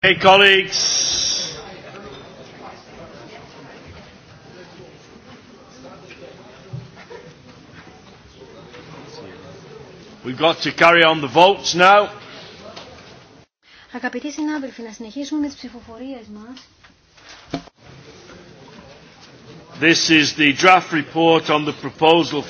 Hey colleagues. We've got to carry on the votes now. Αγαπητοί συνάδελφοι, να συνεχίσουμε με τις ψηφοφορίες μας. This is the draft report on the proposal.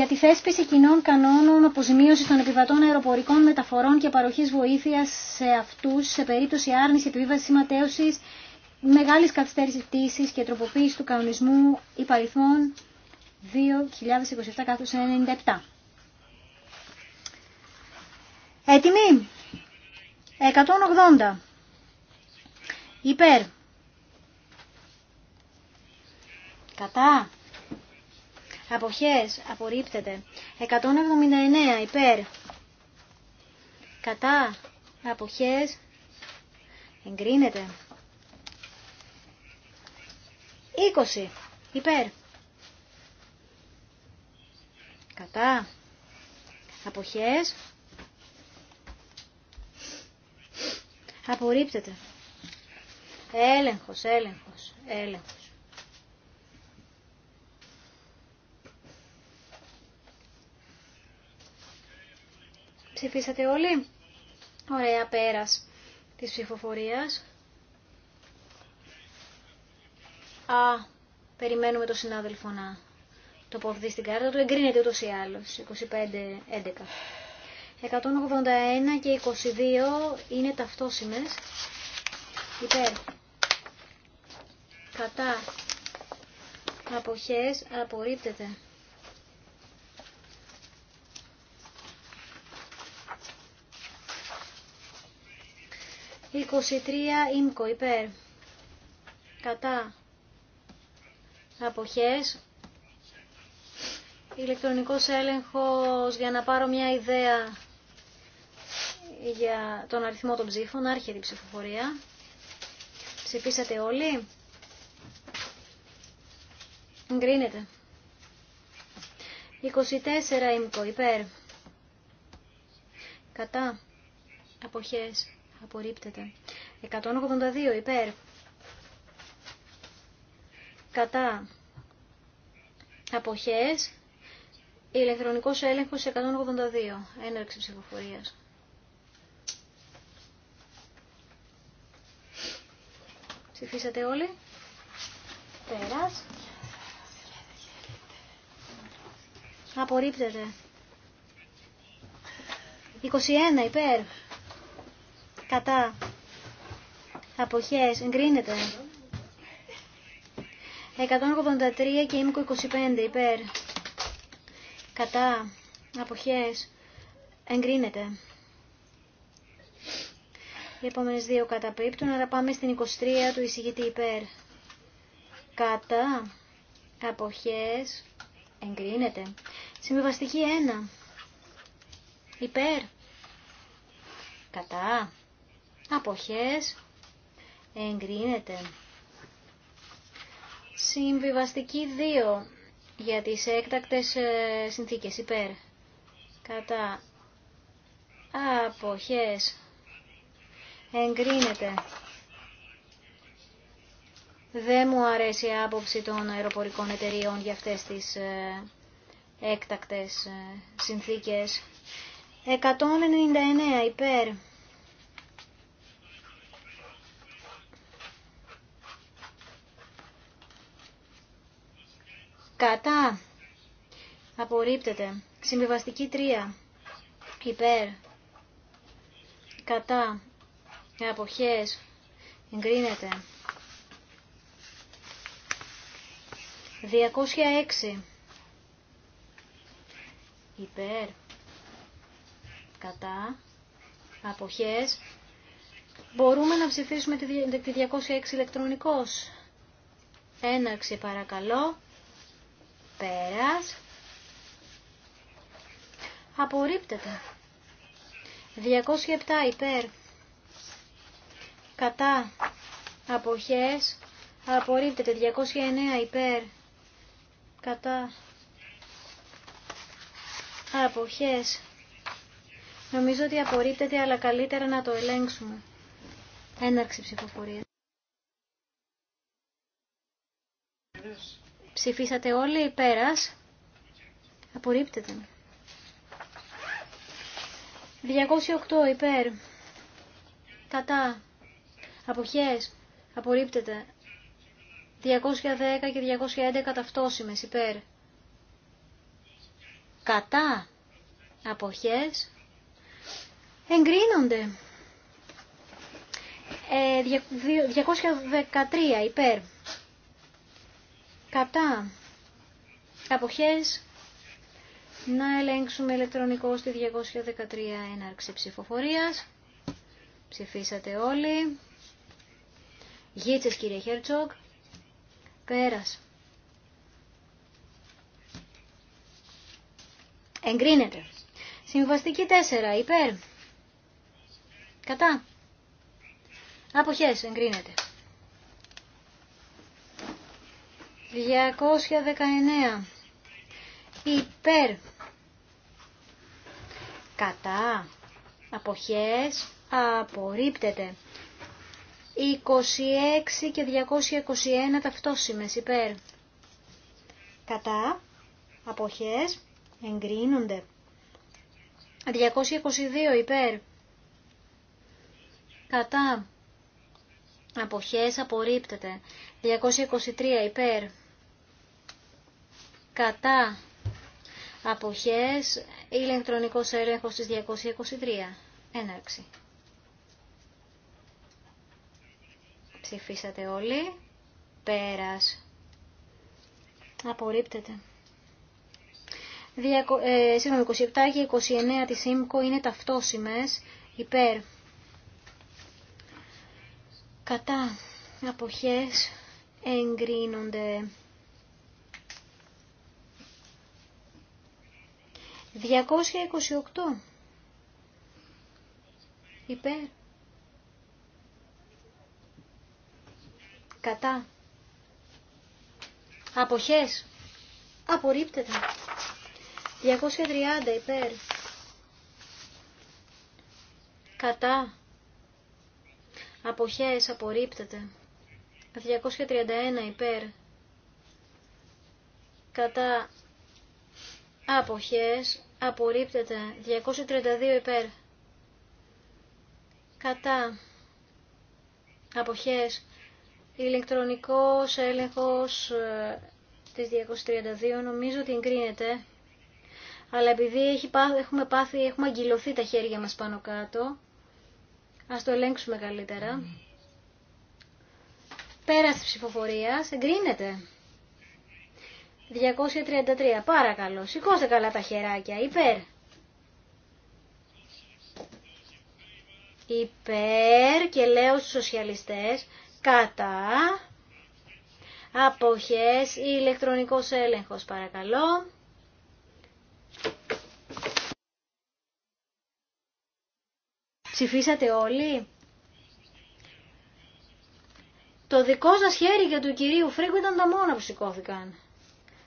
για τη θέσπιση κοινών κανόνων αποζημίωση των επιβατών αεροπορικών μεταφορών και παροχής βοήθειας σε αυτούς σε περίπτωση άρνηση επιβίβαση σηματέωση μεγάλη καθυστέρηση πτήση και τροποποίηση του κανονισμού υπαριθμών 2027-97. Έτοιμοι. 180. Υπέρ. Κατά αποχές, απορρίπτεται. 179 υπέρ, κατά, αποχές, εγκρίνεται. 20 υπέρ, κατά, αποχές, απορρίπτεται. Έλεγχος, έλεγχος, έλεγχος. Ψηφίσατε όλοι. Ωραία, πέρας της ψηφοφορίας. Α, περιμένουμε το συνάδελφο να τοποθετεί στην κάρτα του. Εγκρίνεται ούτως ή άλλως, 25-11. 181 και 22 είναι ταυτόσιμες. Υπέρ. Κατά. Αποχές απορρίπτεται. 23 ΙΜΚΟ υπέρ. Κατά. Αποχές. Ηλεκτρονικός έλεγχος για να πάρω μια ιδέα για τον αριθμό των ψήφων. άρχιε η ψηφοφορία. Ψηφίσατε όλοι. Εγκρίνεται. 24 ΙΜΚΟ υπέρ. Κατά. Αποχές απορρίπτεται. 182 υπέρ. Κατά αποχές ηλεκτρονικός έλεγχος 182. Έναρξη ψηφοφορίας. Ψηφίσατε όλοι. Πέρας. Απορρίπτεται. 21 υπέρ κατά αποχές εγκρίνεται 183 και ήμικο 25 υπέρ κατά αποχές εγκρίνεται οι επόμενες δύο καταπίπτουν άρα πάμε στην 23 του εισηγητή υπέρ κατά αποχές εγκρίνεται συμβιβαστική 1 υπέρ κατά αποχές, εγκρίνεται. Συμβιβαστική 2 για τις έκτακτες ε, συνθήκες υπέρ. Κατά αποχές εγκρίνεται. Δεν μου αρέσει η άποψη των αεροπορικών εταιρείων για αυτές τις ε, έκτακτες ε, συνθήκες. 199 υπέρ. Κατά. Απορρίπτεται. Συμβιβαστική 3. Υπέρ. Κατά. Αποχές. Εγκρίνεται. 206. Υπέρ. Κατά. Αποχές. Μπορούμε να ψηφίσουμε τη 206 ηλεκτρονικός. Έναρξη παρακαλώ. Πέρας. Απορρίπτεται. 207 υπέρ. Κατά. Αποχές. Απορρίπτεται. 209 υπέρ. Κατά. Αποχές. Νομίζω ότι απορρίπτεται, αλλά καλύτερα να το ελέγξουμε. Έναρξη ψηφοφορία. Ψηφίσατε όλοι υπέρας. Απορρίπτεται. 208 υπέρ. Κατά. Αποχές. Απορρίπτεται. 210 και 211 ταυτόσιμες υπέρ. Κατά. Αποχές. Εγκρίνονται. 213 ε, υπέρ. Κατά. Αποχές. Να ελέγξουμε ηλεκτρονικό στη 213 έναρξη ψηφοφορίας. Ψηφίσατε όλοι. Γίτσες κύριε Χέρτσοκ. Πέρας. Εγκρίνεται. Συμβαστική 4. Υπέρ. Κατά. Αποχές. Εγκρίνεται. 219 υπέρ κατά αποχές απορρίπτεται 26 και 221 ταυτόσημες υπέρ κατά αποχές εγκρίνονται 222 υπέρ κατά Αποχές απορρίπτεται. 223 υπέρ. Κατά. Αποχές. Ηλεκτρονικός έλεγχος της 223. Έναρξη. Ψηφίσατε όλοι. Πέρας. Απορρίπτεται. Ε, συγγνώμη, 27 και 29 της ΣΥΜΚΟ είναι ταυτόσιμες υπέρ κατά αποχές εγκρίνονται 228 υπέρ κατά αποχές απορρίπτεται 230 υπέρ κατά αποχές απορρίπτεται 231 υπέρ κατά αποχές απορρίπτεται 232 υπέρ κατά αποχές ηλεκτρονικός έλεγχος ε, της 232 νομίζω ότι εγκρίνεται αλλά επειδή έχουμε πάθει, έχουμε αγγυλωθεί τα χέρια μας πάνω κάτω Ας το ελέγξουμε καλύτερα. Πέρας της ψηφοφορία. εγκρίνεται. 233. Παρακαλώ, σηκώστε καλά τα χεράκια. Υπέρ. Υπέρ και λέω στους σοσιαλιστές κατά αποχές ηλεκτρονικός έλεγχος παρακαλώ. Ψηφίσατε όλοι. Το δικό σας χέρι για του κυρίου Φρίγκου ήταν τα μόνα που σηκώθηκαν.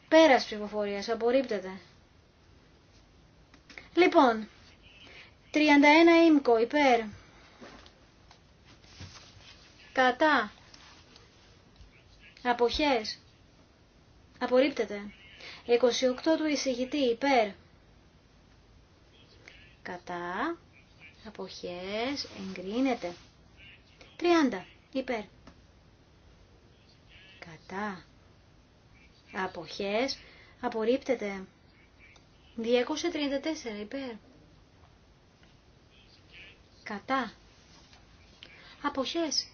Πέρας ψηφοφορίας, απορρίπτεται. Λοιπόν, 31 ΙΜΚΟ υπέρ. Κατά. Αποχές. Απορρίπτεται. 28 του εισηγητή υπέρ. Κατά αποχές εγκρίνεται. 30 υπέρ. Κατά. Αποχές απορρίπτεται. 234 υπέρ. Κατά. Αποχές.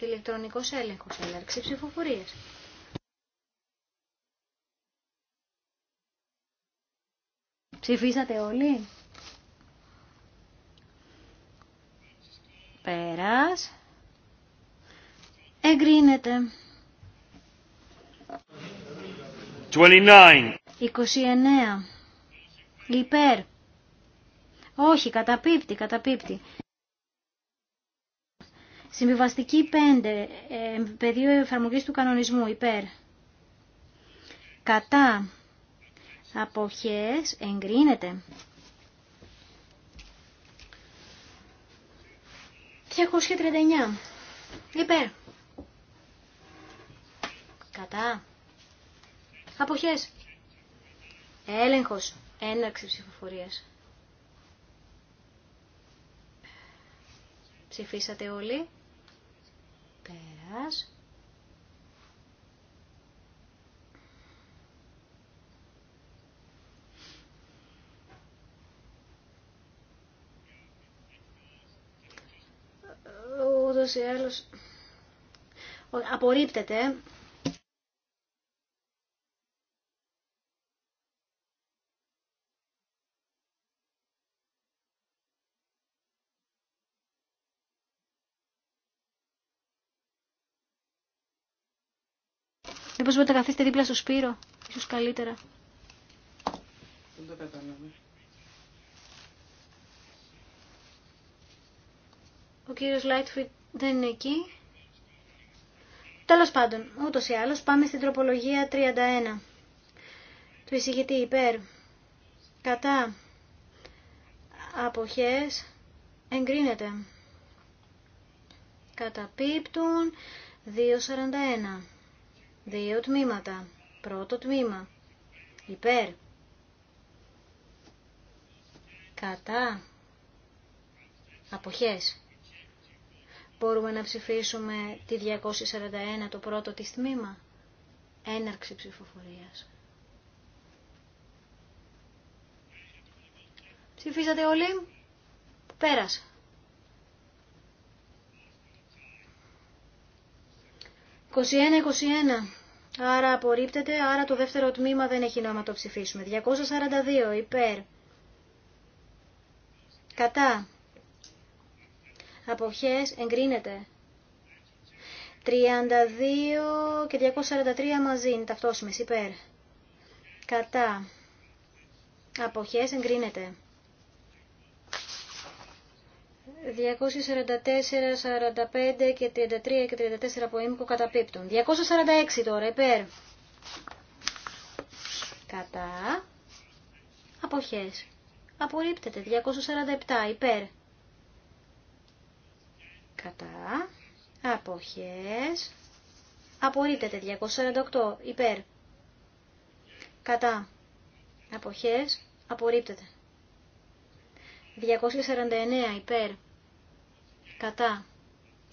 Ηλεκτρονικός έλεγχος. Έλεγξη ψηφοφορίας. Ψηφίσατε όλοι. πέρας. Εγκρίνεται. 29. 29. Υπέρ. Όχι, καταπίπτει, καταπίπτει. Συμβιβαστική 5. Ε, πεδίο εφαρμογής του κανονισμού. Υπέρ. Κατά. Αποχές. Εγκρίνεται. 239. Υπέρ. Κατά. Αποχές. Έλεγχος. Έναρξη ψηφοφορίας. Ψηφίσατε όλοι. Πέρας. ούτως ή άλλως απορρίπτεται. Μήπως μπορείτε να καθίσετε δίπλα στο Σπύρο, ίσως καλύτερα. Δεν το κατάλαβα. Ο κύριος Lightfoot δεν είναι εκεί. Τέλος πάντων, ούτως ή άλλως πάμε στην τροπολογία 31. Του εισηγητή υπέρ, κατά, αποχές, εγκρίνεται. Καταπίπτουν 2.41. Δύο τμήματα. Πρώτο τμήμα. Υπέρ. Κατά. Αποχές. Μπορούμε να ψηφίσουμε τη 241 το πρώτο της τμήμα. Έναρξη ψηφοφορίας. Ψηφίσατε όλοι. Πέρασε. Άρα απορρίπτεται, άρα το δεύτερο τμήμα δεν έχει νόημα το ψηφίσουμε. 242 υπέρ. Κατά αποχές εγκρίνεται. 32 και 243 μαζί είναι ταυτόσιμες υπέρ. Κατά. Αποχές εγκρίνεται. 244, 45 και 33 και 34 από ήμικο καταπίπτουν. 246 τώρα υπέρ. Κατά. Αποχές. Απορρίπτεται. 247 υπέρ κατά, αποχές, απορρίπτεται 248 υπέρ, κατά, αποχές, απορρίπτεται. 249 υπέρ, κατά,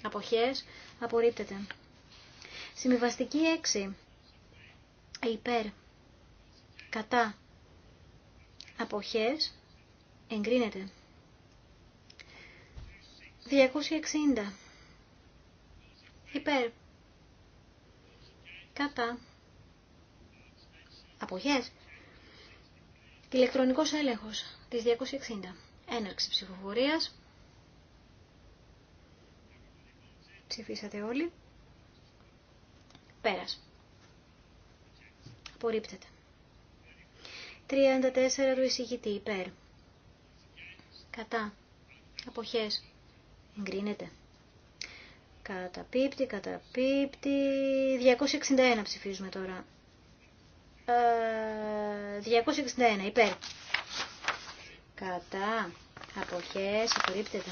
αποχές, απορρίπτεται. Συμβιβαστική 6 υπέρ, κατά, αποχές, εγκρίνεται. 260. Υπέρ. Κατά. Αποχές. Ηλεκτρονικός έλεγχος της 260. Έναρξη ψηφοφορίας. Ψηφίσατε όλοι. Πέρας. Απορρίπτεται. 34 του εισηγητή υπέρ. Κατά. Αποχές. Εγκρίνεται. Καταπίπτει, καταπίπτει. 261 ψηφίζουμε τώρα. 261 ε, υπέρ. Κατά. Αποχές. Απορρίπτεται.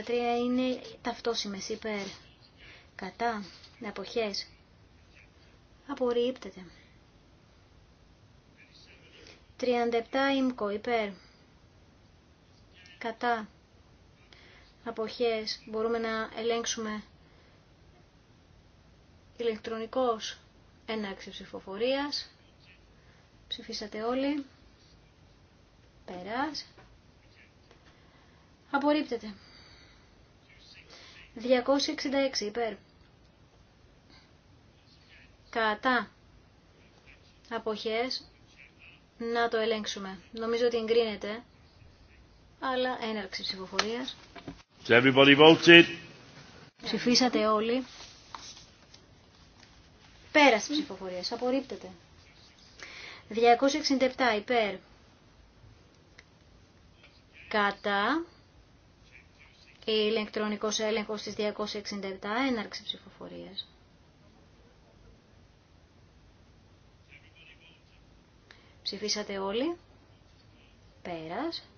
262-263 είναι ταυτόσιμες υπέρ. Κατά. Αποχές. Απορρίπτεται. 37 ΙΜΚΟ υπέρ κατά αποχές μπορούμε να ελέγξουμε ηλεκτρονικός έναρξη ψηφοφορίας. Ψηφίσατε όλοι. Περάς. Απορρίπτεται. 266 υπέρ. Κατά. Αποχές. Να το ελέγξουμε. Νομίζω ότι εγκρίνεται αλλά έναρξη ψηφοφορία. Everybody Ψηφίσατε όλοι. Πέρας ψηφοφορίας. Απορρίπτεται. 267 υπέρ. Κατά. Η ηλεκτρονικός έλεγχος της 267 έναρξη ψηφοφορίας. Ψηφίσατε όλοι. Πέρας.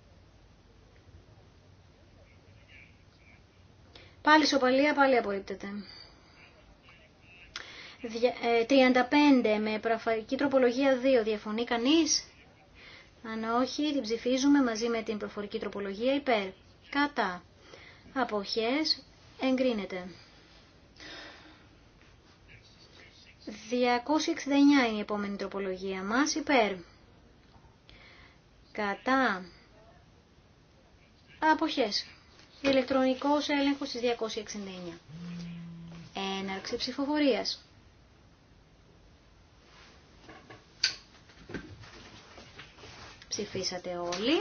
Πάλι σοπαλία, πάλι απορρίπτεται. 35 ε, με προφορική τροπολογία 2. Διαφωνεί κανεί Αν όχι, την ψηφίζουμε μαζί με την προφορική τροπολογία υπέρ. Κατά. Αποχέ. Εγκρίνεται. 269 είναι η επόμενη τροπολογία μας. Υπέρ. Κατά. Αποχές. Ηλεκτρονικό έλεγχο της 269. Έναρξη ψηφοφορία. Ψηφίσατε όλοι.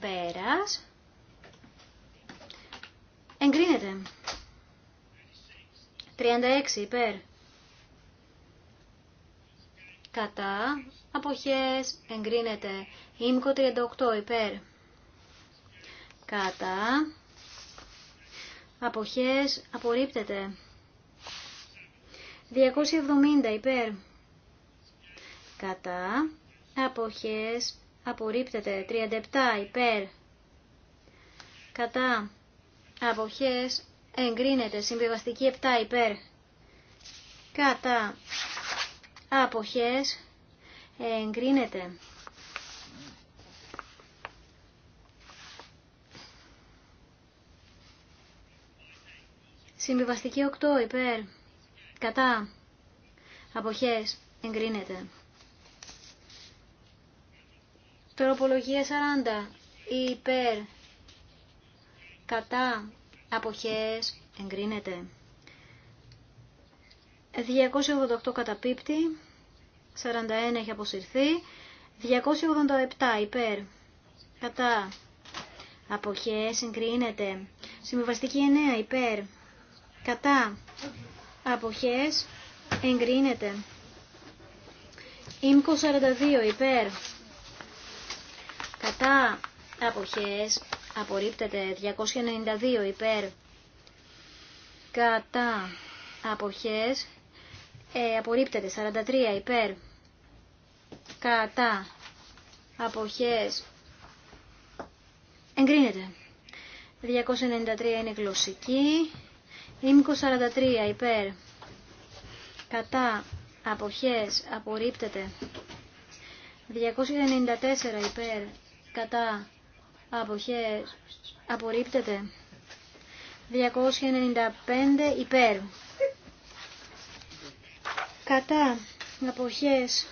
Πέρας. Εγκρίνεται. 36 υπέρ. Κατά. Αποχές. Εγκρίνεται. Ήμκο 38 υπέρ κατά αποχές απορρίπτεται 270 υπέρ κατά αποχές απορρίπτεται 37 υπέρ κατά αποχές εγκρίνεται συμβιβαστική 7 υπέρ κατά αποχές εγκρίνεται Συμβιβαστική 8 υπέρ. Κατά. Αποχές. Εγκρίνεται. Τροπολογία 40 υπέρ. Κατά. Αποχές. Εγκρίνεται. 288 καταπίπτει. 41 έχει αποσυρθεί. 287 υπέρ. Κατά. Αποχές. Εγκρίνεται. Συμβιβαστική 9 υπέρ κατά αποχές εγκρίνεται. Ήμκο 42 υπέρ κατά αποχές απορρίπτεται 292 υπέρ κατά αποχές ε, απορρίπτεται 43 υπέρ κατά αποχές εγκρίνεται 293 είναι γλωσσική Ήμικο 43 υπέρ. Κατά αποχές απορρίπτεται. 294 υπέρ. Κατά αποχές απορρίπτεται. 295 υπέρ. Κατά αποχές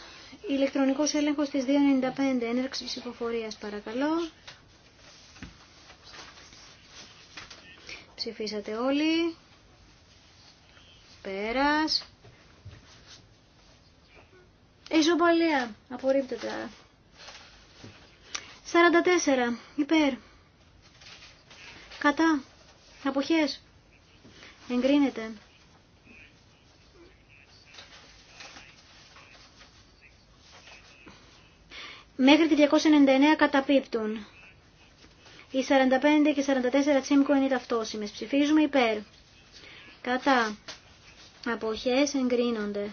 ηλεκτρονικός έλεγχος της 295. Έναρξη ψηφοφορίας παρακαλώ. Ψηφίσατε όλοι. Πέρας. Ισοπαλία. Απορρίπτεται 44. Υπέρ. Κατά. Αποχές. Εγκρίνεται. Μέχρι τη 299 καταπίπτουν. Οι 45 και 44 τσίμκο είναι ταυτόσιμες. Ψηφίζουμε υπέρ. Κατά αποχές εγκρίνονται.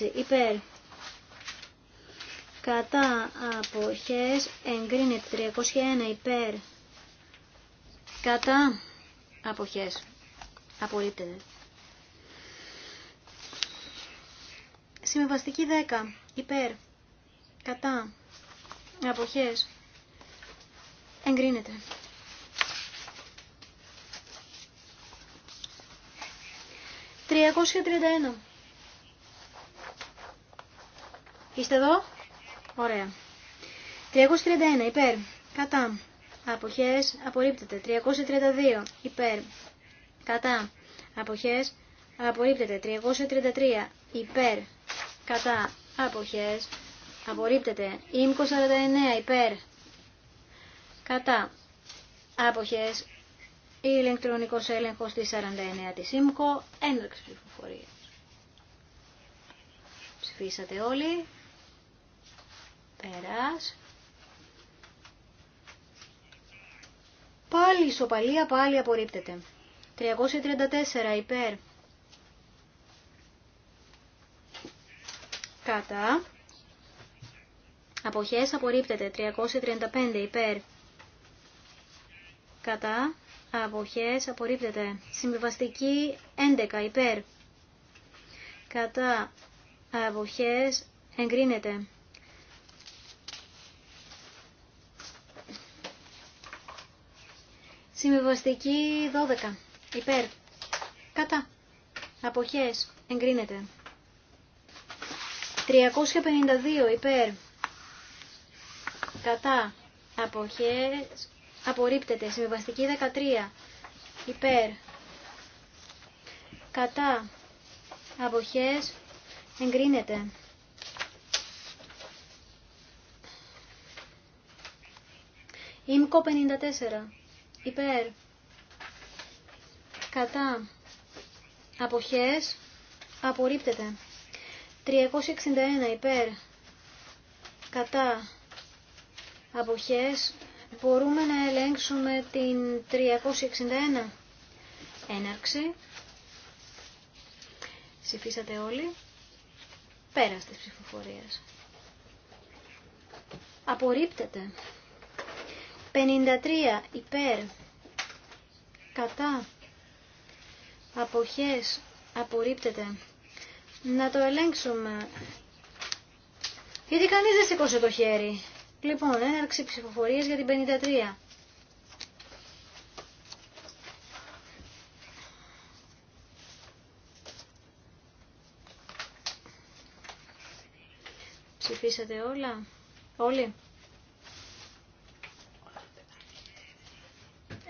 46 υπέρ κατά αποχές εγκρίνεται 301 υπέρ κατά αποχές απορρίπτεται Συμβαστική 10 υπέρ κατά αποχές εγκρίνεται 331. Είστε εδώ? Ωραία. 331 υπέρ. Κατά. Αποχές απορρίπτεται. 332 υπέρ. Κατά. Αποχές απορρίπτεται. 333 υπέρ. Κατά. Αποχές απορρίπτεται. Ήμκο 49 υπέρ. Κατά. Άποχες η ηλεκτρονικός έλεγχος της 49 της ΣΥΜΚΟ, ένδοξη πληροφορία. Ψηφίσατε όλοι. Περάς. Πάλι ισοπαλία, πάλι απορρίπτεται. 334 υπέρ. Κατά. Αποχές απορρίπτεται. 335 υπέρ. Κατά αποχές απορρίπτεται. Συμβιβαστική 11 υπέρ κατά αποχές εγκρίνεται. Συμβιβαστική 12 υπέρ κατά αποχές εγκρίνεται. 352 υπέρ κατά αποχές απορρίπτεται. Συμβιβαστική 13 υπέρ κατά αποχές εγκρίνεται. Ήμκο 54 υπέρ κατά αποχές απορρίπτεται. 361 υπέρ κατά αποχές Μπορούμε να ελέγξουμε την 361. Έναρξη. Συμφίσατε όλοι. Πέρας της ψηφοφορίας. Απορρίπτεται. 53 υπέρ. Κατά. Αποχές. Απορρίπτεται. Να το ελέγξουμε. Γιατί κανείς δεν σήκωσε το χέρι. Λοιπόν, έναρξη ψηφοφορίας για την 53. Ψηφίσατε όλα, όλοι.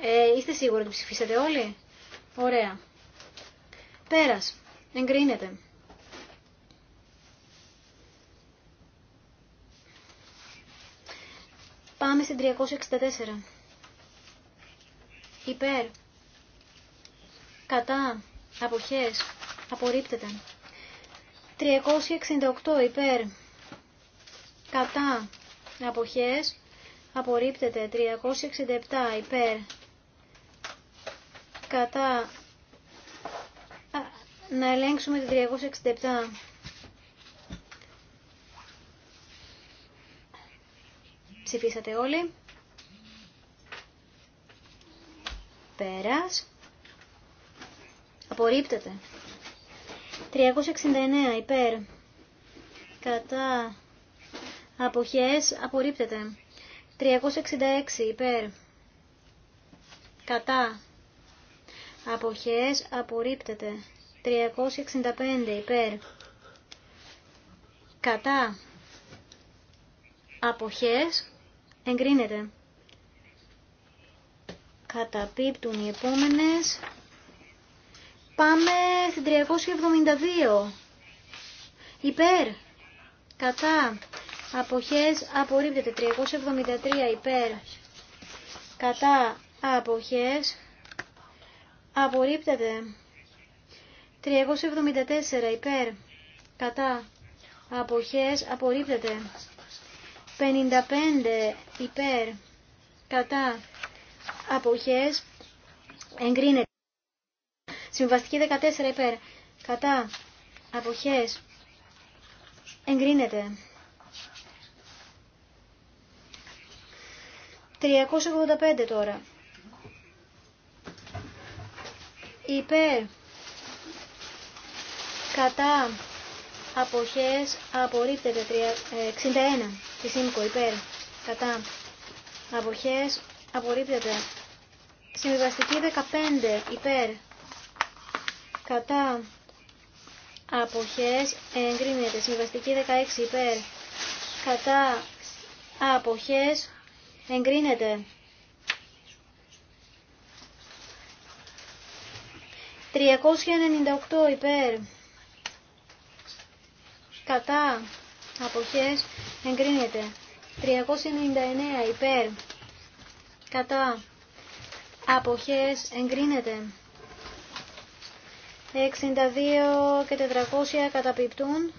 Ε, είστε σίγουροι ότι ψηφίσατε όλοι. Ωραία. Πέρας. Εγκρίνεται. στην 364. Υπέρ. Κατά. Αποχές. Απορρίπτεται. 368 υπέρ. Κατά. Αποχές. Απορρίπτεται. 367 υπέρ. Κατά. Να ελέγξουμε την 367. Ψηφίσατε όλοι. Πέρας. Απορρίπτεται. 369 υπέρ. Κατά. Αποχές. Απορρίπτεται. 366 υπέρ. Κατά. Αποχές. Απορρίπτεται. 365 υπέρ. Κατά. Αποχές εγκρίνεται. Καταπίπτουν οι επόμενες. Πάμε στην 372. Υπέρ. Κατά. Αποχές απορρίπτεται. 373 υπέρ. Κατά. Αποχές απορρίπτεται. 374 υπέρ. Κατά. Αποχές απορρίπτεται. 55 υπέρ κατά αποχές εγκρίνεται. Συμβαστική 14 υπέρ κατά αποχές εγκρίνεται. 385 τώρα. Υπέρ κατά αποχές απορρίπτεται 61. Και σύμικο υπέρ κατά αποχές απορρίπτεται. Συμβιβαστική 15 υπέρ κατά αποχές εγκρίνεται. Συμβιβαστική 16 υπέρ κατά αποχές εγκρίνεται. 398 υπέρ κατά αποχές εγκρίνεται. 399 υπέρ κατά αποχές εγκρίνεται. 62 και 400 καταπιπτούν.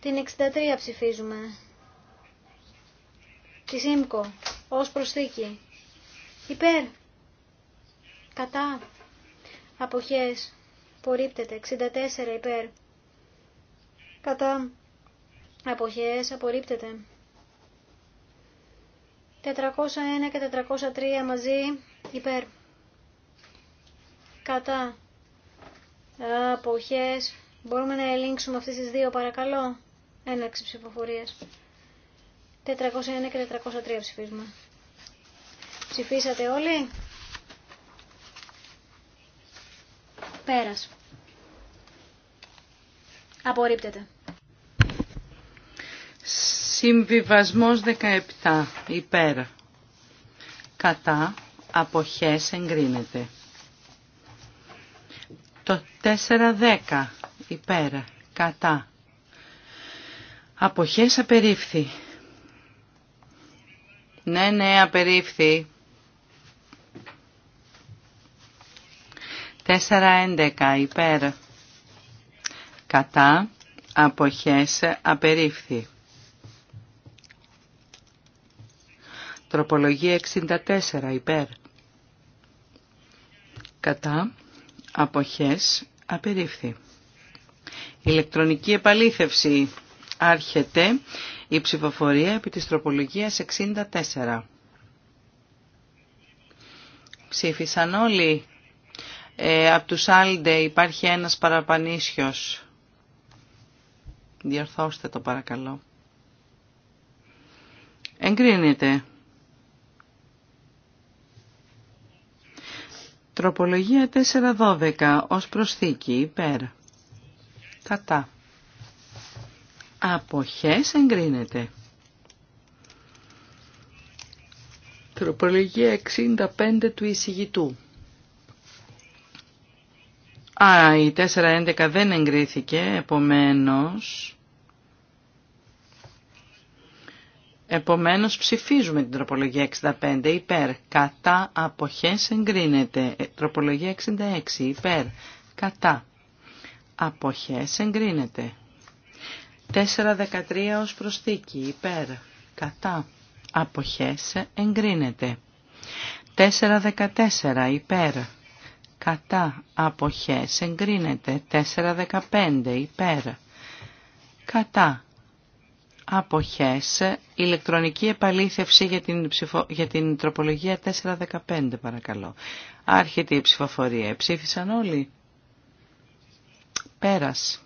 Την 63 ψηφίζουμε. Τη ΣΥΜΚΟ ως προσθήκη. Υπέρ. Κατά. Αποχές. πορύπτεται. 64 υπέρ κατά αποχές απορρίπτεται. 401 και 403 μαζί υπέρ κατά αποχές. Μπορούμε να ελέγξουμε αυτές τις δύο παρακαλώ. Έναξη ψηφοφορίας. 401 και 403 ψηφίζουμε. Ψηφίσατε όλοι. Πέρας. Απορρίπτεται. Συμβιβασμός 17 υπέρ. Κατά αποχές εγκρίνεται. Το 410 υπέρ. Κατά. Αποχές απερίφθη. Ναι, ναι, απερίφθη. 411 υπέρ. Κατά. Αποχές απερίφθη. Τροπολογία 64 υπέρ. Κατά αποχές απερίφθη. Ηλεκτρονική επαλήθευση άρχεται η ψηφοφορία επί της τροπολογίας 64. Ψήφισαν όλοι. Ε, από τους Άλντε υπάρχει ένας παραπανίσιος. Διορθώστε το παρακαλώ. Εγκρίνεται. Τροπολογία 412 ως προσθήκη υπέρ. Κατά. Αποχές εγκρίνεται. Τροπολογία 65 του εισηγητού. Α, η 411 δεν εγκρίθηκε, επομένως Επομένως ψηφίζουμε την τροπολογία 65 υπέρ, κατά αποχές εγκρίνεται. Ε, τροπολογία 66 υπέρ, κατά αποχές εγκρίνεται. 4.13 ως προσθήκη υπέρ, κατά αποχές εγκρίνεται. 4.14 υπέρ, κατά αποχές εγκρίνεται. 4.15 υπέρ, κατά αποχές, ηλεκτρονική επαλήθευση για την, ψηφο... για την τροπολογία 415 παρακαλώ. Άρχεται η ψηφοφορία. Ψήφισαν όλοι. Πέρας.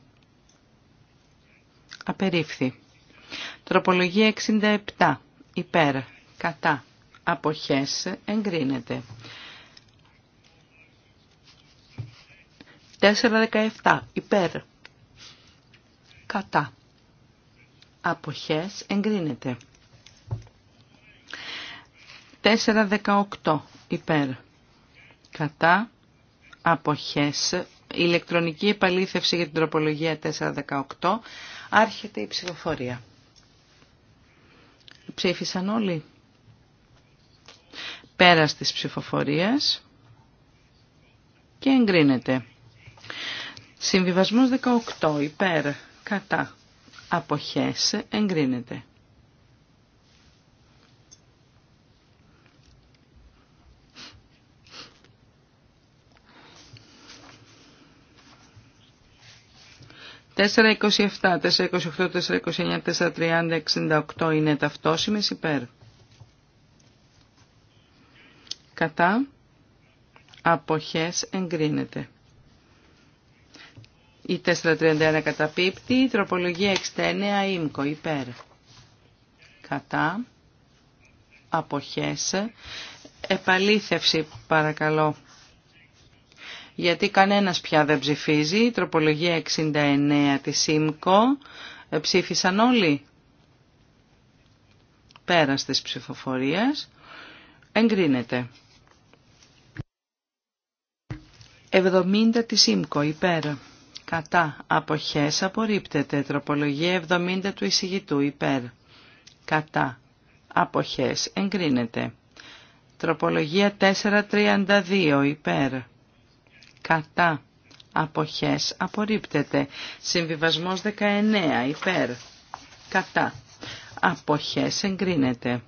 Απερίφθη. Τροπολογία 67. Υπέρ. Κατά. Αποχές. Εγκρίνεται. 417. Υπέρ. Κατά αποχές εγκρίνεται. 4.18 υπέρ κατά αποχές ηλεκτρονική επαλήθευση για την τροπολογία 4.18 άρχεται η ψηφοφορία. Ψήφισαν όλοι. Πέρας της ψηφοφορίας και εγκρίνεται. Συμβιβασμός 18 υπέρ κατά αποχές εγκρίνεται. 427, 27, 428, 429, 430, 68 είναι ταυτόσιμες υπέρ. Κατά αποχές εγκρίνεται. Η 431 καταπίπτει. Η τροπολογία 69 ΙΜΚΟ υπέρ. Κατά. αποχέσε, Επαλήθευση παρακαλώ. Γιατί κανένας πια δεν ψηφίζει. Η τροπολογία 69 της ΙΜΚΟ. Ψήφισαν όλοι. Πέρας της ψηφοφορίας. Εγκρίνεται. 70 της ΙΜΚΟ υπέρ κατά αποχές απορρίπτεται τροπολογία 70 του εισηγητού υπέρ κατά αποχές εγκρίνεται τροπολογία 432 υπέρ κατά αποχές απορρίπτεται συμβιβασμός 19 υπέρ κατά αποχές εγκρίνεται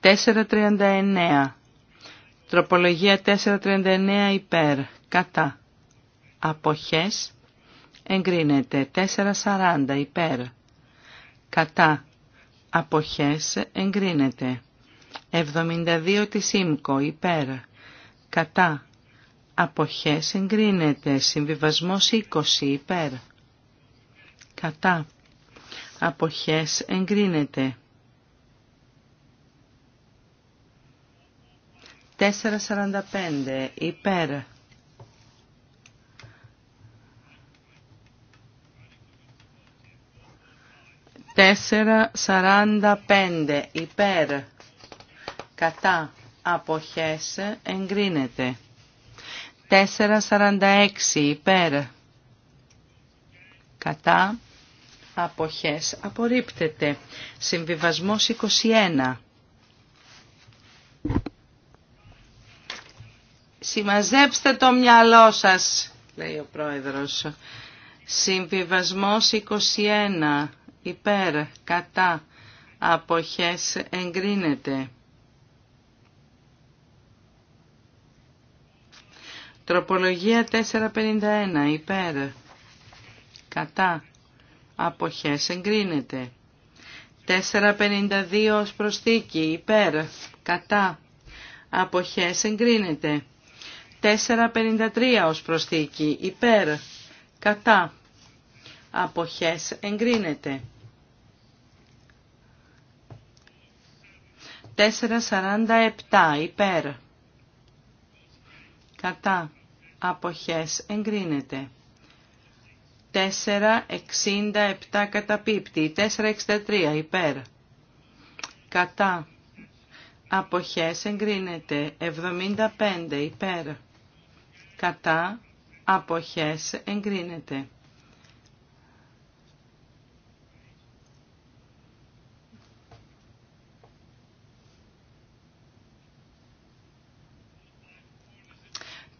439 Τροπολογία 439 υπέρ. Κατά. Αποχές. Εγκρίνεται. 440 υπέρ. Κατά. Αποχές. Εγκρίνεται. 72 της ΙΜΚΟ υπέρ. Κατά. Αποχές εγκρίνεται. Συμβιβασμός 20 υπέρ. Κατά. Αποχές εγκρίνεται. 4.45 υπέρ Τέσσερα σαράντα πέντε υπέρ κατά αποχές εγκρίνεται. Τέσσερα σαράντα έξι υπέρ κατά αποχές απορρίπτεται. Συμβιβασμός 21. Συμμαζέψτε το μυαλό σας, λέει ο πρόεδρος. Συμβιβασμός 21. Υπέρ, κατά, αποχές εγκρίνεται. Τροπολογία 451. Υπέρ, κατά, αποχές εγκρίνεται. 452 ως προσθήκη. Υπέρ, κατά, αποχές εγκρίνεται. 453 ως προσθήκη υπέρ κατά αποχές εγκρίνεται. 447 υπέρ κατά αποχές εγκρίνεται. 467 καταπίπτει. 463 υπέρ κατά αποχές εγκρίνεται. 75 υπέρ κατά αποχές εγκρίνεται.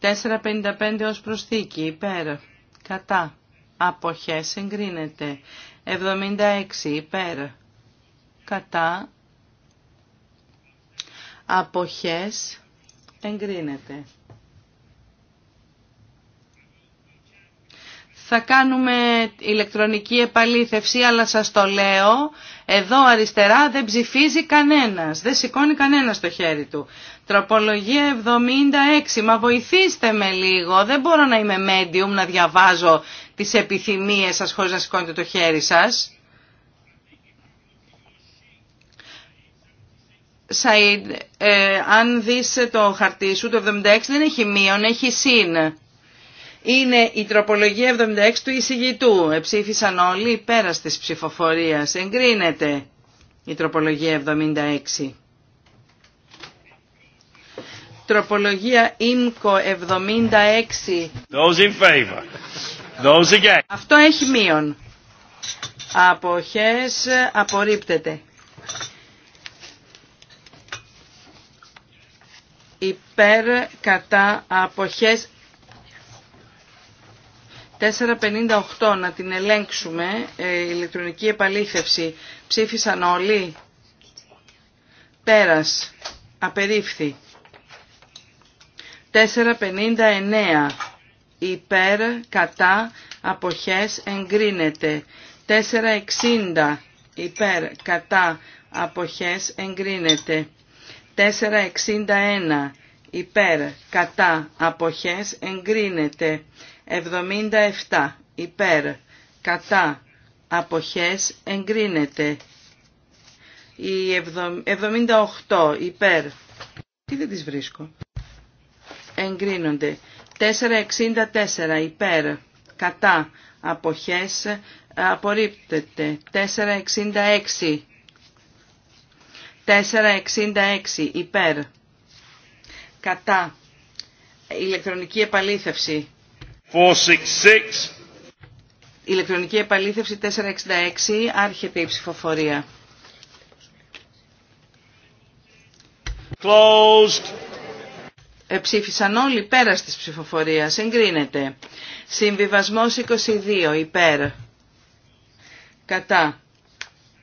4,55 ως προσθήκη υπέρ κατά αποχές εγκρίνεται. 76 υπέρ κατά αποχές εγκρίνεται. θα κάνουμε ηλεκτρονική επαλήθευση, αλλά σας το λέω, εδώ αριστερά δεν ψηφίζει κανένας, δεν σηκώνει κανένας το χέρι του. Τροπολογία 76, μα βοηθήστε με λίγο, δεν μπορώ να είμαι medium να διαβάζω τις επιθυμίες σας χωρίς να σηκώνετε το χέρι σας. Σαΐντ, ε, αν δεις το χαρτί σου, το 76 δεν έχει μείον, έχει συν. Είναι η τροπολογία 76 του εισηγητού. Εψήφισαν όλοι πέρα της ψηφοφορίας. Εγκρίνεται η τροπολογία 76. Τροπολογία ΙΜΚΟ 76. Those in favor. Those Αυτό έχει μείον. Αποχές απορρίπτεται. Υπέρ κατά αποχές 458 να την ελέγξουμε, ε, ηλεκτρονική επαλήθευση. Ψήφισαν όλοι. Πέρας. Απερίφθη. 459 υπέρ, κατά, αποχές, εγκρίνεται. 460 υπέρ, κατά, αποχές, εγκρίνεται. 461 υπέρ, κατά, αποχές, εγκρίνεται. 77 υπέρ κατά αποχές εγκρίνεται. Η 78 υπέρ. Τι δεν τις βρίσκω. Εγκρίνονται. 464 υπέρ κατά αποχές απορρίπτεται. 466 466 υπέρ κατά ηλεκτρονική επαλήθευση 466. Ηλεκτρονική επαλήθευση 466. Άρχεται η ψηφοφορία. Closed. Εψήφισαν όλοι πέρα τη ψηφοφορία. Εγκρίνεται. Συμβιβασμό 22. Υπέρ. Κατά.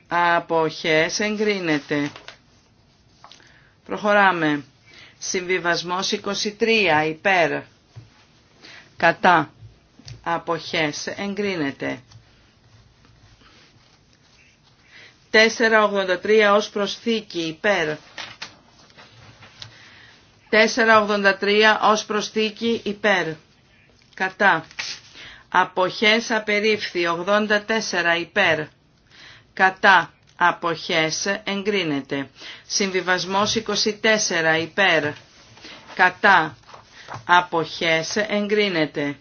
Αποχές εγκρίνεται. Προχωράμε. Συμβιβασμός 23 υπέρ κατά αποχές εγκρίνεται. 483 ως προσθήκη υπέρ. 483 ως προσθήκη υπέρ. Κατά. Αποχές απερίφθη 84 υπέρ. Κατά. Αποχές εγκρίνεται. Συμβιβασμός 24 υπέρ. Κατά αποχές εγκρίνεται.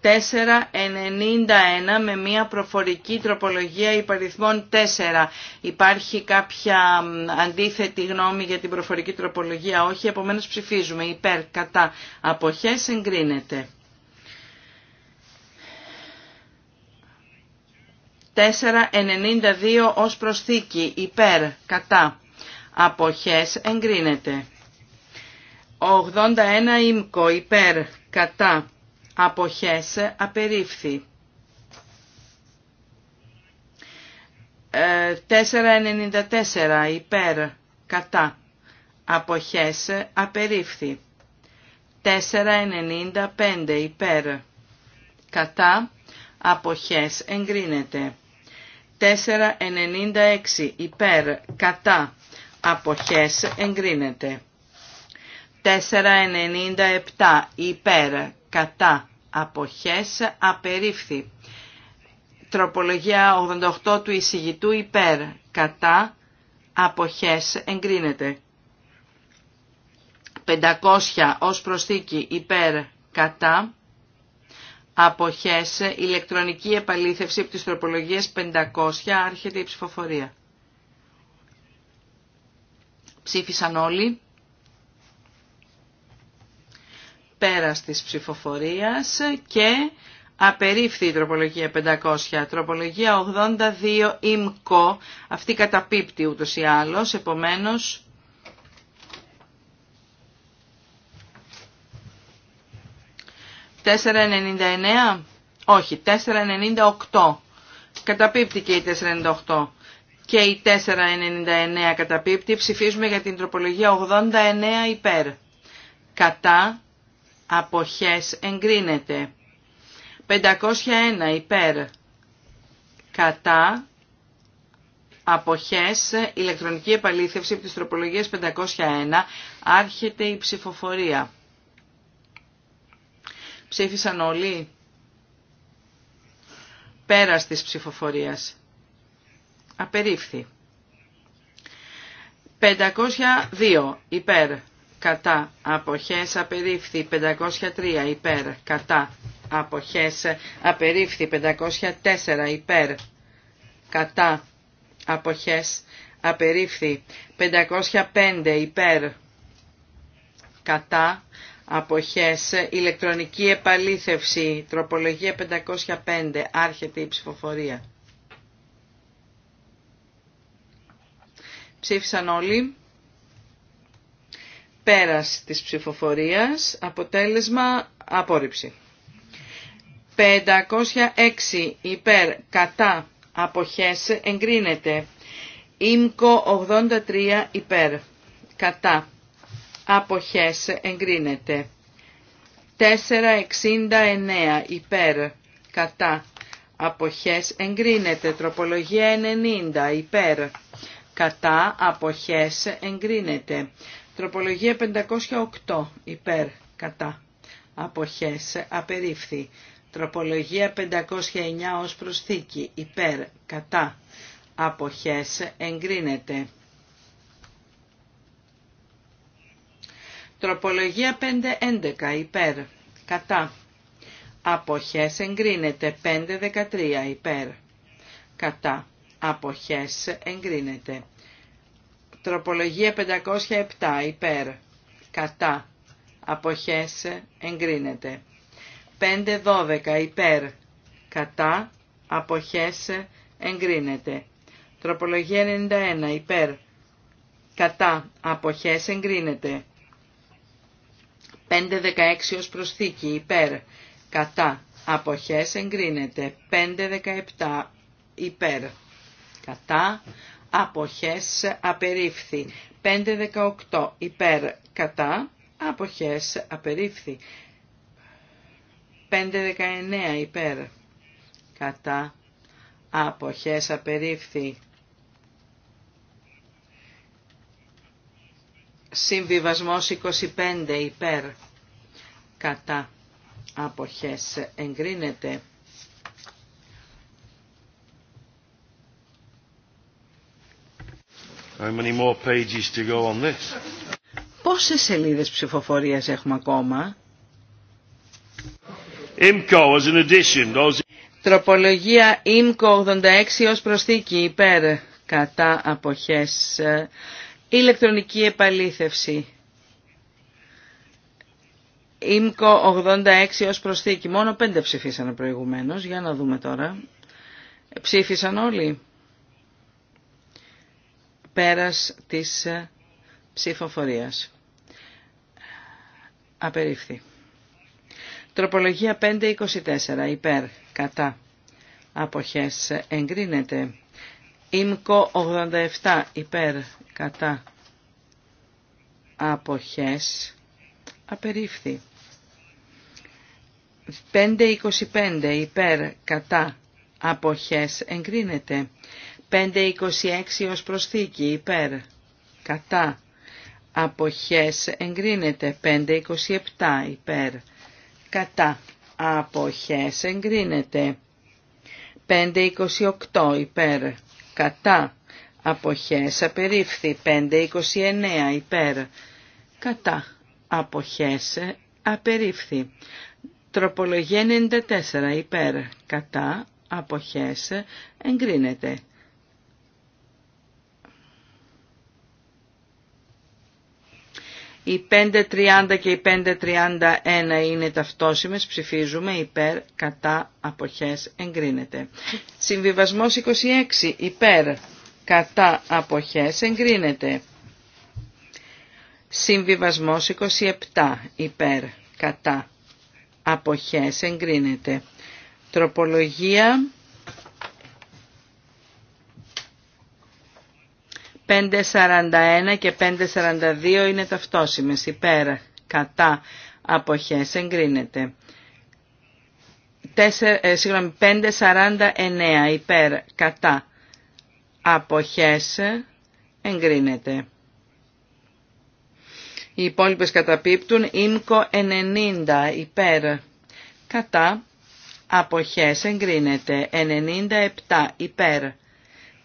Τέσσερα ενενήντα ένα με μια προφορική τροπολογία υπαριθμών τέσσερα. Υπάρχει κάποια αντίθετη γνώμη για την προφορική τροπολογία, όχι, επομένως ψηφίζουμε υπέρ, κατά, αποχές εγκρίνεται. 492 ως προσθήκη υπέρ κατά αποχές εγκρίνεται. 81 ΙΜΚΟ υπέρ κατά αποχές απερίφθη. 494 ε, υπέρ κατά αποχές απερίφθη. 495 υπέρ κατά αποχές εγκρίνεται. 496 υπέρ κατά αποχές εγκρίνεται. 497 υπέρ κατά αποχές απερίφθη. Τροπολογία 88 του εισηγητού υπέρ κατά αποχές εγκρίνεται. 500 ως προσθήκη υπέρ κατά αποχές, ηλεκτρονική επαλήθευση από τις τροπολογίες 500, άρχεται η ψηφοφορία. Ψήφισαν όλοι. Πέρας της ψηφοφορίας και απερίφθη η τροπολογία 500. Τροπολογία 82 ΙΜΚΟ, αυτή καταπίπτει ούτως ή άλλως, επομένως 4,99. Όχι, 4,98. Καταπίπτει και η 4,98. Και η 4,99 καταπίπτει. Ψηφίζουμε για την τροπολογία 89 υπέρ. Κατά αποχές εγκρίνεται. 501 υπέρ. Κατά αποχές ηλεκτρονική επαλήθευση από τις τροπολογίες 501 άρχεται η ψηφοφορία. Ψήφισαν όλοι. Πέρας της ψηφοφορίας. Απερίφθη. 502 υπέρ κατά αποχές απερίφθη 503 υπέρ κατά αποχές απερίφθη 504 υπέρ κατά αποχές απερίφθη 505 υπέρ κατά αποχές, ηλεκτρονική επαλήθευση, τροπολογία 505, άρχεται η ψηφοφορία. Ψήφισαν όλοι. Πέρας της ψηφοφορίας, αποτέλεσμα απόρριψη. 506 υπέρ κατά αποχές εγκρίνεται. Ήμκο 83 υπέρ κατά αποχές εγκρίνεται. 469 υπέρ κατά αποχές εγκρίνεται. Τροπολογία 90 υπέρ κατά αποχές εγκρίνεται. Τροπολογία 508 υπέρ κατά αποχές απερίφθη. Τροπολογία 509 ως προσθήκη υπέρ κατά αποχές εγκρίνεται. Τροπολογία 511 υπέρ. Κατά. Αποχές εγκρίνεται. 513 υπέρ. Κατά. Αποχές εγκρίνεται. Τροπολογία 507 υπέρ. Κατά. Αποχές εγκρίνεται. 512 υπέρ. Κατά. Αποχές εγκρίνεται. Τροπολογία 91 υπέρ. Κατά. Αποχές εγκρίνεται. 5.16 ως προσθήκη υπέρ κατά αποχές εγκρίνεται 5.17 υπέρ κατά αποχές απερίφθη 5.18 υπέρ κατά αποχές απερίφθη 5.19 υπέρ κατά αποχές απερίφθη Συμβιβασμός 25 υπέρ κατά αποχές εγκρίνεται. How many more Πόσες σελίδες ψηφοφορίας έχουμε ακόμα? IMCO as an addition, those... Τροπολογία IMCO 86 ως προσθήκη υπέρ κατά αποχές ηλεκτρονική επαλήθευση. ΙΜΚΟ 86 ως προσθήκη. Μόνο πέντε ψηφίσανε προηγουμένως. Για να δούμε τώρα. Ψήφισαν όλοι. Πέρας της ε, ψηφοφορίας. Απερίφθη. Τροπολογία 524. Υπέρ. Κατά. Αποχές εγκρίνεται. Ήμκο 87 υπέρ κατά αποχές απερίφθη. 5.25 υπέρ κατά αποχές εγκρίνεται. 5.26 ως προσθήκη υπέρ κατά αποχές εγκρίνεται. 5.27 υπέρ κατά αποχές εγκρίνεται. 5.28 υπέρ κατά αποχές απερίφθη 529 υπέρ κατά αποχές απερίφθη τροπολογία 94 υπέρ κατά αποχές εγκρίνεται Οι 5.30 και οι 5.31 είναι ταυτόσιμες, ψηφίζουμε υπέρ, κατά, αποχές, εγκρίνεται. Συμβιβασμός 26, υπέρ, κατά, αποχές, εγκρίνεται. Συμβιβασμός 27, υπέρ, κατά, αποχές, εγκρίνεται. Τροπολογία 541 και 542 είναι ταυτόσημες, υπέρ κατά αποχές εγκρίνεται. 4, ε, συγγνώμη, 549 υπέρ κατά αποχές εγκρίνεται. Οι υπόλοιπες καταπίπτουν ΙΜΚΟ 90 υπέρ κατά αποχές εγκρίνεται. 97 υπέρ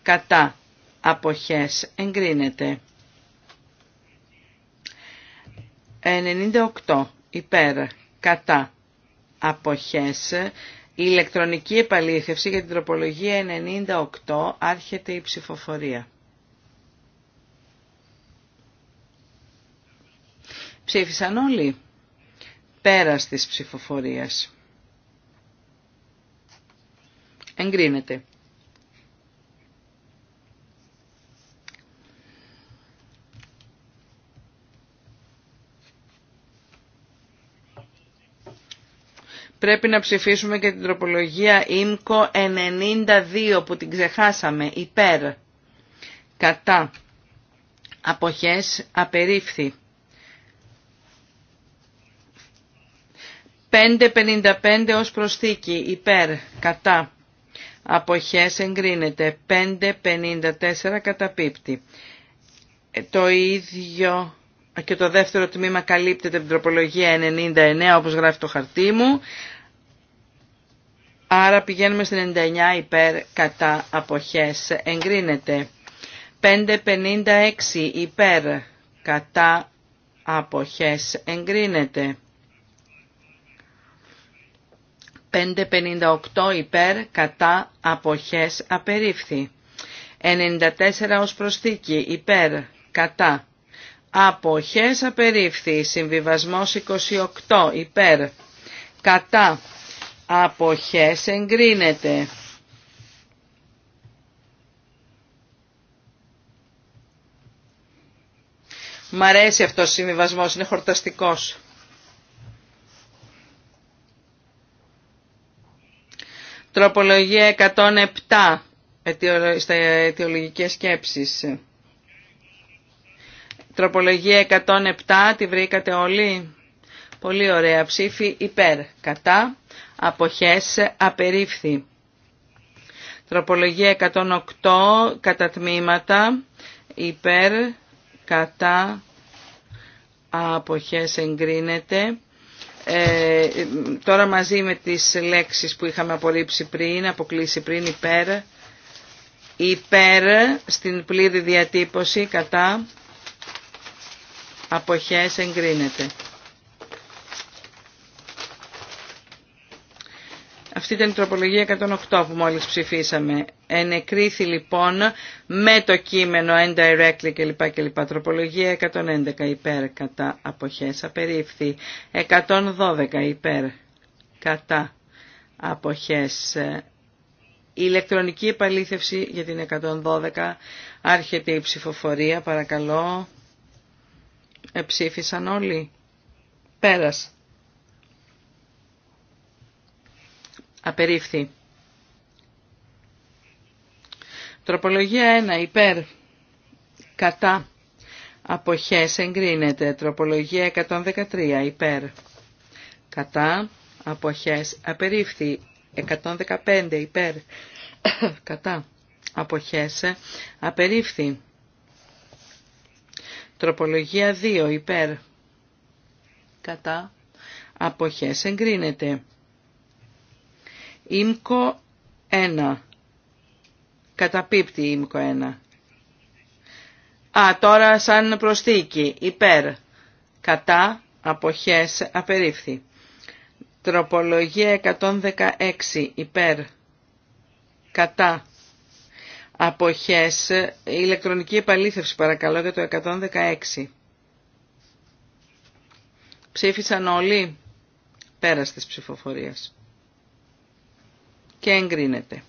κατά αποχές εγκρίνεται. 98 υπέρ κατά αποχές ηλεκτρονική επαλήθευση για την τροπολογία 98 άρχεται η ψηφοφορία. Ψήφισαν όλοι πέρας της ψηφοφορίας. Εγκρίνεται. πρέπει να ψηφίσουμε και την τροπολογία ΙΜΚΟ 92 που την ξεχάσαμε υπέρ κατά αποχές απερίφθη. 5.55 ως προσθήκη υπέρ κατά αποχές εγκρίνεται. 5.54 καταπίπτει. Ε, το ίδιο και το δεύτερο τμήμα καλύπτεται από την τροπολογία 99 όπως γράφει το χαρτί μου. Άρα πηγαίνουμε στην 99 υπέρ κατά αποχές. Εγκρίνεται. 556 υπέρ κατά αποχές. Εγκρίνεται. 558 υπέρ κατά αποχές απερίφθη. 94 ως προσθήκη υπέρ κατά αποχές απερίφθη. Συμβιβασμός 28 υπέρ κατά αποχές εγκρίνεται. Μ' αρέσει αυτός ο συμβιβασμός, είναι χορταστικός. Τροπολογία 107 στα αιτιολογικές σκέψεις. Τροπολογία 107, τη βρήκατε όλοι. Πολύ ωραία ψήφι υπέρ, κατά, αποχές, απερίφθη. Τροπολογία 108, κατά τμήματα, υπέρ, κατά, αποχές εγκρίνεται. Ε, τώρα μαζί με τις λέξεις που είχαμε απορρίψει πριν, αποκλείσει πριν, υπέρ, υπέρ στην πλήρη διατύπωση, κατά, αποχές εγκρίνεται. Αυτή ήταν η τροπολογία 108 που μόλις ψηφίσαμε. Ενεκρίθη λοιπόν με το κείμενο indirectly κλπ. Τροπολογία 111 υπέρ κατά αποχές απερίφθη. 112 υπέρ κατά αποχές η ηλεκτρονική επαλήθευση για την 112 άρχεται η ψηφοφορία παρακαλώ Εψήφισαν όλοι. Πέρας. Απερίφθη. Τροπολογία 1. Υπέρ. Κατά. Αποχές εγκρίνεται. Τροπολογία 113. Υπέρ. Κατά. Αποχές απερίφθη. 115. Υπέρ. Κατά. Αποχές απερίφθη. Τροπολογία 2 υπέρ κατά αποχές εγκρίνεται. Ήμκο 1. Καταπίπτει ήμκο 1. Α, τώρα σαν προστίκη. Υπέρ. Κατά αποχές απερίφθη. Τροπολογία 116 υπέρ. Κατά αποχές, ηλεκτρονική επαλήθευση παρακαλώ για το 116. Ψήφισαν όλοι πέρας της ψηφοφορίας και εγκρίνεται.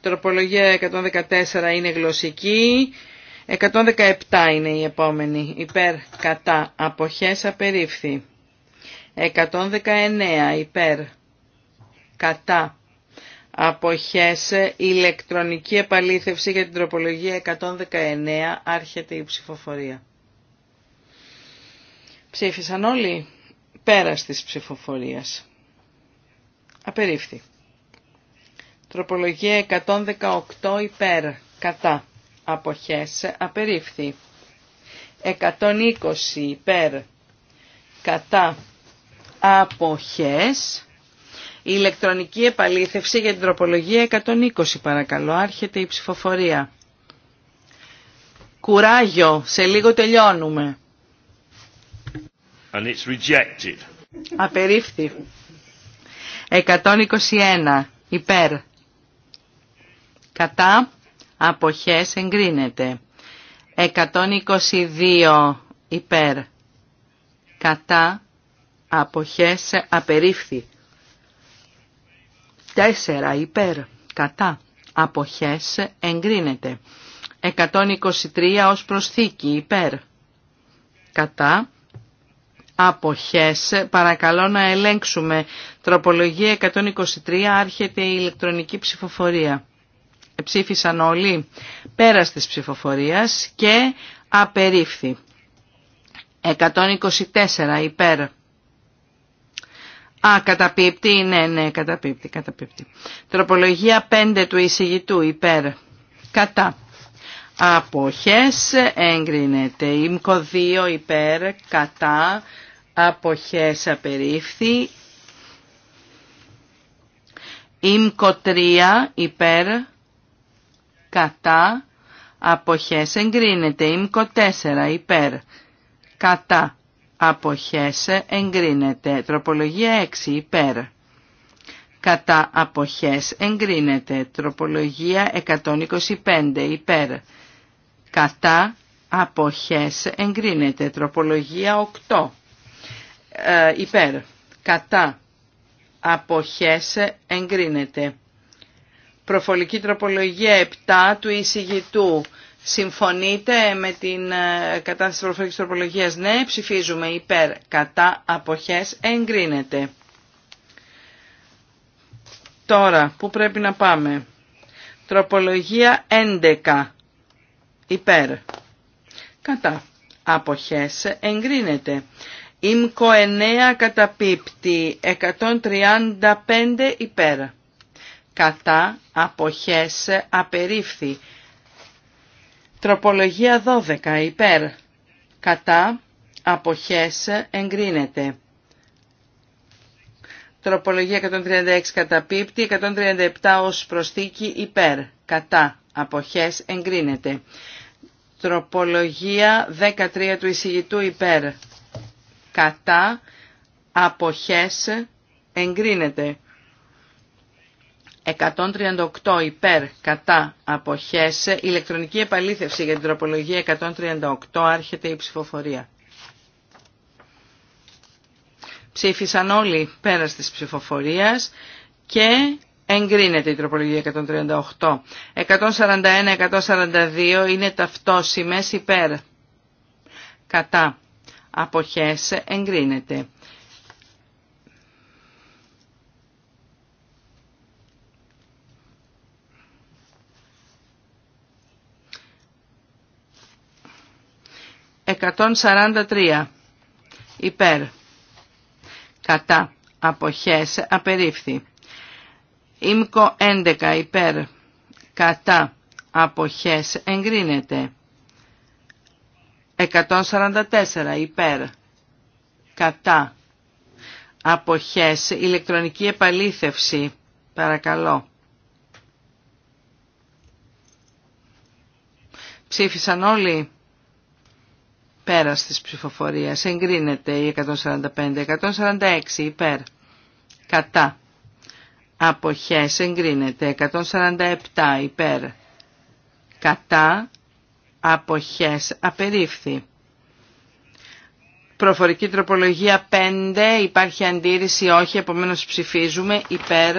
Τροπολογία 114 είναι γλωσσική, 117 είναι η επόμενη, υπέρ κατά αποχές απερίφθη. 119 υπέρ κατά Αποχέσε ηλεκτρονική επαλήθευση για την τροπολογία 119 άρχεται η ψηφοφορία. Ψήφισαν όλοι πέρα της ψηφοφορίας. Απερίφθη. Τροπολογία 118 υπέρ κατά αποχέσε. απερίφθη. 120 υπέρ κατά αποχές η ηλεκτρονική επαλήθευση για την τροπολογία 120 παρακαλώ. Άρχεται η ψηφοφορία. Κουράγιο, σε λίγο τελειώνουμε. And it's rejected. Απερίφθη. 121. Υπέρ. Κατά. Αποχές εγκρίνεται. 122. Υπέρ. Κατά. Αποχές απερίφθη. Τέσσερα υπέρ κατά αποχές εγκρίνεται. 123 ως προσθήκη υπέρ κατά αποχές. Παρακαλώ να ελέγξουμε τροπολογία 123 άρχεται η ηλεκτρονική ψηφοφορία. Ψήφισαν όλοι πέρας της ψηφοφορίας και απερίφθη. 124 υπέρ Α, καταπίπτει, ναι, ναι, καταπίπτει, καταπίπτει. Τροπολογία 5 του εισηγητού, υπέρ, κατά. Αποχές εγκρίνεται. Ήμκο 2 υπέρ, κατά, αποχές απερίφθη. Ήμκο 3 υπέρ, κατά, αποχές εγκρίνεται. Ήμκο 4 υπέρ, κατά, αποχές ε, εγκρίνεται. Τροπολογία 6 υπέρ. Κατά αποχές εγκρίνεται. Τροπολογία 125 υπέρ. Κατά αποχές εγκρίνεται. Τροπολογία 8 ε, υπέρ. Κατά αποχές εγκρίνεται. Προφολική τροπολογία 7 του εισηγητού Συμφωνείτε με την ε, κατάσταση προφορικής τροπολογίας. Ναι, ψηφίζουμε υπέρ. Κατά αποχές εγκρίνεται. Τώρα, πού πρέπει να πάμε. Τροπολογία 11. Υπέρ. Κατά. Αποχές εγκρίνεται. Ήμκο 9 καταπίπτει. 135 υπέρ. Κατά. Αποχές απερίφθη. Τροπολογία 12 υπέρ κατά αποχές εγκρίνεται. Τροπολογία 136 καταπίπτει, 137 ως προσθήκη. υπέρ κατά αποχές εγκρίνεται. Τροπολογία 13 του εισηγητού υπέρ κατά αποχές εγκρίνεται. 138 υπέρ κατά αποχές, ηλεκτρονική επαλήθευση για την τροπολογία 138, άρχεται η ψηφοφορία. Ψήφισαν όλοι πέρας της ψηφοφορίας και εγκρίνεται η τροπολογία 138. 141-142 είναι ταυτόσημες υπέρ κατά αποχές, εγκρίνεται. 143 υπέρ κατά αποχές απερίφθη. Ήμκο 11 υπέρ κατά αποχές εγκρίνεται. 144 υπέρ κατά αποχές ηλεκτρονική επαλήθευση παρακαλώ. Ψήφισαν όλοι. Πέρας της ψηφοφορίας εγκρίνεται η 145, 146 υπέρ, κατά. Αποχές εγκρίνεται 147 υπέρ, κατά. Αποχές απερίφθη. Προφορική τροπολογία 5, υπάρχει αντίρρηση, όχι, επομένως ψηφίζουμε υπέρ,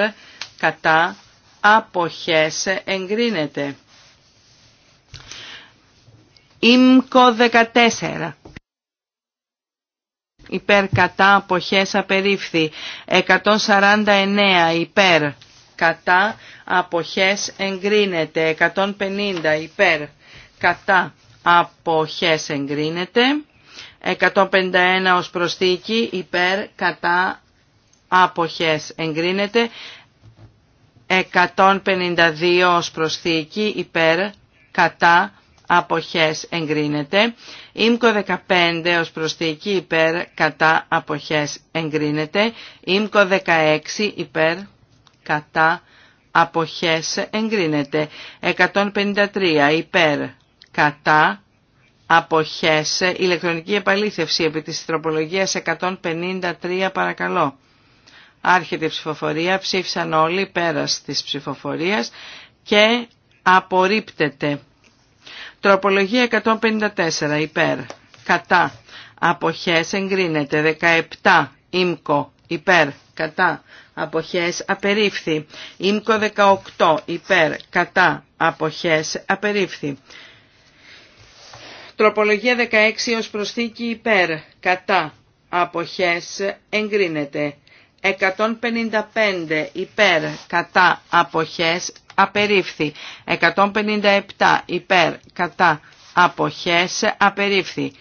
κατά, αποχές εγκρίνεται. Ήμκο 14. Υπέρ κατά αποχές απερίφθη. 149 υπέρ κατά αποχές εγκρίνεται. 150 υπέρ κατά αποχές εγκρίνεται. 151 ως προστίκη υπέρ κατά αποχές εγκρίνεται. 152 ως προσθήκη υπέρ κατά αποχές εγκρίνεται. Ίμκο 15 ως προσθήκη υπέρ κατά αποχές εγκρίνεται. Ίμκο 16 υπέρ κατά αποχές εγκρίνεται. 153 υπέρ κατά αποχές ηλεκτρονική επαλήθευση επί της τροπολογίας 153 παρακαλώ. Άρχεται η ψηφοφορία, ψήφισαν όλοι πέρας της ψηφοφορίας και απορρίπτεται. Τροπολογία 154 υπέρ. Κατά. Αποχές εγκρίνεται. 17 ΙΜΚΟ υπέρ. Κατά. Αποχές απερίφθη. ΙΜΚΟ 18 υπέρ. Κατά. Αποχές απερίφθη. Τροπολογία 16 ως προσθήκη υπέρ. Κατά. Αποχές εγκρίνεται. 155 υπέρ κατά αποχές απερίφθη. 157 υπέρ κατά αποχές απερίφθη.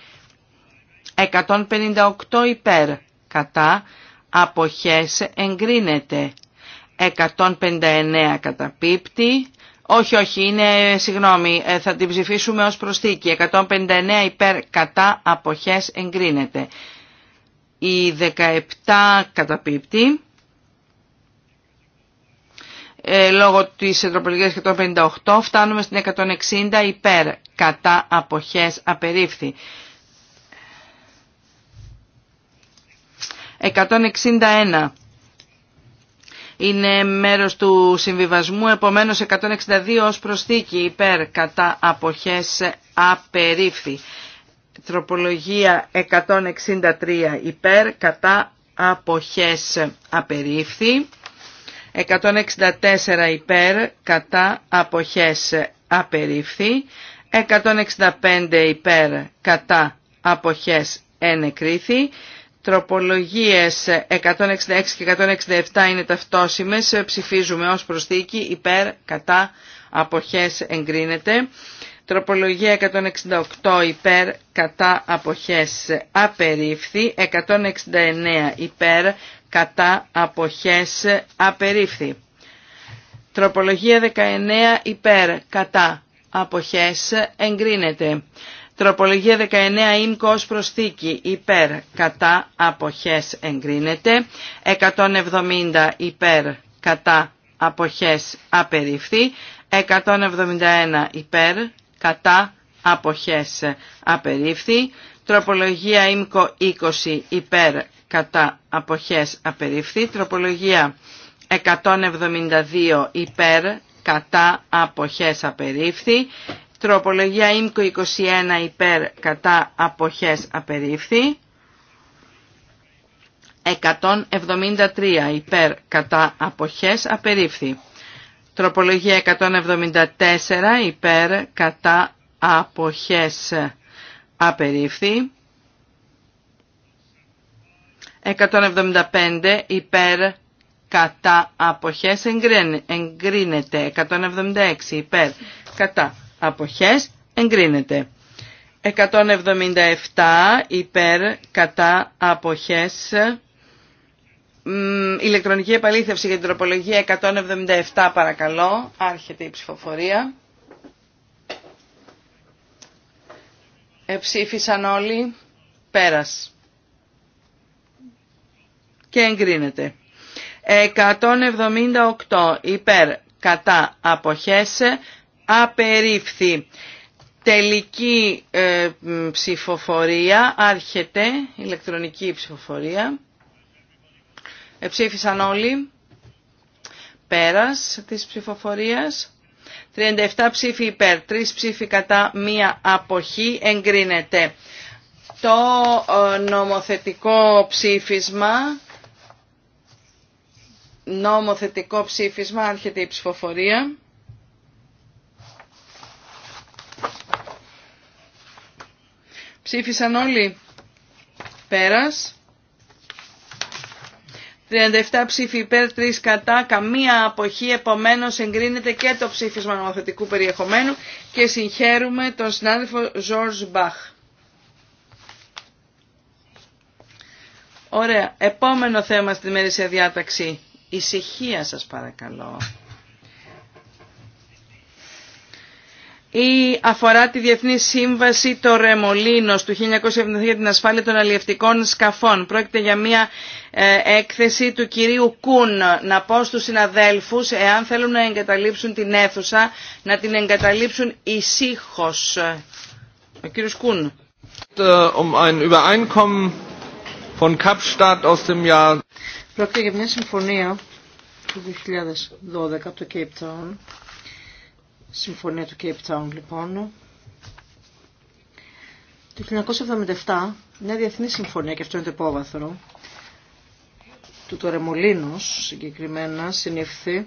158 υπέρ κατά αποχές εγκρίνεται. 159 καταπίπτει. Όχι, όχι, είναι, συγγνώμη, ε, θα την ψηφίσουμε ως προσθήκη. 159 υπέρ κατά αποχές εγκρίνεται. Η 17 καταπίπτει. Ε, λόγω της τροπολογίας 158 φτάνουμε στην 160 υπέρ κατά αποχές απερίφθη. 161 είναι μέρος του συμβιβασμού, επομένως 162 ως προσθήκη υπέρ κατά αποχές απερίφθη. Τροπολογία 163 υπέρ κατά αποχές απερίφθη. 164 υπέρ κατά αποχές απερίφθη, 165 υπέρ κατά αποχές ενεκρίθη, τροπολογίες 166 και 167 είναι ταυτόσιμες, ψηφίζουμε ως προσθήκη υπέρ κατά αποχές εγκρίνεται, Τροπολογία 168 υπέρ κατά αποχές απερίφθη. 169 υπέρ κατά αποχές απερίφθη. Τροπολογία 19 υπέρ κατά αποχές εγκρίνεται. Τροπολογία 19 ΙΜΚΟ ως προσθήκη υπέρ κατά αποχές εγκρίνεται. 170 υπέρ κατά αποχές απερίφθη. 171 υπέρ κατά αποχές απερίφθη. Τροπολογία ΙΜΚΟ 20 υπέρ κατά αποχές απερίφθη. Τροπολογία 172 υπέρ κατά αποχές απερίφθη. Τροπολογία ΙΜΚΟ 21 υπέρ κατά αποχές απερίφθη. 173 υπέρ κατά αποχές απερίφθη. Τροπολογία 174 υπέρ κατά αποχές απερίφθη. 175 υπέρ κατά αποχές εγκρίνεται. 176 υπέρ κατά αποχές εγκρίνεται. 177 υπέρ κατά αποχές ηλεκτρονική επαλήθευση για την τροπολογία 177 παρακαλώ. Άρχεται η ψηφοφορία. Εψήφισαν όλοι. Πέρας. Και εγκρίνεται. 178 υπέρ κατά αποχέσε απερίφθη. Τελική ε, ψηφοφορία άρχεται, ηλεκτρονική ψηφοφορία. Εψήφισαν όλοι. Πέρας της ψηφοφορίας. 37 ψήφοι υπέρ, 3 ψήφοι κατά, μία αποχή εγκρίνεται. Το ε, νομοθετικό ψήφισμα, νομοθετικό ψήφισμα, άρχεται η ψηφοφορία. Ψήφισαν όλοι. Πέρας. 37 ψήφοι υπέρ, 3 κατά, καμία αποχή, επομένως εγκρίνεται και το ψήφισμα νομοθετικού περιεχομένου και συγχαίρουμε τον συνάδελφο Ζόρζ Μπαχ. Ωραία, επόμενο θέμα στη σε διάταξη. Ησυχία σας παρακαλώ. ή αφορά τη Διεθνή Σύμβαση το Ρεμολίνος του 1970 για την ασφάλεια των αλλιευτικών σκαφών. Πρόκειται για μια ε, έκθεση του κυρίου Κούν να πω στους συναδέλφους εάν θέλουν να εγκαταλείψουν την αίθουσα να την εγκαταλείψουν ησύχω. Ο κύριος Κούν. Ε, um Πρόκειται για μια συμφωνία του 2012 από το Cape Town Συμφωνία του Cape Town λοιπόν. Το 1977, μια διεθνή συμφωνία, και αυτό είναι το υπόβαθρο, του Τωρεμολίνος συγκεκριμένα συνήφθη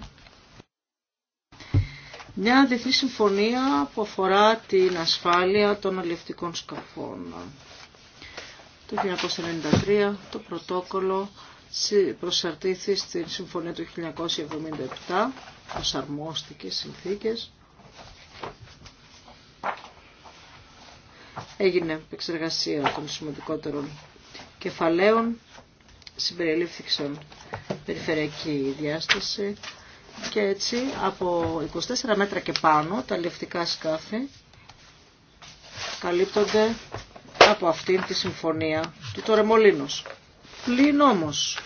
μια διεθνή συμφωνία που αφορά την ασφάλεια των αλληλευτικών σκαφών. Το 1993 το πρωτόκολλο προσαρτήθη στην συμφωνία του 1977, προσαρμόστηκε συνθήκες έγινε επεξεργασία των σημαντικότερων κεφαλαίων, συμπεριλήφθηξαν περιφερειακή διάσταση και έτσι από 24 μέτρα και πάνω τα λευτικά σκάφη καλύπτονται από αυτήν τη συμφωνία του Τωρεμολίνος. Πλην όμως,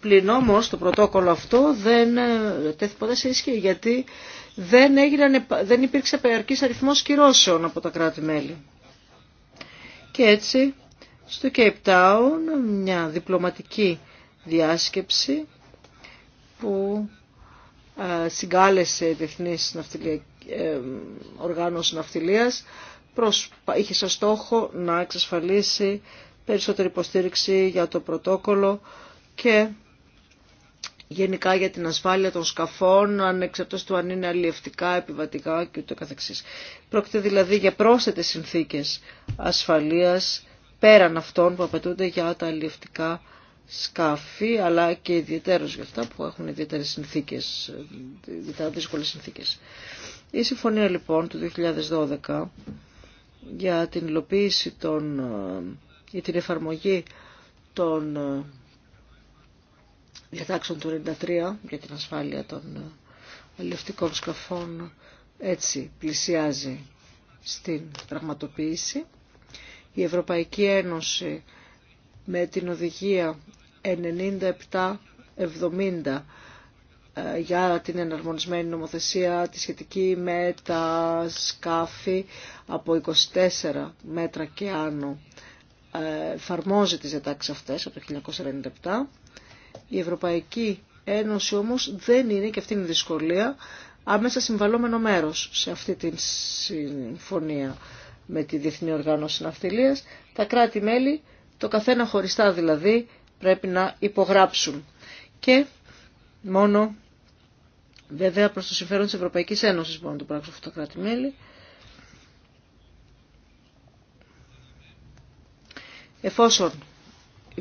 πλην όμως το πρωτόκολλο αυτό δεν ε, τέθη ποτέ σε ισχύ γιατί δεν, έγιναν, δεν υπήρξε επαρκής αριθμός κυρώσεων από τα κράτη-μέλη. Και έτσι στο Cape Town μια διπλωματική διάσκεψη που ε, συγκάλεσε η Διεθνής Ναυτιλία, ε, Οργάνωση Ναυτιλίας είχε σαν στόχο να εξασφαλίσει περισσότερη υποστήριξη για το πρωτόκολλο και γενικά για την ασφάλεια των σκαφών, ανεξαρτήτως του αν είναι αλλιευτικά, επιβατικά και Πρόκειται δηλαδή για πρόσθετες συνθήκες ασφαλείας πέραν αυτών που απαιτούνται για τα αλλιευτικά σκάφη, αλλά και ιδιαίτερως για αυτά που έχουν ιδιαίτερες συνθήκες, ιδιαίτερα δύσκολες συνθήκες. Η συμφωνία λοιπόν του 2012 για την υλοποίηση ε, για την εφαρμογή των ε, διατάξεων του 1993 για την ασφάλεια των ε, αλληλευτικών σκαφών έτσι πλησιάζει στην πραγματοποίηση. Η Ευρωπαϊκή Ένωση με την οδηγία 97-70 ε, για την εναρμονισμένη νομοθεσία τη σχετική με τα σκάφη από 24 μέτρα και άνω ε, εφαρμόζει τις διατάξεις αυτές από το 1997 η Ευρωπαϊκή Ένωση όμως δεν είναι, και αυτή είναι η δυσκολία, άμεσα συμβαλόμενο μέρος σε αυτή τη συμφωνία με τη Διεθνή Οργάνωση Ναυτιλίας. Τα κράτη-μέλη, το καθένα χωριστά δηλαδή, πρέπει να υπογράψουν. Και μόνο, βέβαια, προς το συμφέρον της Ευρωπαϊκής Ένωσης μπορούν να το πράξουν αυτό τα κράτη-μέλη. Εφόσον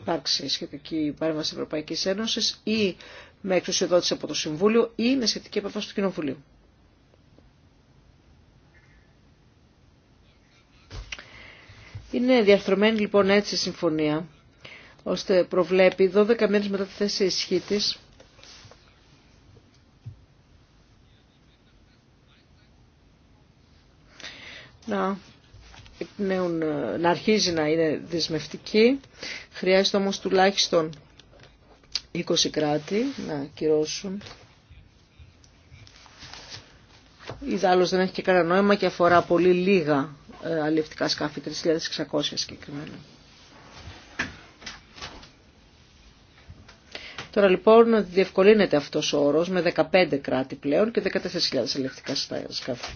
υπάρξει σχετική παρέμβαση Ευρωπαϊκής Ένωσης ή με εξουσιοδότηση από το Συμβούλιο ή με σχετική επαφή του Κοινοβουλίου. Είναι διαρθρωμένη λοιπόν έτσι η συμφωνία, ώστε προβλέπει 12 μήνες μετά τη θέση ισχύ της, να ε, να αρχίζει να είναι δεσμευτική. Χρειάζεται όμως τουλάχιστον 20 κράτη να κυρώσουν. Ιδάλλως δεν έχει και κανένα νόημα και αφορά πολύ λίγα ε, αλληλευτικά σκάφη, 3.600 συγκεκριμένα. Τώρα λοιπόν διευκολύνεται αυτός ο όρος με 15 κράτη πλέον και 14.000 αλληλευτικά σκάφη.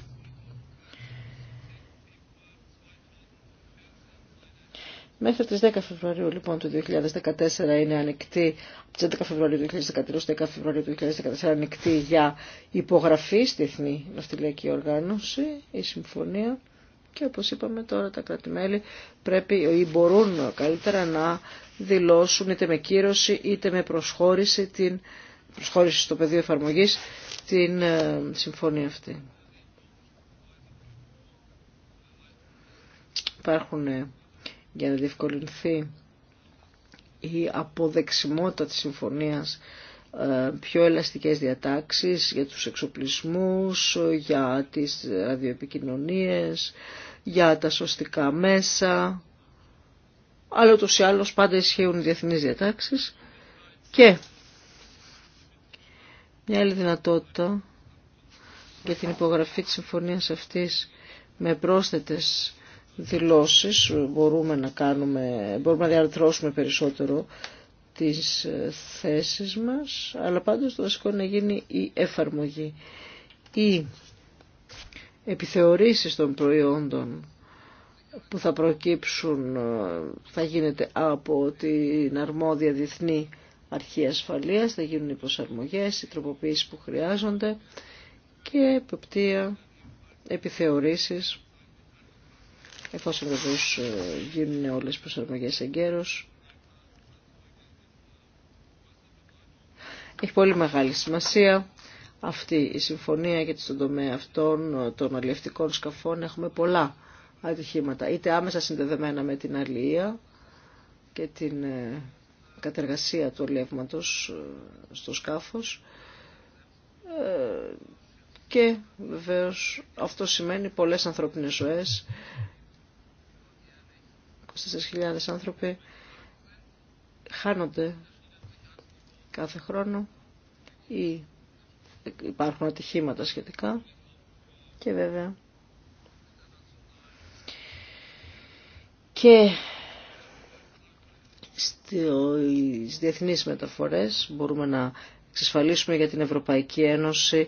Μέχρι τις 10 Φεβρουαρίου λοιπόν του 2014 είναι ανοιχτή, από τις 11 Φεβρουαρίου του 2013 στις 10 Φεβρουαρίου του 2014 ανοιχτή για υπογραφή στη Εθνή Ναυτιλιακή Οργάνωση, η Συμφωνία. Και όπως είπαμε τώρα τα κράτη-μέλη πρέπει ή μπορούν καλύτερα να δηλώσουν είτε με κύρωση είτε με προσχώρηση, την, προσχώρηση στο πεδίο εφαρμογής την ε, συμφωνία αυτή. Υπάρχουν ε, για να διευκολυνθεί η αποδεξιμότητα της συμφωνίας ε, πιο ελαστικές διατάξεις για τους εξοπλισμούς, για τις ραδιοεπικοινωνίες, για τα σωστικά μέσα. Άλλο ούτως ή άλλως πάντα ισχύουν οι διεθνείς διατάξεις. Και μια άλλη δυνατότητα για την υπογραφή της συμφωνίας αυτής με πρόσθετες δηλώσεις μπορούμε να κάνουμε, μπορούμε να διαρθρώσουμε περισσότερο τις ε, θέσεις μας, αλλά πάντως το βασικό να γίνει η εφαρμογή. Οι επιθεωρήσεις των προϊόντων που θα προκύψουν ε, θα γίνεται από την αρμόδια διεθνή αρχή ασφαλείας, θα γίνουν οι προσαρμογές, οι τροποποιήσεις που χρειάζονται και εποπτεία επιθεωρήσεις εφόσον βεβαίως ε, γίνουν όλες οι προσαρμογές εγκαίρως. Έχει πολύ μεγάλη σημασία αυτή η συμφωνία γιατί στον τομέα αυτών ε, των αλληλευτικών σκαφών έχουμε πολλά ατυχήματα, είτε άμεσα συνδεδεμένα με την αλληλεία και την ε, κατεργασία του αλληλεύματος στο σκάφος και βεβαίως αυτό σημαίνει πολλές ανθρώπινες ζωές 24.000 άνθρωποι χάνονται κάθε χρόνο ή υπάρχουν ατυχήματα σχετικά και βέβαια και στις διεθνείς μεταφορές μπορούμε να εξασφαλίσουμε για την Ευρωπαϊκή Ένωση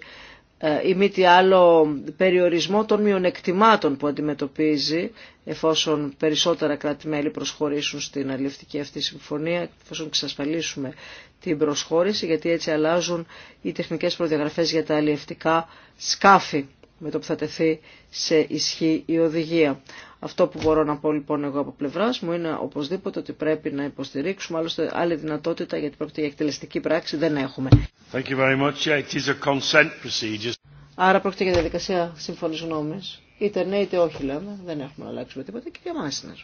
ε, ή μη τι άλλο περιορισμό των μειονεκτημάτων που αντιμετωπίζει εφόσον περισσότερα κράτη-μέλη προσχωρήσουν στην αλληλευτική αυτή συμφωνία, εφόσον εξασφαλίσουμε την προσχώρηση, γιατί έτσι αλλάζουν οι τεχνικές προδιαγραφές για τα αλληλευτικά σκάφη με το που θα τεθεί σε ισχύ η οδηγία. Αυτό που μπορώ να πω λοιπόν εγώ από πλευρά μου είναι οπωσδήποτε ότι πρέπει να υποστηρίξουμε, άλλωστε άλλη δυνατότητα γιατί πρόκειται για εκτελεστική πράξη δεν έχουμε. Thank you very much. it is a consent procedure. Άρα πρόκειται για διαδικασία σύμφωνη γνώμη. Είτε ναι είτε όχι λέμε, δεν έχουμε να αλλάξουμε τίποτα. Κυρία είναι.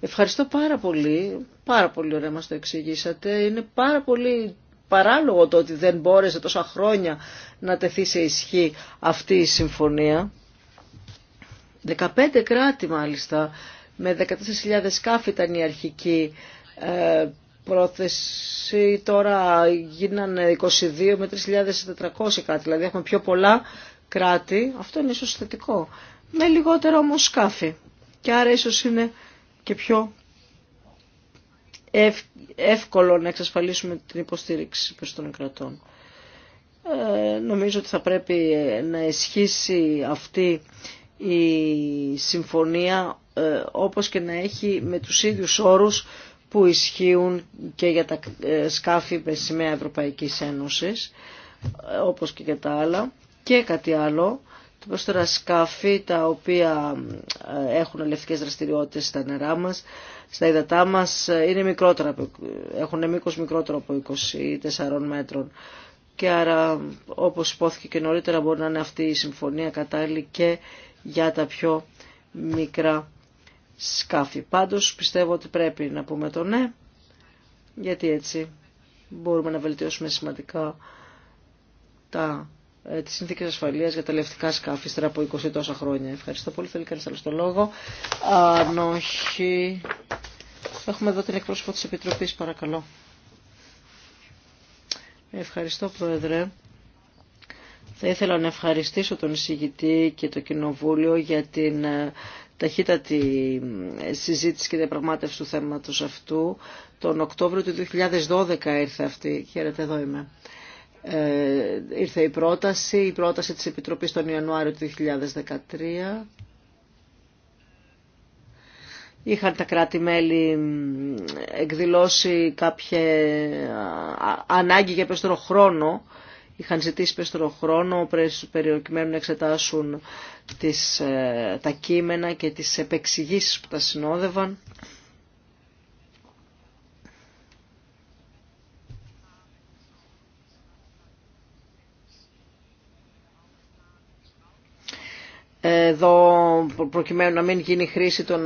Ευχαριστώ πάρα πολύ. Πάρα πολύ ωραία μας το εξηγήσατε. Είναι πάρα πολύ παράλογο το ότι δεν μπόρεσε τόσα χρόνια να τεθεί σε ισχύ αυτή η συμφωνία. 15 κράτη μάλιστα, με 14.000 σκάφη ήταν η αρχική ε, πρόθεση, τώρα γίνανε 22 με 3.400 κάτι, δηλαδή έχουμε πιο πολλά κράτη, αυτό είναι ίσως θετικό, με λιγότερο όμως σκάφη. Και άρα ίσως είναι και πιο εύκολο να εξασφαλίσουμε την υποστήριξη προς των κρατών. Ε, νομίζω ότι θα πρέπει να ισχύσει αυτή η συμφωνία ε, όπως και να έχει με τους ίδιους όρους που ισχύουν και για τα ε, σκάφη με σημαία Ευρωπαϊκής Ένωσης, ε, όπως και για τα άλλα. Και κάτι άλλο, τα τώρα σκάφη τα οποία ε, έχουν ελευτικές δραστηριότητες στα νερά μας, στα υδατά μας, ε, είναι μικρότερα, έχουν μήκος μικρότερο από 24 μέτρων. Και άρα όπως υπόθηκε και νωρίτερα μπορεί να είναι αυτή η συμφωνία κατάλληλη και για τα πιο μικρά σκάφη. Πάντως πιστεύω ότι πρέπει να πούμε το ναι, γιατί έτσι μπορούμε να βελτιώσουμε σημαντικά τα ε, τις συνθήκες ασφαλείας για τα λευτικά σκάφη ύστερα από 20 τόσα χρόνια. Ευχαριστώ πολύ. Θέλει κανείς άλλο το λόγο. Αν όχι... Έχουμε εδώ την εκπρόσωπο της Επιτροπής, παρακαλώ. Ευχαριστώ, Πρόεδρε. Θα ήθελα να ευχαριστήσω τον εισηγητή και το Κοινοβούλιο για την ε, ταχύτατη ε, συζήτηση και διαπραγμάτευση του θέματος αυτού. Τον Οκτώβριο του 2012 ήρθε αυτή. Χαίρετε, εδώ είμαι. Ε, ήρθε η πρόταση, η πρόταση της Επιτροπής τον Ιανουάριο του 2013. Είχαν τα κράτη-μέλη εκδηλώσει κάποια ανάγκη για περισσότερο χρόνο, είχαν ζητήσει περισσότερο χρόνο περιοκειμένου να εξετάσουν τις, ε, τα κείμενα και τις επεξηγήσεις που τα συνόδευαν. εδώ προκειμένου να μην γίνει χρήση των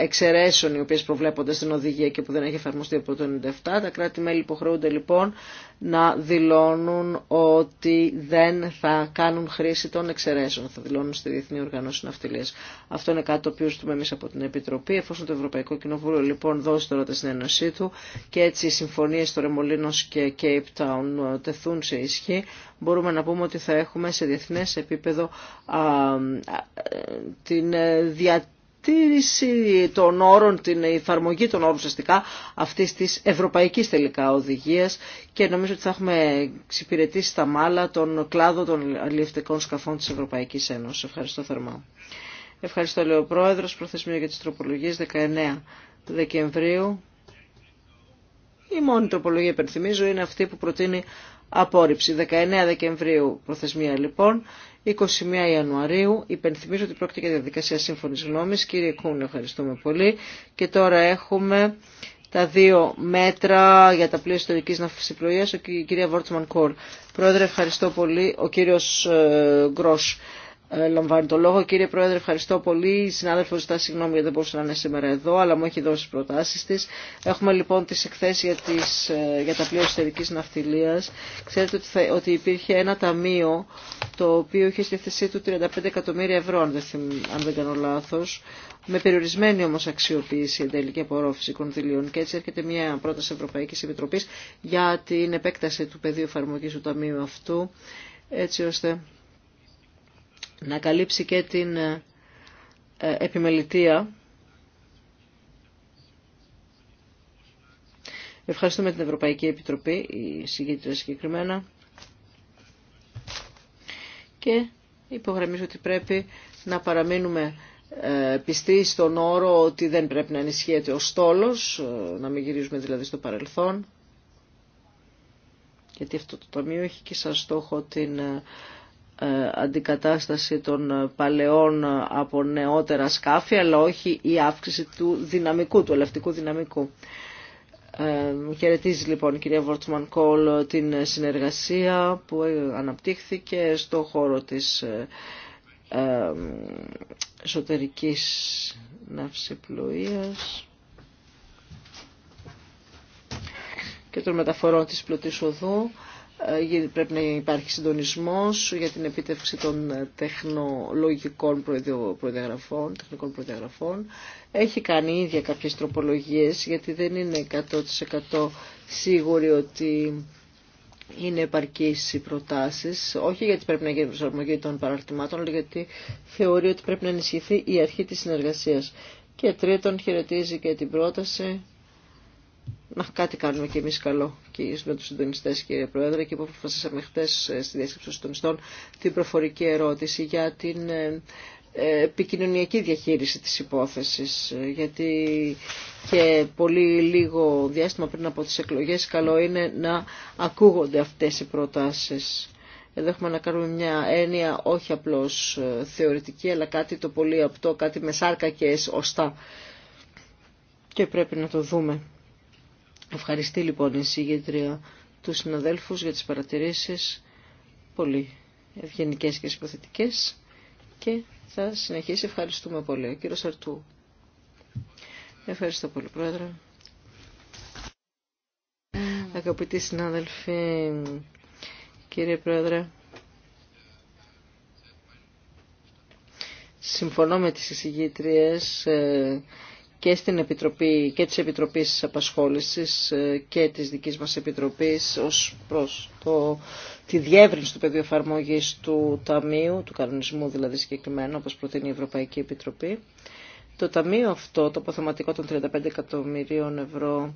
εξαιρέσεων οι οποίες προβλέπονται στην οδηγία και που δεν έχει εφαρμοστεί από το 1997. Τα κράτη-μέλη υποχρεούνται λοιπόν να δηλώνουν ότι δεν θα κάνουν χρήση των εξαιρέσεων, θα δηλώνουν στη Διεθνή Οργανώση Ναυτιλίας. Αυτό είναι κάτι το οποίο ζητούμε εμείς από την Επιτροπή, εφόσον το Ευρωπαϊκό Κοινοβούλιο λοιπόν δώσει τώρα τη συνένωσή του και έτσι οι συμφωνίες στο Ρεμολίνος και Cape Town ε, τεθούν σε ισχύ, μπορούμε να πούμε ότι θα έχουμε σε διεθνές επίπεδο την ε, διατήρηση των όρων, την εφαρμογή των όρων ουσιαστικά αυτή τη ευρωπαϊκή τελικά οδηγία και νομίζω ότι θα έχουμε εξυπηρετήσει στα μάλα τον κλάδο των αλληλευτικών σκαφών τη Ευρωπαϊκή Ένωση. Ευχαριστώ θερμά. Ευχαριστώ, λέει ο πρόεδρο, Προθεσμία για τι τροπολογίε 19 Δεκεμβρίου. Η μόνη τροπολογία, υπενθυμίζω, είναι αυτή που προτείνει απόρριψη. 19 Δεκεμβρίου προθεσμία λοιπόν, 21 Ιανουαρίου. Υπενθυμίζω ότι πρόκειται για διαδικασία σύμφωνης γνώμης. Κύριε Κούν, ευχαριστούμε πολύ. Και τώρα έχουμε τα δύο μέτρα για τα πλοία ιστορική ναυσιπλοεία, ο κυρία Βόρτσμαν Κόρ. Πρόεδρε, ευχαριστώ πολύ. Ο κύριος ε, Γκρός. Ε, λαμβάνει το λόγο. Κύριε Πρόεδρε, ευχαριστώ πολύ. Η συνάδελφο ζητά συγγνώμη γιατί δεν μπορούσε να είναι σήμερα εδώ, αλλά μου έχει δώσει τι προτάσει τη. Έχουμε λοιπόν τι εκθέσει για, ε, για τα πλοία εσωτερική ναυτιλία. Ξέρετε ότι, θα, ότι υπήρχε ένα ταμείο το οποίο είχε στη θέσή του 35 εκατομμύρια ευρώ, αν δεν, αν δεν κάνω λάθο, με περιορισμένη όμω αξιοποίηση εν τέλει και απορρόφηση κονδυλίων. Και έτσι έρχεται μια πρόταση Ευρωπαϊκή Επιτροπή για την επέκταση του πεδίου εφαρμογή του ταμείου αυτού, έτσι ώστε να καλύψει και την ε, ε, επιμελητία. Ευχαριστούμε την Ευρωπαϊκή Επιτροπή, η συγκέντρια συγκεκριμένα. Και υπογραμμίζω ότι πρέπει να παραμείνουμε ε, πιστοί στον όρο ότι δεν πρέπει να ενισχύεται ο στόλος, να μην γυρίζουμε δηλαδή στο παρελθόν. Γιατί αυτό το ταμείο έχει και σαν στόχο την ε, αντικατάσταση των ε, παλαιών ε, από νεότερα σκάφη, αλλά όχι η αύξηση του δυναμικού, του ελευτικού δυναμικού. χαιρετίζει λοιπόν η κυρία Βόρτσμαν Κόλ την συνεργασία που αναπτύχθηκε στο χώρο της ε, εσωτερικής ναυσιπλοείας και των μεταφορών της πλωτής οδού. Ε, πρέπει να υπάρχει συντονισμός για την επίτευξη των τεχνολογικών προδιαγραφών, τεχνικών προδιαγραφών. Έχει κάνει ίδια κάποιες τροπολογίες γιατί δεν είναι 100% σίγουροι ότι είναι επαρκείς οι προτάσεις, όχι γιατί πρέπει να γίνει προσαρμογή των παραρτημάτων, αλλά γιατί θεωρεί ότι πρέπει να ενισχυθεί η αρχή της συνεργασίας. Και τρίτον χαιρετίζει και την πρόταση να, κάτι κάνουμε κι εμείς καλό και με του συντονιστέ, κύριε Πρόεδρε και που αποφασίσαμε χθε στη διάσκεψη των συντονιστών την προφορική ερώτηση για την ε, ε, επικοινωνιακή διαχείριση της υπόθεσης ε, γιατί και πολύ λίγο διάστημα πριν από τις εκλογές καλό είναι να ακούγονται αυτές οι προτάσεις. Εδώ έχουμε να κάνουμε μια έννοια όχι απλώς θεωρητική αλλά κάτι το πολύ απτό, κάτι με σάρκα και ωστά. και πρέπει να το δούμε. Ευχαριστεί λοιπόν η συγγετρία του συναδέλφους για τις παρατηρήσεις πολύ ευγενικέ και υποθετικές και θα συνεχίσει. Ευχαριστούμε πολύ. Κύριο Σαρτού, Αρτού. Ευχαριστώ πολύ πρόεδρε. Αγαπητοί συνάδελφοι, κύριε πρόεδρε, συμφωνώ με τις εισηγήτριες ε, και στην Επιτροπή και της Επιτροπής Απασχόλησης ε, και της δικής μας Επιτροπής ως προς το, τη διεύρυνση του πεδίου εφαρμογή του Ταμείου, του κανονισμού δηλαδή συγκεκριμένα όπως προτείνει η Ευρωπαϊκή Επιτροπή. Το Ταμείο αυτό, το αποθεματικό των 35 εκατομμυρίων ευρώ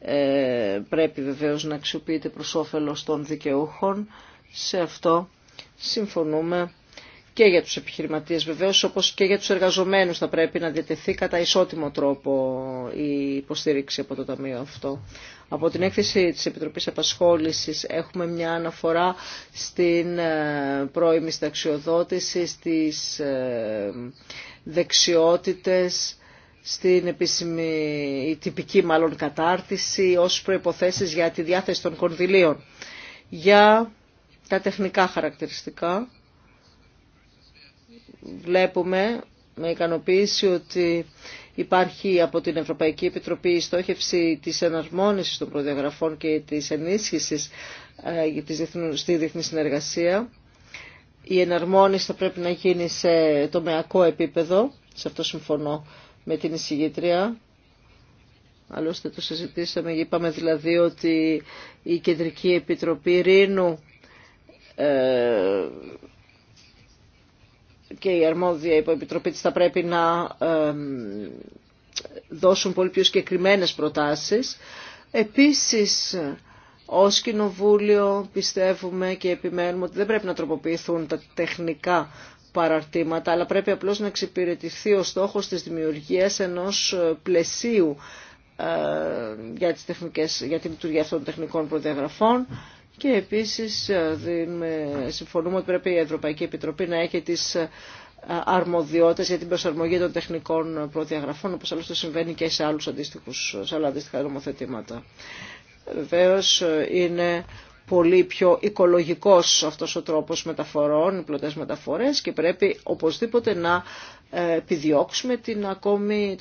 ε, πρέπει βεβαίως να αξιοποιείται προς όφελος των δικαιούχων. Σε αυτό συμφωνούμε και για τους επιχειρηματίες βεβαίως όπως και για τους εργαζομένους θα πρέπει να διατεθεί κατά ισότιμο τρόπο η υποστήριξη από το Ταμείο αυτό. Από την έκθεση της Επιτροπής Απασχόλησης έχουμε μια αναφορά στην ε, πρώιμη σταξιοδότηση, στις ε, δεξιότητες, στην επίσημη, η τυπική μάλλον κατάρτιση ως προϋποθέσεις για τη διάθεση των κονδυλίων. Για τα τεχνικά χαρακτηριστικά βλέπουμε με ικανοποίηση ότι υπάρχει από την Ευρωπαϊκή Επιτροπή η στόχευση της εναρμόνισης των προδιαγραφών και της ενίσχυσης ε, στη διεθνή συνεργασία. Η εναρμόνιση θα πρέπει να γίνει σε τομεακό επίπεδο, σε αυτό συμφωνώ με την εισηγήτρια. Άλλωστε το συζητήσαμε, είπαμε δηλαδή ότι η Κεντρική Επιτροπή Ρήνου ε, και η αρμόδια υποεπιτροπή της θα πρέπει να δώσουν πολύ πιο συγκεκριμένες προτάσεις. Επίσης, ως Κοινοβούλιο πιστεύουμε και επιμένουμε ότι δεν πρέπει να τροποποιηθούν τα τεχνικά παραρτήματα, αλλά πρέπει απλώς να εξυπηρετηθεί ο στόχος της δημιουργίας ενός πλαισίου ε, για, τις τεχνικές, για τη λειτουργία αυτών των τεχνικών προδιαγραφών και επίσης ε, συμφωνούμε ότι πρέπει η Ευρωπαϊκή Επιτροπή να έχει τις ε, αρμοδιότητες για την προσαρμογή των τεχνικών προδιαγραφών, όπως άλλωστε συμβαίνει και σε, άλλους αντίστοιχους, σε άλλα αντίστοιχα νομοθετήματα. Βεβαίω ε, είναι πολύ πιο οικολογικός αυτός ο τρόπος μεταφορών, οι πλωτές μεταφορές και πρέπει οπωσδήποτε να επιδιώξουμε την ακόμη,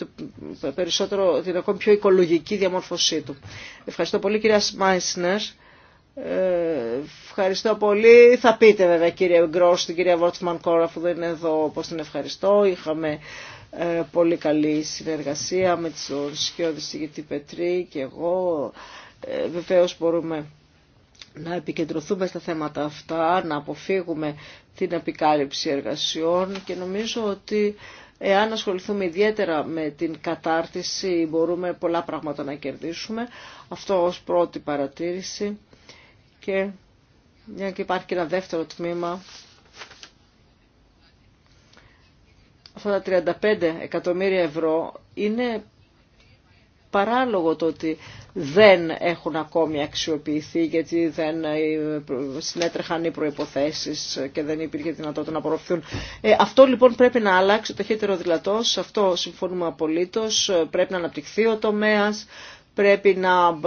περισσότερο, την ακόμη πιο οικολογική διαμόρφωσή του. Ευχαριστώ πολύ κυρία Σμάισνερ. Ε, ευχαριστώ πολύ. Θα πείτε βέβαια κύριε Γκρό την κυρία Βόρτσμαν Κόρα που δεν είναι εδώ πως την ευχαριστώ. Είχαμε ε, πολύ καλή συνεργασία με τις ορσκιώδης γιατί Πετρή και εγώ. Ε, βεβαίως μπορούμε να επικεντρωθούμε στα θέματα αυτά, να αποφύγουμε την επικάλυψη εργασιών και νομίζω ότι εάν ασχοληθούμε ιδιαίτερα με την κατάρτιση μπορούμε πολλά πράγματα να κερδίσουμε. Αυτό ως πρώτη παρατήρηση και μια και υπάρχει και ένα δεύτερο τμήμα αυτά τα 35 εκατομμύρια ευρώ είναι παράλογο το ότι δεν έχουν ακόμη αξιοποιηθεί γιατί δεν συνέτρεχαν οι προϋποθέσεις και δεν υπήρχε δυνατότητα να απορροφηθούν. Ε, αυτό λοιπόν πρέπει να αλλάξει το χέτερο δηλατός. αυτό συμφωνούμε απολύτως, πρέπει να αναπτυχθεί ο τομέας, πρέπει να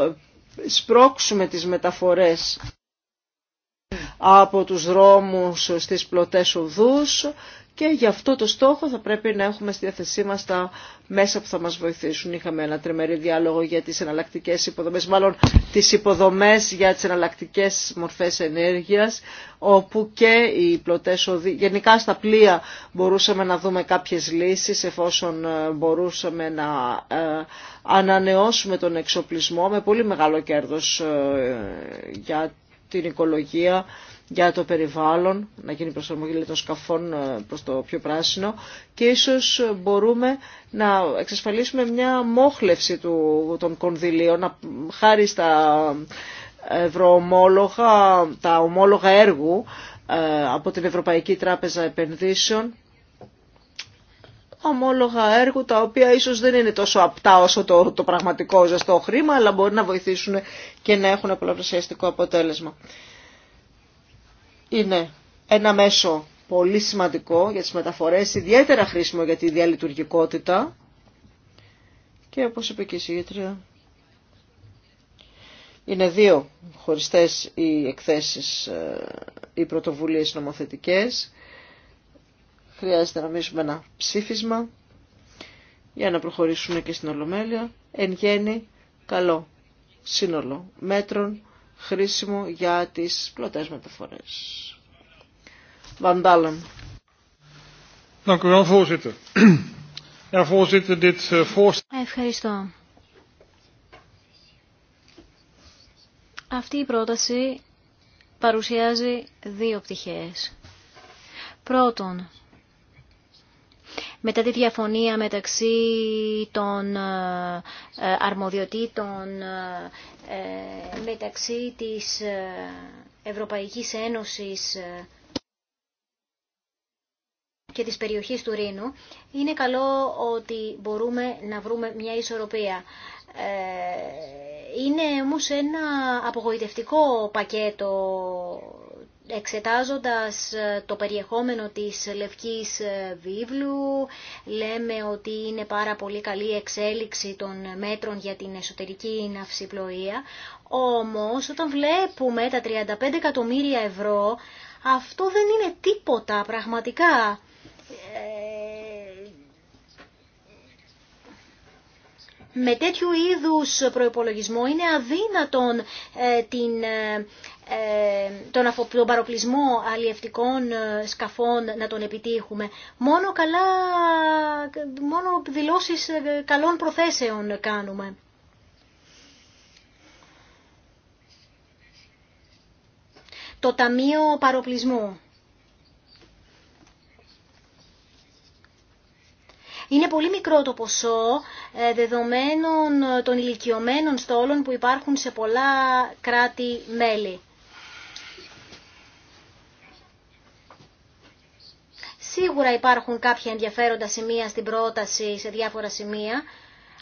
σπρώξουμε τις μεταφορές από τους δρόμους στις πλωτές οδούς και γι' αυτό το στόχο θα πρέπει να έχουμε στη διάθεσή μας τα μέσα που θα μας βοηθήσουν. Είχαμε ένα τριμερή διάλογο για τις εναλλακτικέ υποδομές, μάλλον τις υποδομές για τις εναλλακτικέ μορφές ενέργειας, όπου και οι πλωτές οδοί, γενικά στα πλοία μπορούσαμε να δούμε κάποιες λύσεις εφόσον ε, μπορούσαμε να ε, ανανεώσουμε τον εξοπλισμό με πολύ μεγάλο κέρδος ε, για την οικολογία για το περιβάλλον, να γίνει προσαρμογή των σκαφών ε, προς το πιο πράσινο και ίσως μπορούμε να εξασφαλίσουμε μια μόχλευση του, των κονδυλίων χάρη στα ευρωομόλογα, τα ομόλογα έργου ε, από την Ευρωπαϊκή Τράπεζα Επενδύσεων ομόλογα έργου τα οποία ίσως δεν είναι τόσο απτά όσο το, το πραγματικό ζεστό χρήμα αλλά μπορεί να βοηθήσουν και να έχουν πολλαπλασιαστικό αποτέλεσμα είναι ένα μέσο πολύ σημαντικό για τις μεταφορές, ιδιαίτερα χρήσιμο για τη διαλειτουργικότητα και όπως είπε και η είναι δύο χωριστές οι εκθέσεις, ε, οι πρωτοβουλίες νομοθετικές. Χρειάζεται να μιλήσουμε ένα ψήφισμα για να προχωρήσουμε και στην Ολομέλεια. Εν γέννη, καλό σύνολο μέτρων χρήσιμο για τις πλωτές μεταφορές. Βαντάλεν. Eh, Ευχαριστώ. Αυτή η πρόταση παρουσιάζει δύο πτυχές. Πρώτον, μετά τη διαφωνία μεταξύ των ε, ε, αρμοδιοτήτων ε, ε, μεταξύ της ε, Ευρωπαϊκής Ένωσης ε, και της περιοχής του Ρήνου, είναι καλό ότι μπορούμε να βρούμε μια ισορροπία. Είναι όμως ένα απογοητευτικό πακέτο εξετάζοντας ε, το περιεχόμενο της Λευκής ε, Βίβλου, λέμε ότι είναι πάρα πολύ καλή εξέλιξη των μέτρων για την εσωτερική ναυσιπλοεία, όμως όταν βλέπουμε τα 35 εκατομμύρια ευρώ, αυτό δεν είναι τίποτα πραγματικά. Ε, με τέτοιου είδους προϋπολογισμό είναι αδύνατον ε, την, ε, ε, τον, αφο, τον παροπλισμό αλλιευτικών σκαφών να τον επιτύχουμε. Μόνο, καλά, μόνο δηλώσεις καλών προθέσεων κάνουμε. Το Ταμείο Παροπλισμού. Είναι πολύ μικρό το ποσό ε, δεδομένων ε, των ηλικιωμένων στόλων που υπάρχουν σε πολλά κράτη-μέλη. Σίγουρα υπάρχουν κάποια ενδιαφέροντα σημεία στην πρόταση σε διάφορα σημεία,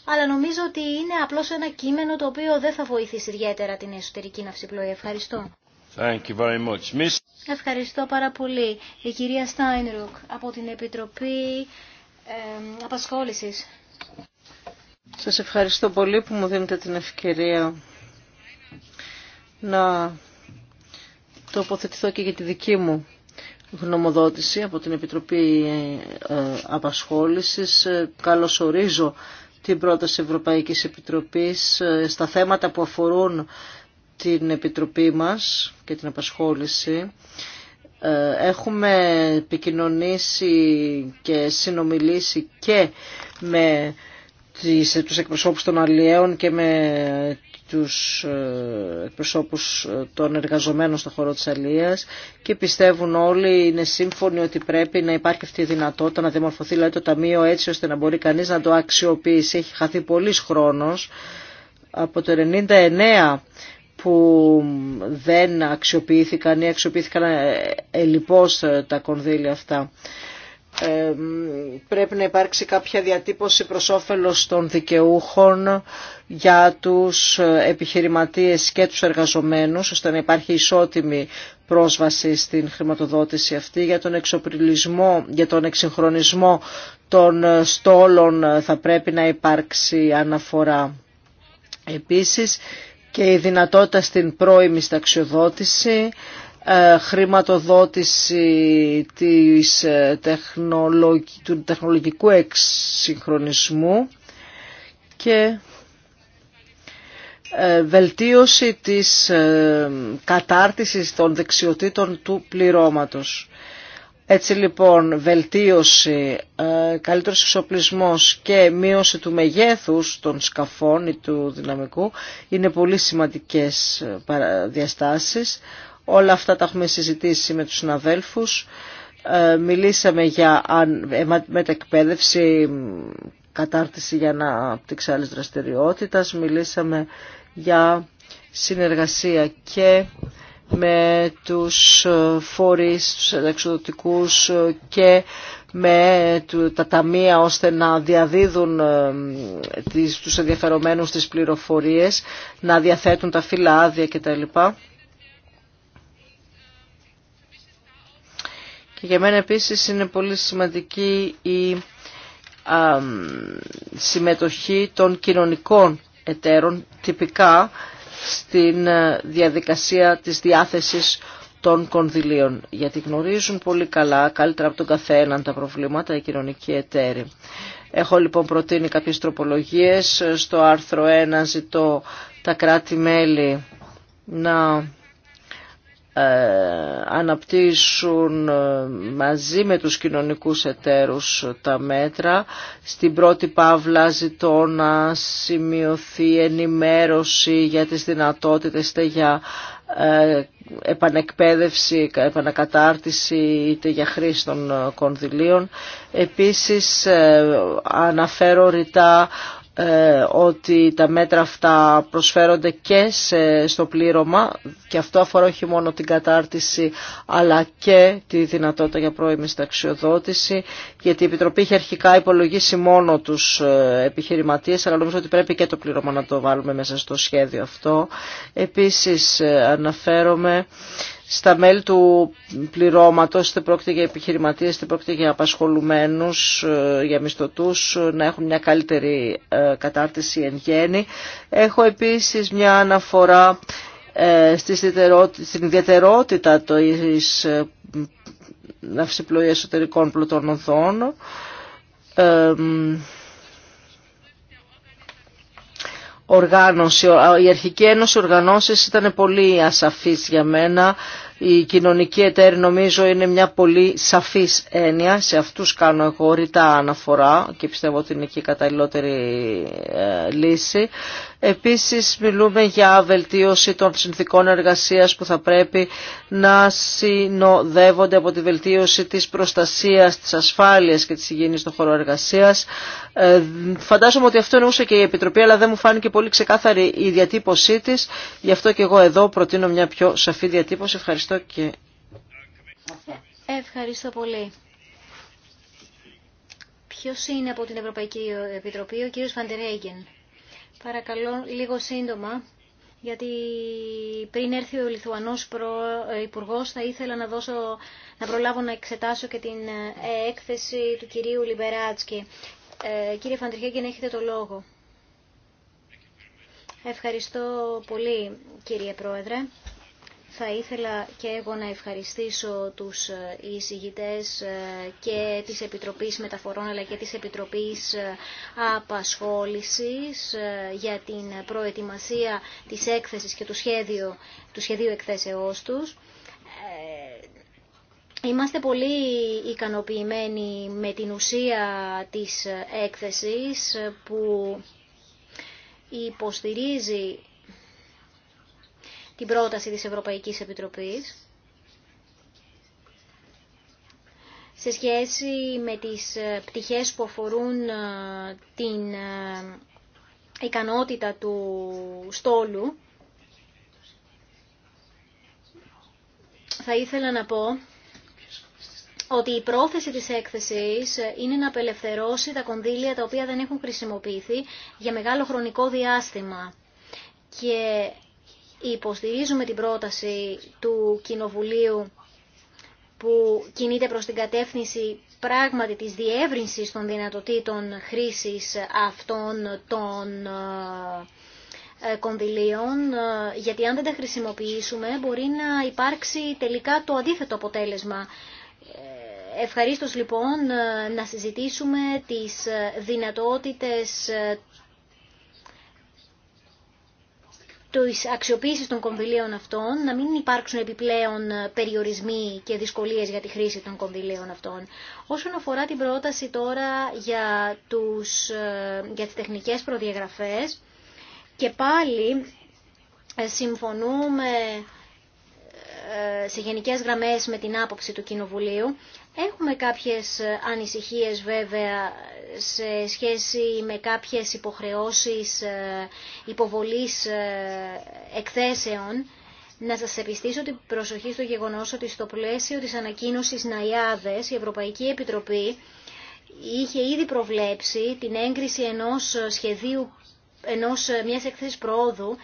αλλά νομίζω ότι είναι απλώς ένα κείμενο το οποίο δεν θα βοηθήσει ιδιαίτερα την εσωτερική ναυσιπλοεία. Ευχαριστώ. Thank you very much. Ευχαριστώ πάρα πολύ. Η κυρία Στάινρουκ από την Επιτροπή απασχόλησης. Σας ευχαριστώ πολύ που μου δίνετε την ευκαιρία να τοποθετηθώ και για τη δική μου γνωμοδότηση από την Επιτροπή ε, Απασχόλησης. Ε, Καλώς ορίζω την πρόταση Ευρωπαϊκής Επιτροπής ε, στα θέματα που αφορούν την Επιτροπή μας και την απασχόληση. Ε, έχουμε επικοινωνήσει και συνομιλήσει και με τις, τους εκπροσώπους των αλλιέων και με τους ε, εκπροσώπους ε, των εργαζομένων στον χώρο της αλίας και πιστεύουν όλοι, είναι σύμφωνοι ότι πρέπει να υπάρχει αυτή η δυνατότητα να δημορφωθεί δηλαδή, το Ταμείο έτσι ώστε να μπορεί κανείς να το αξιοποιήσει. Έχει χαθεί πολλής χρόνος. Από το 1999 που δεν αξιοποιήθηκαν ή αξιοποιήθηκαν ε, ελλιπώς ε, τα κονδύλια αυτά. Ε, πρέπει να υπάρξει κάποια διατύπωση προς όφελος των δικαιούχων για τους επιχειρηματίες και τους εργαζομένους, ώστε να υπάρχει ισότιμη πρόσβαση στην χρηματοδότηση αυτή. Για τον εξοπλισμό, για τον εξυγχρονισμό των στόλων θα πρέπει να υπάρξει αναφορά. Επίσης, και η δυνατότητα στην πρώιμη σταξιοδότηση, ε, χρηματοδότηση της ε, του τεχνολογικού εξυγχρονισμού και ε, βελτίωση της κατάρτισης των δεξιοτήτων του πληρώματος. Έτσι λοιπόν βελτίωση, ε, καλύτερος εξοπλισμός και μείωση του μεγέθους των σκαφών ή του δυναμικού είναι πολύ σημαντικές ε, διαστάσεις. Όλα αυτά τα έχουμε συζητήσει με τους συναδέλφους. Ε, μιλήσαμε για μετακπαίδευση, κατάρτιση για να απτύξει άλλες δραστηριότητες. Μιλήσαμε για συνεργασία και με τους φορείς, τους εξοδοτικούς και με τα ταμεία ώστε να διαδίδουν ε, τις, τους ενδιαφερομένους τις πληροφορίες, να διαθέτουν τα φύλλα άδεια κτλ. Και για μένα επίσης είναι πολύ σημαντική η συμμετοχή των κοινωνικών εταίρων τυπικά στην ε, διαδικασία της διάθεσης των κονδυλίων, γιατί γνωρίζουν πολύ καλά, καλύτερα από τον καθέναν τα προβλήματα, οι κοινωνικοί εταίροι. Έχω λοιπόν προτείνει κάποιες τροπολογίες. Στο άρθρο 1 ζητώ τα κράτη-μέλη να ε, αναπτύσσουν ε, μαζί με τους κοινωνικούς εταίρους τα μέτρα. Στην πρώτη παύλα ζητώ να σημειωθεί ενημέρωση για τις δυνατότητες είτε για ε, επανεκπαίδευση, επανακατάρτιση είτε για χρήση των κονδυλίων. Επίσης αναφέρω ρητά ε, ότι τα μέτρα αυτά προσφέρονται και στο πλήρωμα και αυτό αφορά όχι μόνο την κατάρτιση αλλά και τη δυνατότητα για πρώιμη σταξιοδότηση γιατί η Επιτροπή είχε αρχικά υπολογίσει μόνο τους ε, επιχειρηματίες αλλά νομίζω ότι πρέπει και το πλήρωμα να το βάλουμε μέσα στο σχέδιο αυτό. Επίσης ε, αναφέρομαι στα μέλη του πληρώματος, είτε πρόκειται για επιχειρηματίες, είτε πρόκειται για απασχολουμένους, ε, για μισθωτούς, ε, να έχουν μια καλύτερη ε, κατάρτιση εν γέννη. Έχω επίσης μια αναφορά στην ιδιαιτερότητα της ναυσιπλοεία εσωτερικών πλωτών οδών οργάνωση. Η Αρχική Ένωση Οργανώσεις ήταν πολύ ασαφής για μένα. Η κοινωνική εταίρη νομίζω είναι μια πολύ σαφής έννοια. Σε αυτούς κάνω εγώ ρητά αναφορά και πιστεύω ότι είναι και η καταλληλότερη ε, λύση. Επίσης μιλούμε για βελτίωση των συνθήκων εργασίας που θα πρέπει να συνοδεύονται από τη βελτίωση της προστασίας, της ασφάλειας και της υγιεινής στον χώρο εργασίας. Ε, φαντάζομαι ότι αυτό εννοούσε και η Επιτροπή, αλλά δεν μου φάνηκε πολύ ξεκάθαρη η διατύπωσή της. Γι' αυτό και εγώ εδώ προτείνω μια πιο σαφή διατύπωση. Ευχαριστώ. Ευχαριστώ πολύ. Ποιος είναι από την Ευρωπαϊκή Επιτροπή, ο κύριος Φαντερέγγεν. Παρακαλώ λίγο σύντομα, γιατί πριν έρθει ο Λιθουανός υπουργό, θα ήθελα να, δώσω, να προλάβω να εξετάσω και την ε, έκθεση του κυρίου Λιμπεράτσκι. Ε, κύριε Φαντερέγγεν, έχετε το λόγο. Ευχαριστώ πολύ, κύριε Πρόεδρε. Θα ήθελα και εγώ να ευχαριστήσω τους ε, εισηγητές ε, και της Επιτροπής Μεταφορών αλλά και της Επιτροπής ε, Απασχόλησης για την προετοιμασία της έκθεσης και του σχέδιου, του σχεδίου εκθέσεώς τους. Είμαστε πολύ ικανοποιημένοι με την ουσία της έκθεσης που υποστηρίζει την πρόταση της Ευρωπαϊκής Επιτροπής σε σχέση με τις ε, πτυχές που αφορούν ε, την ε, ικανότητα του στόλου. Θα ήθελα να πω ότι η πρόθεση της έκθεσης είναι να απελευθερώσει τα κονδύλια τα οποία δεν έχουν χρησιμοποιηθεί για μεγάλο χρονικό διάστημα. Και υποστηρίζουμε την πρόταση του Κοινοβουλίου που κινείται προς την κατεύθυνση πράγματι της διεύρυνσης των δυνατοτήτων χρήσης αυτών των ε, κονδυλίων, ε, γιατί αν δεν τα χρησιμοποιήσουμε μπορεί να υπάρξει τελικά το αντίθετο αποτέλεσμα. Ε, ευχαρίστως λοιπόν να συζητήσουμε τις δυνατότητες της αξιοποίησης των κονδυλίων αυτών, να μην υπάρξουν επιπλέον ε, περιορισμοί και δυσκολίες για τη χρήση των κονδυλίων αυτών. Όσον αφορά την πρόταση τώρα για, τους, ε, για τις τεχνικές προδιαγραφές, και πάλι ε, συμφωνούμε σε γενικές γραμμές με την άποψη του Κοινοβουλίου, Έχουμε κάποιες ε, ανησυχίες βέβαια σε σχέση με κάποιες υποχρεώσεις ε, υποβολής ε, εκθέσεων. Να σας επιστήσω την προσοχή στο γεγονός ότι στο πλαίσιο της ανακοίνωσης Ναϊάδες η Ευρωπαϊκή Επιτροπή είχε ήδη προβλέψει την έγκριση ενός σχεδίου ενός μιας εκθέσης πρόοδου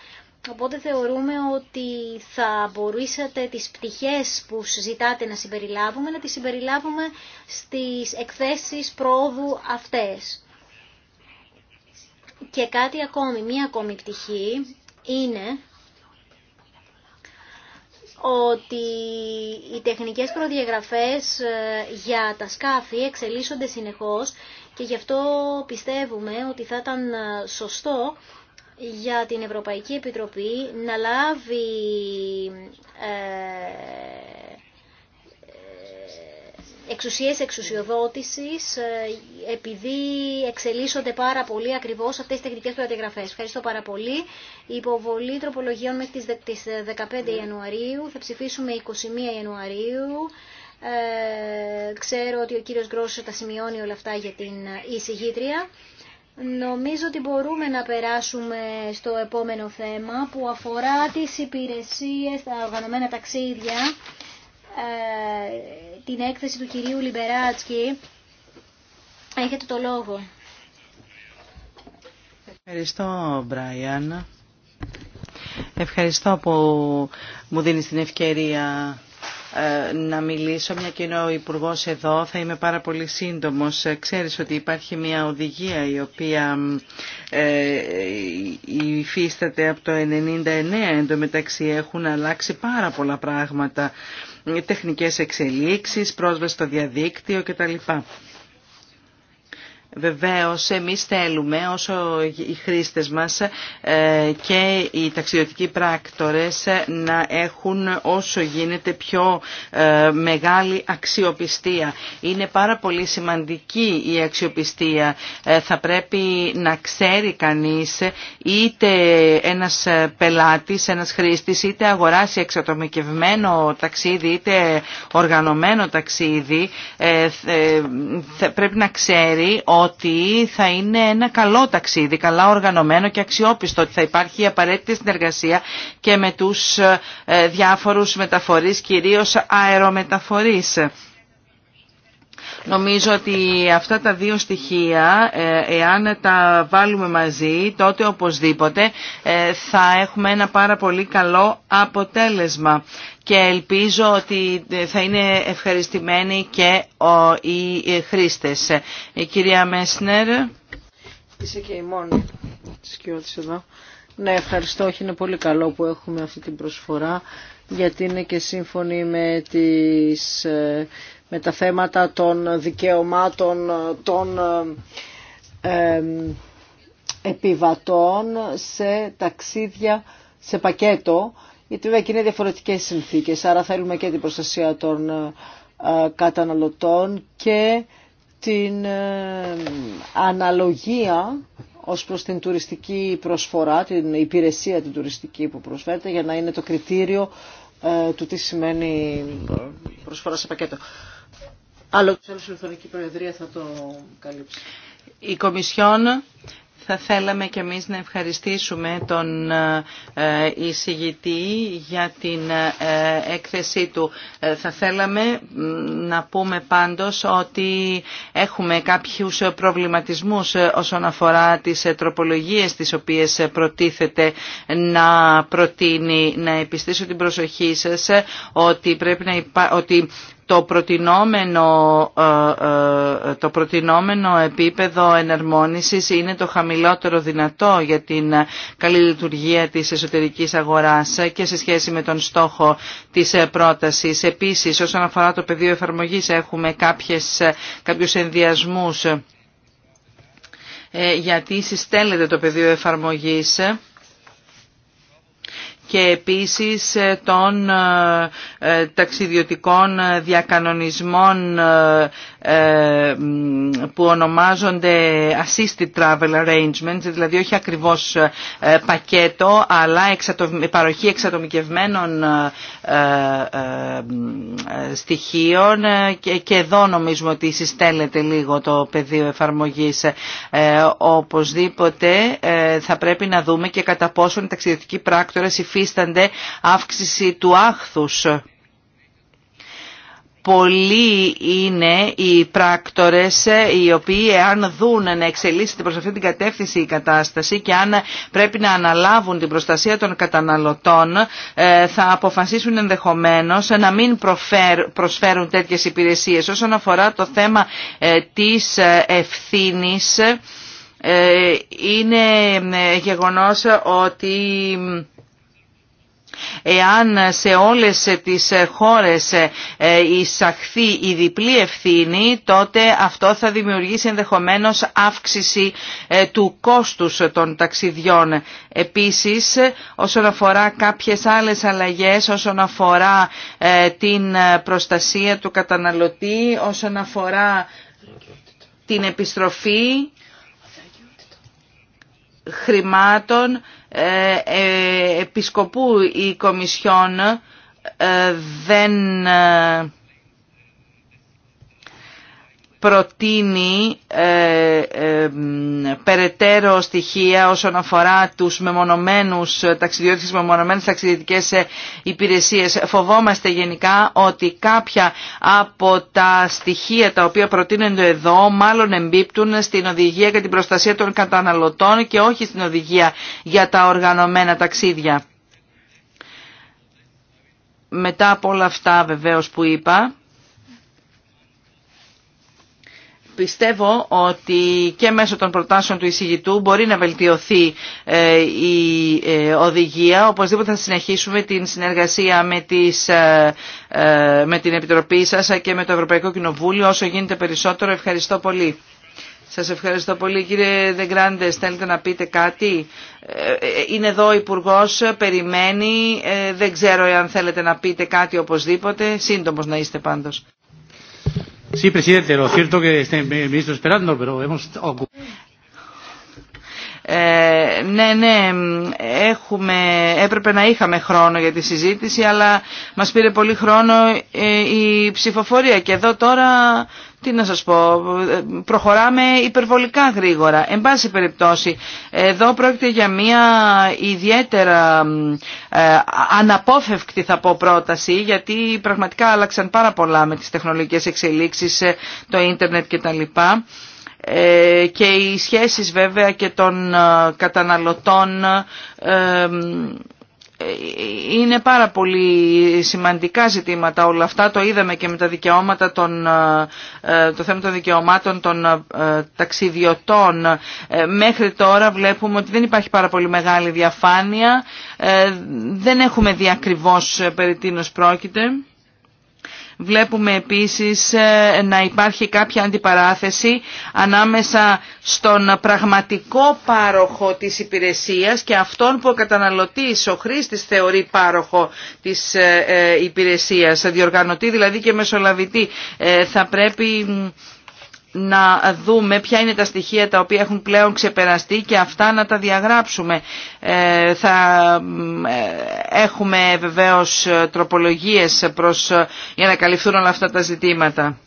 Οπότε θεωρούμε ότι θα μπορούσατε τις πτυχές που συζητάτε να συμπεριλάβουμε, να τις συμπεριλάβουμε στις εκθέσεις πρόοδου αυτές. Και κάτι ακόμη, μία ακόμη πτυχή είναι ότι οι τεχνικές προδιαγραφές ε, για τα σκάφη εξελίσσονται συνεχώς και γι' αυτό πιστεύουμε ότι θα ήταν ε, σωστό για την Ευρωπαϊκή Επιτροπή να λάβει ε, ε, εξουσίες εξουσιοδότησης ε, επειδή εξελίσσονται πάρα πολύ ακριβώς αυτές τις τεχνικές προδιαγραφές. Ευχαριστώ πάρα πολύ. Η υποβολή τροπολογιών μέχρι τις 15 ναι. Ιανουαρίου. Θα ψηφίσουμε 21 Ιανουαρίου. Ε, ξέρω ότι ο κύριος Γκρόσο τα σημειώνει όλα αυτά για την εισηγήτρια. Νομίζω ότι μπορούμε να περάσουμε στο επόμενο θέμα που αφορά τις υπηρεσίες, τα οργανωμένα ταξίδια, ε, την έκθεση του κυρίου Λιμπεράτσκι. Έχετε το λόγο. Ευχαριστώ, Μπράιαν. Ευχαριστώ που μου δίνεις την ευκαιρία ε, να μιλήσω, μια και είναι ο υπουργό εδώ, θα είμαι πάρα πολύ σύντομο. Ε, Ξέρει ότι υπάρχει μια οδηγία η οποία ε, υφίσταται από το 1999, εν τω μεταξύ έχουν αλλάξει πάρα πολλά πράγματα, τεχνικές εξελίξεις, πρόσβαση στο διαδίκτυο κτλ. Βεβαίως εμείς θέλουμε όσο οι χρήστες μας ε, και οι ταξιδιωτικοί πράκτορες ε, να έχουν όσο γίνεται πιο ε, μεγάλη αξιοπιστία. Είναι πάρα πολύ σημαντική η αξιοπιστία. Θα πρέπει να ξέρει κανείς είτε ένας πελάτης, ένας χρήστης είτε αγοράσει εξατομικευμένο ταξίδι είτε οργανωμένο ταξίδι πρέπει να ξέρει ότι θα είναι ένα καλό ταξίδι, καλά οργανωμένο και αξιόπιστο, ότι θα υπάρχει η απαραίτητη συνεργασία και με τους ε, διάφορους μεταφορείς, κυρίως αερομεταφορείς. Νομίζω ότι αυτά τα δύο στοιχεία, ε, εάν τα βάλουμε μαζί, τότε οπωσδήποτε ε, θα έχουμε ένα πάρα πολύ καλό αποτέλεσμα και ελπίζω ότι ε, θα είναι ευχαριστημένοι και οι χρήστες. Η κυρία Μέσνερ. Είσαι και η μόνη της εδώ. Ναι, ευχαριστώ. Όχι, είναι πολύ καλό που έχουμε αυτή την προσφορά γιατί είναι και σύμφωνη με τις με τα θέματα των δικαιωμάτων των ε, ε, επιβατών σε ταξίδια σε πακέτο, γιατί βέβαια και είναι διαφορετικές συνθήκες, άρα θέλουμε και την προστασία των ε, καταναλωτών και την αναλογία ως προς την τουριστική προσφορά, την υπηρεσία την τουριστική που προσφέρεται για να είναι το κριτήριο του τι σημαίνει προσφορά σε πακέτο αλλο η Προεδρία θα το καλύψει. Η Κομισιόν θα θέλαμε και εμείς να ευχαριστήσουμε τον ε, εισηγητή για την ε, έκθεσή του. Ε, θα θέλαμε να πούμε πάντως ότι έχουμε κάποιους προβληματισμούς όσον αφορά τις τροπολογίες τις οποίες προτίθεται να προτείνει να επιστήσω την προσοχή σας ότι, πρέπει να ότι το προτινόμενο, ε, ε, το προτινόμενο επίπεδο ενερμόνησης είναι το χαμηλότερο δυνατό για την καλή λειτουργία της εσωτερικής αγοράς και σε σχέση με τον στόχο της πρότασης. Επίσης, όσον αφορά το πεδίο εφαρμογής έχουμε κάποιες, κάποιους ενδιασμούς ε, γιατί συστέλλεται το πεδίο εφαρμογής και επίσης ε, των ε, ε, ταξιδιωτικών διακανονισμών που ονομάζονται assisted travel arrangements, δηλαδή όχι ακριβώς πακέτο, αλλά παροχή εξατομικευμένων στοιχείων και εδώ νομίζουμε ότι συστέλλεται λίγο το πεδίο εφαρμογής. Οπωσδήποτε θα πρέπει να δούμε και κατά πόσον οι ταξιδιωτικοί πράκτορες, υφίστανται αύξηση του άχθους. Πολλοί είναι οι πράκτορες ε, οι οποίοι αν δουν να εξελίσσεται προς αυτή την κατεύθυνση η κατάσταση και αν πρέπει να αναλάβουν την προστασία των καταναλωτών ε, θα αποφασίσουν ενδεχομένως να μην προσφέρουν τέτοιες υπηρεσίες. Όσον αφορά το θέμα ε, της ευθύνης είναι γεγονός ότι Εάν σε όλες τις χώρες ε, εισαχθεί η διπλή ευθύνη, τότε αυτό θα δημιουργήσει ενδεχομένως αύξηση ε, του κόστους των ταξιδιών. Επίσης, όσον αφορά κάποιες άλλες αλλαγές, όσον αφορά ε, την προστασία του καταναλωτή, όσον αφορά την επιστροφή χρημάτων ε, ε, επισκοπού η Κομισιόν ε, δεν προτείνει ε, ε περαιτέρω στοιχεία όσον αφορά τους μεμονωμένους ταξιδιώτες, τις μεμονωμένες ταξιδιωτικές ε, υπηρεσίες. Φοβόμαστε γενικά ότι κάποια από τα στοιχεία τα οποία προτείνονται εδώ μάλλον εμπίπτουν στην οδηγία για την προστασία των καταναλωτών και όχι στην οδηγία για τα οργανωμένα ταξίδια. Μετά από όλα αυτά βεβαίως που είπα, Πιστεύω ότι και μέσω των προτάσεων του εισηγητού μπορεί να βελτιωθεί ε, η ε, οδηγία. Οπωσδήποτε θα συνεχίσουμε την συνεργασία ε, με, την Επιτροπή σας και με το Ευρωπαϊκό Κοινοβούλιο όσο γίνεται περισσότερο. Ευχαριστώ πολύ. Σας ευχαριστώ πολύ. Κύριε Δεγκράντε, θέλετε να πείτε κάτι. Είναι εδώ ο υπουργό, περιμένει. Δεν ξέρω αν θέλετε να πείτε κάτι οπωσδήποτε. Σύντομος να είστε πάντως. Sí, presidente, ε, ναι, ναι, έχουμε, έπρεπε να είχαμε χρόνο για τη συζήτηση, αλλά μας πήρε πολύ χρόνο ε, η ψηφοφορία και εδώ τώρα τι να σας πω, προχωράμε υπερβολικά γρήγορα. Εν πάση περιπτώσει, εδώ πρόκειται για μια ιδιαίτερα ε, αναπόφευκτη θα πω πρόταση, γιατί πραγματικά άλλαξαν πάρα πολλά με τις τεχνολογικές εξελίξεις, ε, το ίντερνετ κτλ ε, και οι σχέσεις βέβαια και των καταναλωτών είναι πάρα πολύ σημαντικά ζητήματα όλα αυτά. Το είδαμε και με τα δικαιώματα των, ε, ε, το θέμα των δικαιωμάτων των ε, ταξιδιωτών. Μέχρι τώρα βλέπουμε ότι δεν υπάρχει πάρα πολύ μεγάλη διαφάνεια. Δεν έχουμε δει ακριβώς περί τίνος πρόκειται. Βλέπουμε επίσης ε, να υπάρχει κάποια αντιπαράθεση ανάμεσα στον πραγματικό πάροχο της υπηρεσίας και αυτόν που ο καταναλωτής, ο χρήστης θεωρεί πάροχο της ε, ε, υπηρεσίας, διοργανωτή δηλαδή και μεσολαβητή. Θα πρέπει να δούμε ποια είναι τα στοιχεία τα οποία έχουν πλέον ξεπεραστεί και αυτά να τα διαγράψουμε. Ε, θα ε, έχουμε βεβαίως τροπολογίες προς, για να καλυφθούν όλα αυτά τα ζητήματα.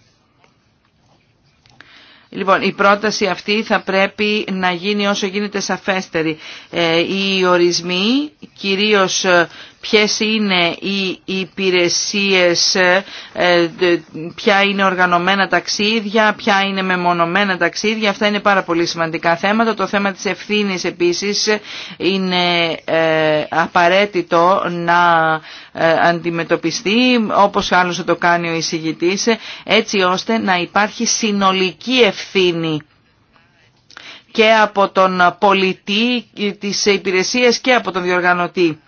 Λοιπόν, η πρόταση αυτή θα πρέπει να γίνει όσο γίνεται σαφέστερη. Ε, οι ορισμοί, κυρίως ποιες είναι οι υπηρεσίες, ε, ποια είναι οργανωμένα ταξίδια, ποια είναι μεμονωμένα ταξίδια. Αυτά είναι πάρα πολύ σημαντικά θέματα. Το θέμα της ευθύνης επίσης είναι ε, απαραίτητο να ε, αντιμετωπιστεί, όπως άλλωστε το κάνει ο εισηγητής, έτσι ώστε να υπάρχει συνολική ευθύνη και από τον πολιτή της υπηρεσίας και από τον διοργανωτή.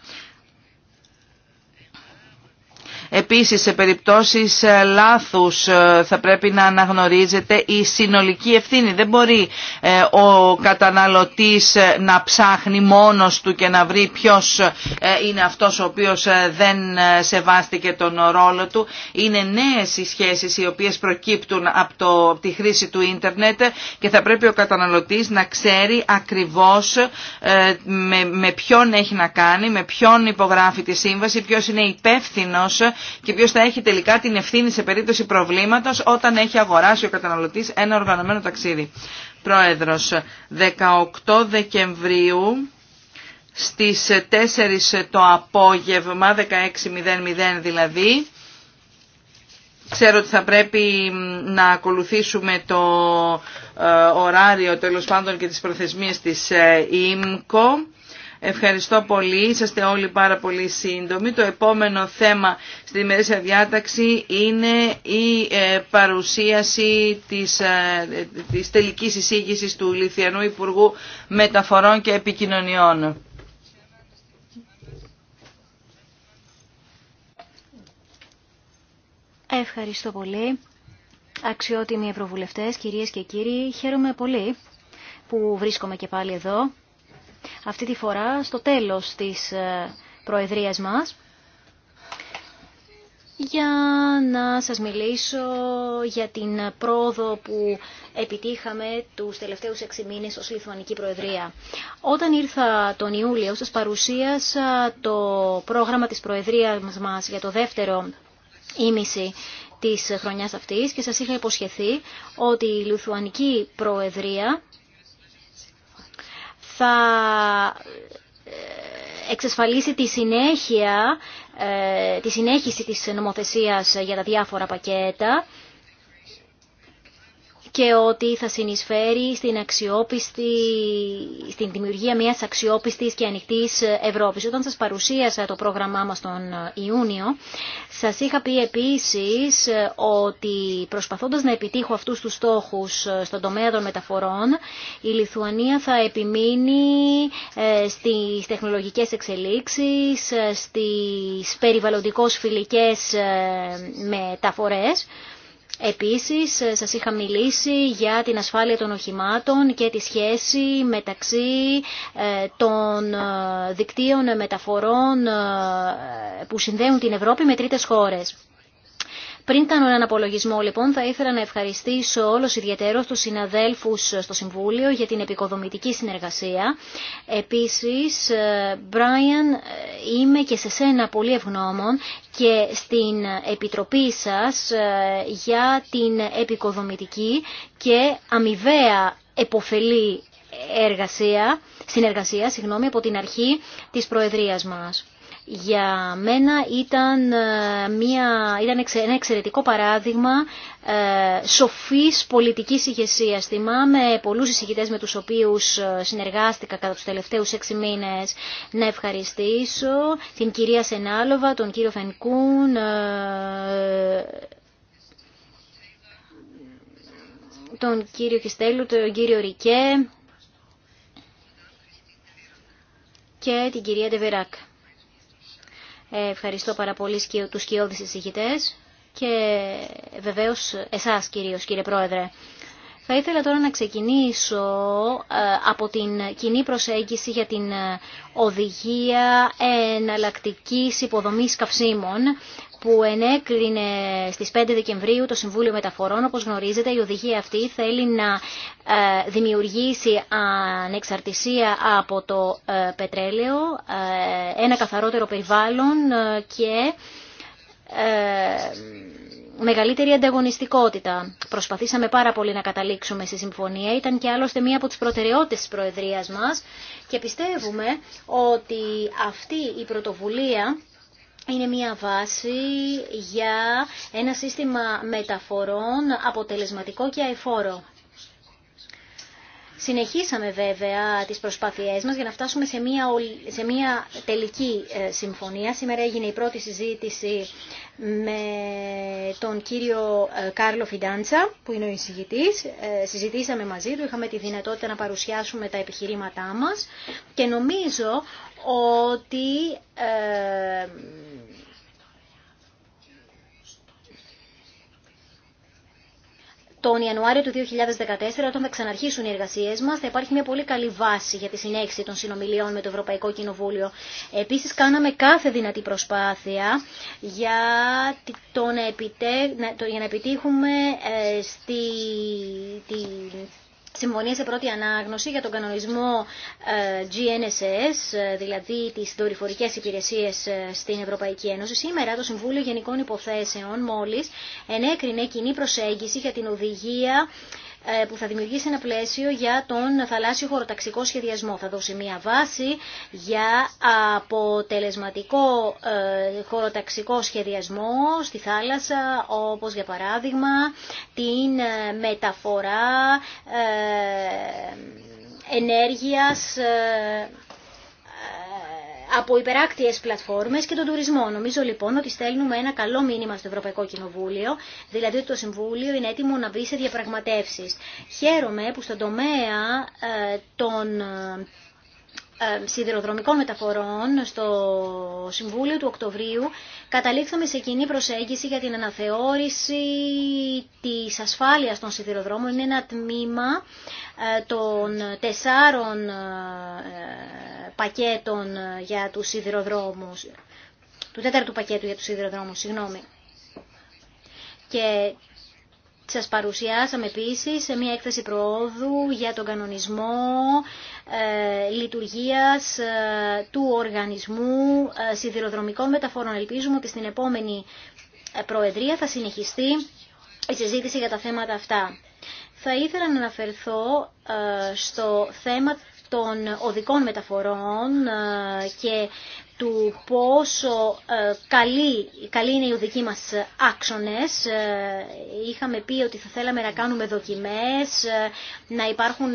Επίσης, σε περιπτώσεις ε, λάθους ε, θα πρέπει να αναγνωρίζεται η συνολική ευθύνη. Δεν μπορεί ε, ο καταναλωτής να ψάχνει μόνος του και να βρει ποιος είναι αυτός ο οποίος δεν σεβάστηκε τον ρόλο του. Είναι νέες οι σχέσεις οι οποίες προκύπτουν από, τη χρήση του ίντερνετ και θα πρέπει ο καταναλωτής να ξέρει ακριβώς με, ποιον έχει να κάνει, με ποιον υπογράφει τη σύμβαση, ποιος είναι υπεύθυνο και ποιος θα έχει τελικά την ευθύνη σε περίπτωση προβλήματος όταν έχει αγοράσει ο καταναλωτής ένα οργανωμένο ταξίδι. Πρόεδρος, 18 Δεκεμβρίου στις 4 το απόγευμα, 16.00 δηλαδή, Ξέρω ότι θα πρέπει να ακολουθήσουμε το ε, ωράριο τέλο πάντων και τις προθεσμίες της ε, ΙΜΚΟ. Ευχαριστώ πολύ. Είσαστε όλοι πάρα πολύ σύντομοι. Το επόμενο θέμα στη ημερήσια διάταξη είναι η ε, παρουσίαση της, ε, της τελικής εισήγησης του Λιθιανού Υπουργού Μεταφορών και Επικοινωνιών. Ευχαριστώ πολύ. Αξιότιμοι Ευρωβουλευτές, κυρίες και κύριοι, χαίρομαι πολύ που βρίσκομαι και πάλι εδώ αυτή τη φορά στο τέλος της ε, προεδρίας μας για να σας μιλήσω για την πρόοδο που επιτύχαμε τους τελευταίους έξι μήνες ως Λιθουανική Προεδρία. Όταν ήρθα τον Ιούλιο σας παρουσίασα το πρόγραμμα της Προεδρίας μας για το δεύτερο ήμιση της χρονιάς αυτής και σας είχα υποσχεθεί ότι η Λιθουανική Προεδρία θα ε, εξασφαλίσει τη συνέχεια, ε, τη συνέχιση της νομοθεσίας για τα διάφορα πακέτα και ότι θα συνεισφέρει στην, αξιόπιστη, στην δημιουργία μιας αξιόπιστης και ανοιχτής Ευρώπης. Όταν σας παρουσίασα το πρόγραμμά μας τον Ιούνιο, σας είχα πει επίσης ότι προσπαθώντας να επιτύχω αυτούς τους στόχους στον τομέα των μεταφορών, η Λιθουανία θα επιμείνει ε, στις τεχνολογικές εξελίξεις, ε, στις περιβαλλοντικώς φιλικές ε, μεταφορές, Επίσης, σας είχα μιλήσει για την ασφάλεια των οχημάτων και τη σχέση μεταξύ ε, των ε, δικτύων μεταφορών ε, που συνδέουν την Ευρώπη με τρίτες χώρες. Πριν κάνω έναν απολογισμό λοιπόν θα ήθελα να ευχαριστήσω όλου ιδιαίτερω του συναδέλφους στο Συμβούλιο για την επικοδομητική συνεργασία. Επίσης, ε, Brian, ε, είμαι και σε σένα πολύ ευγνώμων και στην Επιτροπή σας ε, για την επικοδομητική και αμοιβαία εποφελή εργασία, συνεργασία συγγνώμη, από την αρχή της Προεδρίας μας για μένα ήταν, ε, μια, ήταν ένα εξαιρετικό παράδειγμα ε, σοφής πολιτικής ηγεσία. Θυμάμαι πολλούς εισηγητές με τους οποίους ε, συνεργάστηκα κατά τους τελευταίους έξι μήνες να ευχαριστήσω την κυρία Σενάλοβα, τον κύριο Φενκούν, ε, τον κύριο Χιστέλου, τον κύριο Ρικέ και την κυρία Ντεβεράκ. Ευχαριστώ πάρα πολύ τους σκιώδεις εισηγητές και βεβαίως εσάς κυρίως κύριε Πρόεδρε. Θα ήθελα τώρα να ξεκινήσω ε, από την κοινή προσέγγιση για την ε, οδηγία εναλλακτική υποδομής καυσίμων που ενέκρινε στις 5 Δεκεμβρίου το Συμβούλιο Μεταφορών. Όπως γνωρίζετε, η οδηγία αυτή θέλει να ε, δημιουργήσει ανεξαρτησία από το ε, πετρέλαιο, ε, ένα καθαρότερο περιβάλλον και μεγαλύτερη ανταγωνιστικότητα. Προσπαθήσαμε πάρα πολύ να καταλήξουμε στη συμφωνία. Ήταν και άλλωστε μία από τις προτεραιότητες της Προεδρίας μας και πιστεύουμε ότι αυτή η πρωτοβουλία είναι μια βάση για ένα σύστημα μεταφορών αποτελεσματικό και αηφόρο. Συνεχίσαμε βέβαια τις προσπάθειές μας για να φτάσουμε σε μια, σε μια τελική ε, συμφωνία. Σήμερα έγινε η πρώτη συζήτηση με τον κύριο ε, Κάρλο Φιντάντσα, που είναι ο εισηγητής. Ε, συζητήσαμε μαζί του, είχαμε τη δυνατότητα να παρουσιάσουμε τα επιχειρήματά μας και νομίζω ότι τον Ιανουάριο του 2014, όταν θα ξαναρχίσουν οι εργασίε μα, θα υπάρχει μια πολύ καλή βάση για τη συνέχιση των συνομιλιών με το Ευρωπαϊκό Κοινοβούλιο. Επίση, κάναμε κάθε δυνατή προσπάθεια για, το να, επιτύχουμε ε, στη, Συμφωνία σε πρώτη ανάγνωση για τον κανονισμό ε, GNSS, ε, δηλαδή τις δορυφορικές υπηρεσίες ε, στην Ευρωπαϊκή Ένωση. Σήμερα το Συμβούλιο Γενικών Υποθέσεων μόλις ενέκρινε κοινή προσέγγιση για την οδηγία ε, που θα δημιουργήσει ένα πλαίσιο για τον θαλάσσιο χωροταξικό σχεδιασμό. Θα δώσει μια βάση για αποτελεσματικό ε, χωροταξικό σχεδιασμό στη θάλασσα, όπως για παράδειγμα την ε, μεταφορά ενέργειας από υπεράκτιες πλατφόρμες και τον τουρισμό. Νομίζω λοιπόν ότι στέλνουμε ένα καλό μήνυμα στο Ευρωπαϊκό Κοινοβούλιο, δηλαδή ότι το Συμβούλιο είναι έτοιμο να μπει σε διαπραγματεύσεις. Χαίρομαι που στον τομέα ε, των ε, σιδηροδρομικών μεταφορών στο Συμβούλιο του Οκτωβρίου καταλήξαμε σε κοινή προσέγγιση για την αναθεώρηση της ασφάλειας των σιδηροδρόμων. Είναι ένα τμήμα ε, των τεσσάρων ε, πακέτων για τους σιδηροδρόμους, του τέταρτου πακέτου για τους σιδηροδρόμους, συγγνώμη. Και σας παρουσιάσαμε επίσης σε μια έκθεση προόδου για τον κανονισμό ε, λειτουργίας ε, του οργανισμού ε, σιδηροδρομικών μεταφορών. Ελπίζουμε ότι στην επόμενη ε, προεδρία θα συνεχιστεί η συζήτηση για τα θέματα αυτά. Θα ήθελα να αναφερθώ ε, στο θέμα των οδικών μεταφορών και του πόσο ε, καλή, καλή είναι οι οδικοί μας άξονες. Ε, είχαμε πει ότι θα θέλαμε να κάνουμε δοκιμές, ε, να υπάρχουν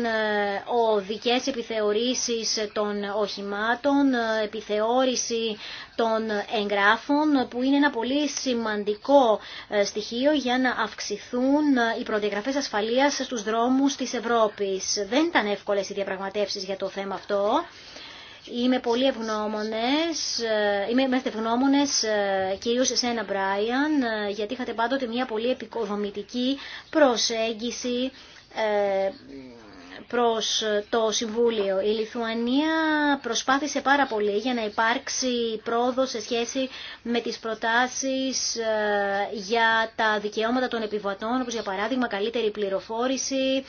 οδικές επιθεωρήσεις των οχημάτων, επιθεώρηση των εγγράφων, που είναι ένα πολύ σημαντικό στοιχείο για να αυξηθούν οι προδιαγραφές ασφαλείας στους δρόμους της Ευρώπης. Δεν ήταν εύκολες οι διαπραγματεύσεις για το θέμα αυτό. Είμαι πολύ ευγνώμονες, ε, είμαι ευγνώμονες ε, κυρίως εσένα Μπράιαν, ε, γιατί είχατε πάντοτε μια πολύ επικοδομητική προσέγγιση προς το Συμβούλιο. Η Λιθουανία προσπάθησε πάρα πολύ για να υπάρξει πρόοδο σε σχέση με τις προτάσεις ε, για τα δικαιώματα των επιβατών, όπως για παράδειγμα καλύτερη πληροφόρηση,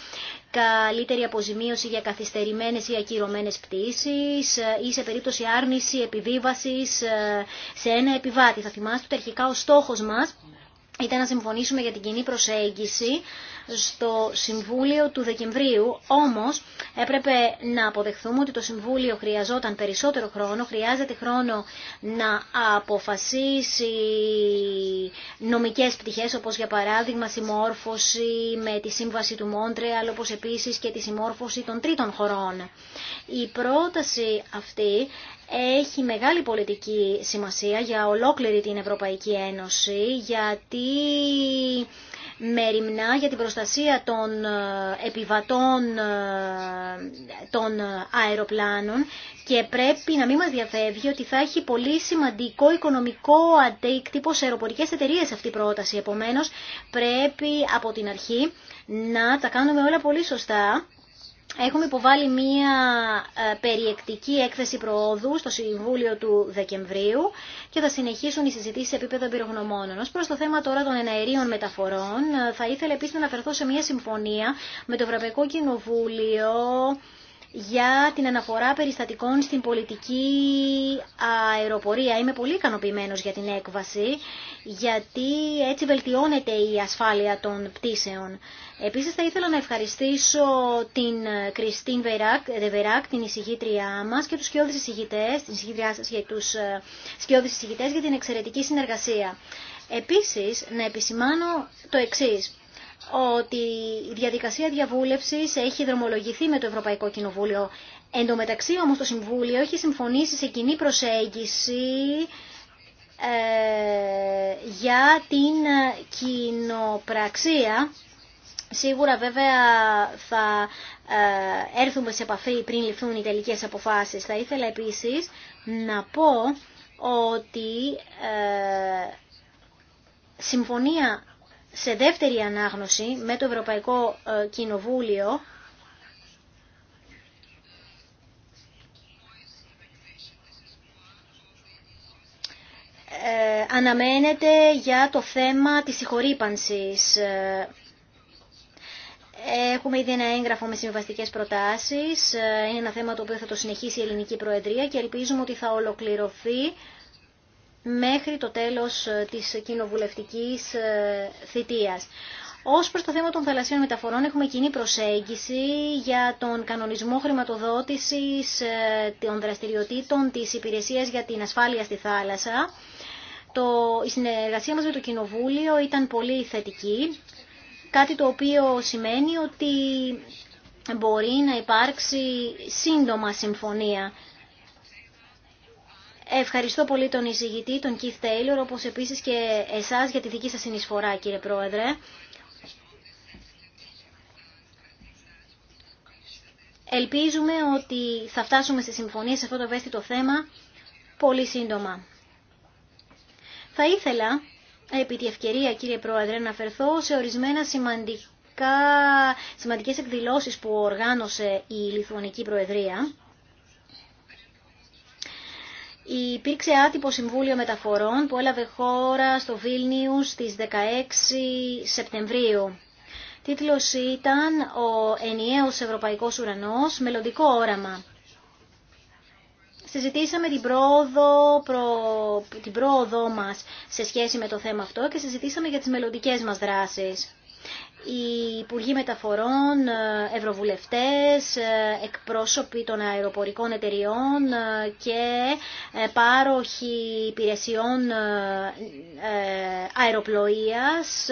καλύτερη αποζημίωση για καθυστερημένες ή ακυρωμένες πτήσεις ε, ή σε περίπτωση άρνηση επιβίβασης ε, σε ένα επιβάτη. Θα θυμάστε ότι αρχικά ο στόχος μας ήταν να συμφωνήσουμε για την κοινή προσέγγιση στο Συμβούλιο του Δεκεμβρίου, όμως έπρεπε να αποδεχθούμε ότι το Συμβούλιο χρειαζόταν περισσότερο χρόνο, χρειάζεται χρόνο να αποφασίσει νομικές πτυχές, όπως για παράδειγμα συμμόρφωση με τη Σύμβαση του Μόντρεαλ, όπως επίσης και τη συμμόρφωση των τρίτων χωρών. Η πρόταση αυτή έχει μεγάλη πολιτική σημασία για ολόκληρη την Ευρωπαϊκή Ένωση γιατί μεριμνά για την προστασία των ε, επιβατών ε, των ε, αεροπλάνων και πρέπει να μην μας διαφεύγει ότι θα έχει πολύ σημαντικό οικονομικό αντίκτυπο σε αεροπορικές εταιρείες αυτή η πρόταση. Επομένως πρέπει από την αρχή να τα κάνουμε όλα πολύ σωστά Έχουμε υποβάλει μία ε, περιεκτική έκθεση προόδου στο Συμβούλιο του Δεκεμβρίου και θα συνεχίσουν οι συζητήσει σε επίπεδο εμπειρογνωμόνων. Ω προ το θέμα τώρα των εναερίων μεταφορών, ε, θα ήθελα επίση να αναφερθώ σε μία συμφωνία με το Ευρωπαϊκό Κοινοβούλιο για την αναφορά περιστατικών στην πολιτική αεροπορία. Είμαι πολύ ικανοποιημένο για την έκβαση, γιατί έτσι βελτιώνεται η ασφάλεια των πτήσεων. Επίσης θα ήθελα να ευχαριστήσω την Κριστίν Βεράκ, την εισηγήτριά μας και τους σκιώδεις εισηγητές, την εισηγήτριά σας τους ε, σκιώδεις εισηγητές για την εξαιρετική συνεργασία. Επίσης, να επισημάνω το εξής ότι η διαδικασία διαβούλευσης έχει δρομολογηθεί με το Ευρωπαϊκό Κοινοβούλιο. Εν τω όμως το Συμβούλιο έχει συμφωνήσει σε κοινή προσέγγιση ε, για την κοινοπραξία. Σίγουρα βέβαια θα ε, έρθουμε σε επαφή πριν ληφθούν οι τελικές αποφάσεις. Θα ήθελα επίσης να πω ότι ε, συμφωνία σε δεύτερη ανάγνωση με το Ευρωπαϊκό ε, Κοινοβούλιο ε, αναμένεται για το θέμα της συγχωρήπανσης. Ε, έχουμε ήδη ένα έγγραφο με συμβαστικές προτάσεις. Είναι ένα θέμα το οποίο θα το συνεχίσει η Ελληνική Προεδρία και ελπίζουμε ότι θα ολοκληρωθεί μέχρι το τέλος ε, της κοινοβουλευτικής ε, θητείας. Ω προ το θέμα των θαλασσίων μεταφορών, έχουμε κοινή προσέγγιση για τον κανονισμό χρηματοδότηση ε, των δραστηριοτήτων τη Υπηρεσία για την Ασφάλεια στη Θάλασσα. Το, η συνεργασία μας με το Κοινοβούλιο ήταν πολύ θετική, κάτι το οποίο σημαίνει ότι μπορεί να υπάρξει σύντομα συμφωνία Ευχαριστώ πολύ τον εισηγητή, τον Keith Taylor, όπως επίσης και εσάς για τη δική σας συνεισφορά, κύριε Πρόεδρε. Ελπίζουμε ότι θα φτάσουμε στη συμφωνία σε αυτό το ευαίσθητο θέμα πολύ σύντομα. Θα ήθελα, επί τη ευκαιρία κύριε Πρόεδρε, να αφαιρθώ σε ορισμένα σημαντικά, σημαντικές εκδηλώσεις που οργάνωσε η Λιθουανική Προεδρία. Υπήρξε άτυπο Συμβούλιο Μεταφορών που έλαβε χώρα στο Βίλνιους στις 16 Σεπτεμβρίου. Τίτλος ήταν «Ο ενιαίος Ευρωπαϊκός Ουρανός, μελλοντικό όραμα». Συζητήσαμε την πρόοδο, προ... την πρόοδο μας σε σχέση με το θέμα αυτό και συζητήσαμε για τις μελλοντικέ μας δράσεις οι Υπουργοί Μεταφορών, ε, Ευρωβουλευτές, ε, εκπρόσωποι των αεροπορικών εταιριών ε, και πάροχοι υπηρεσιών αεροπλοείας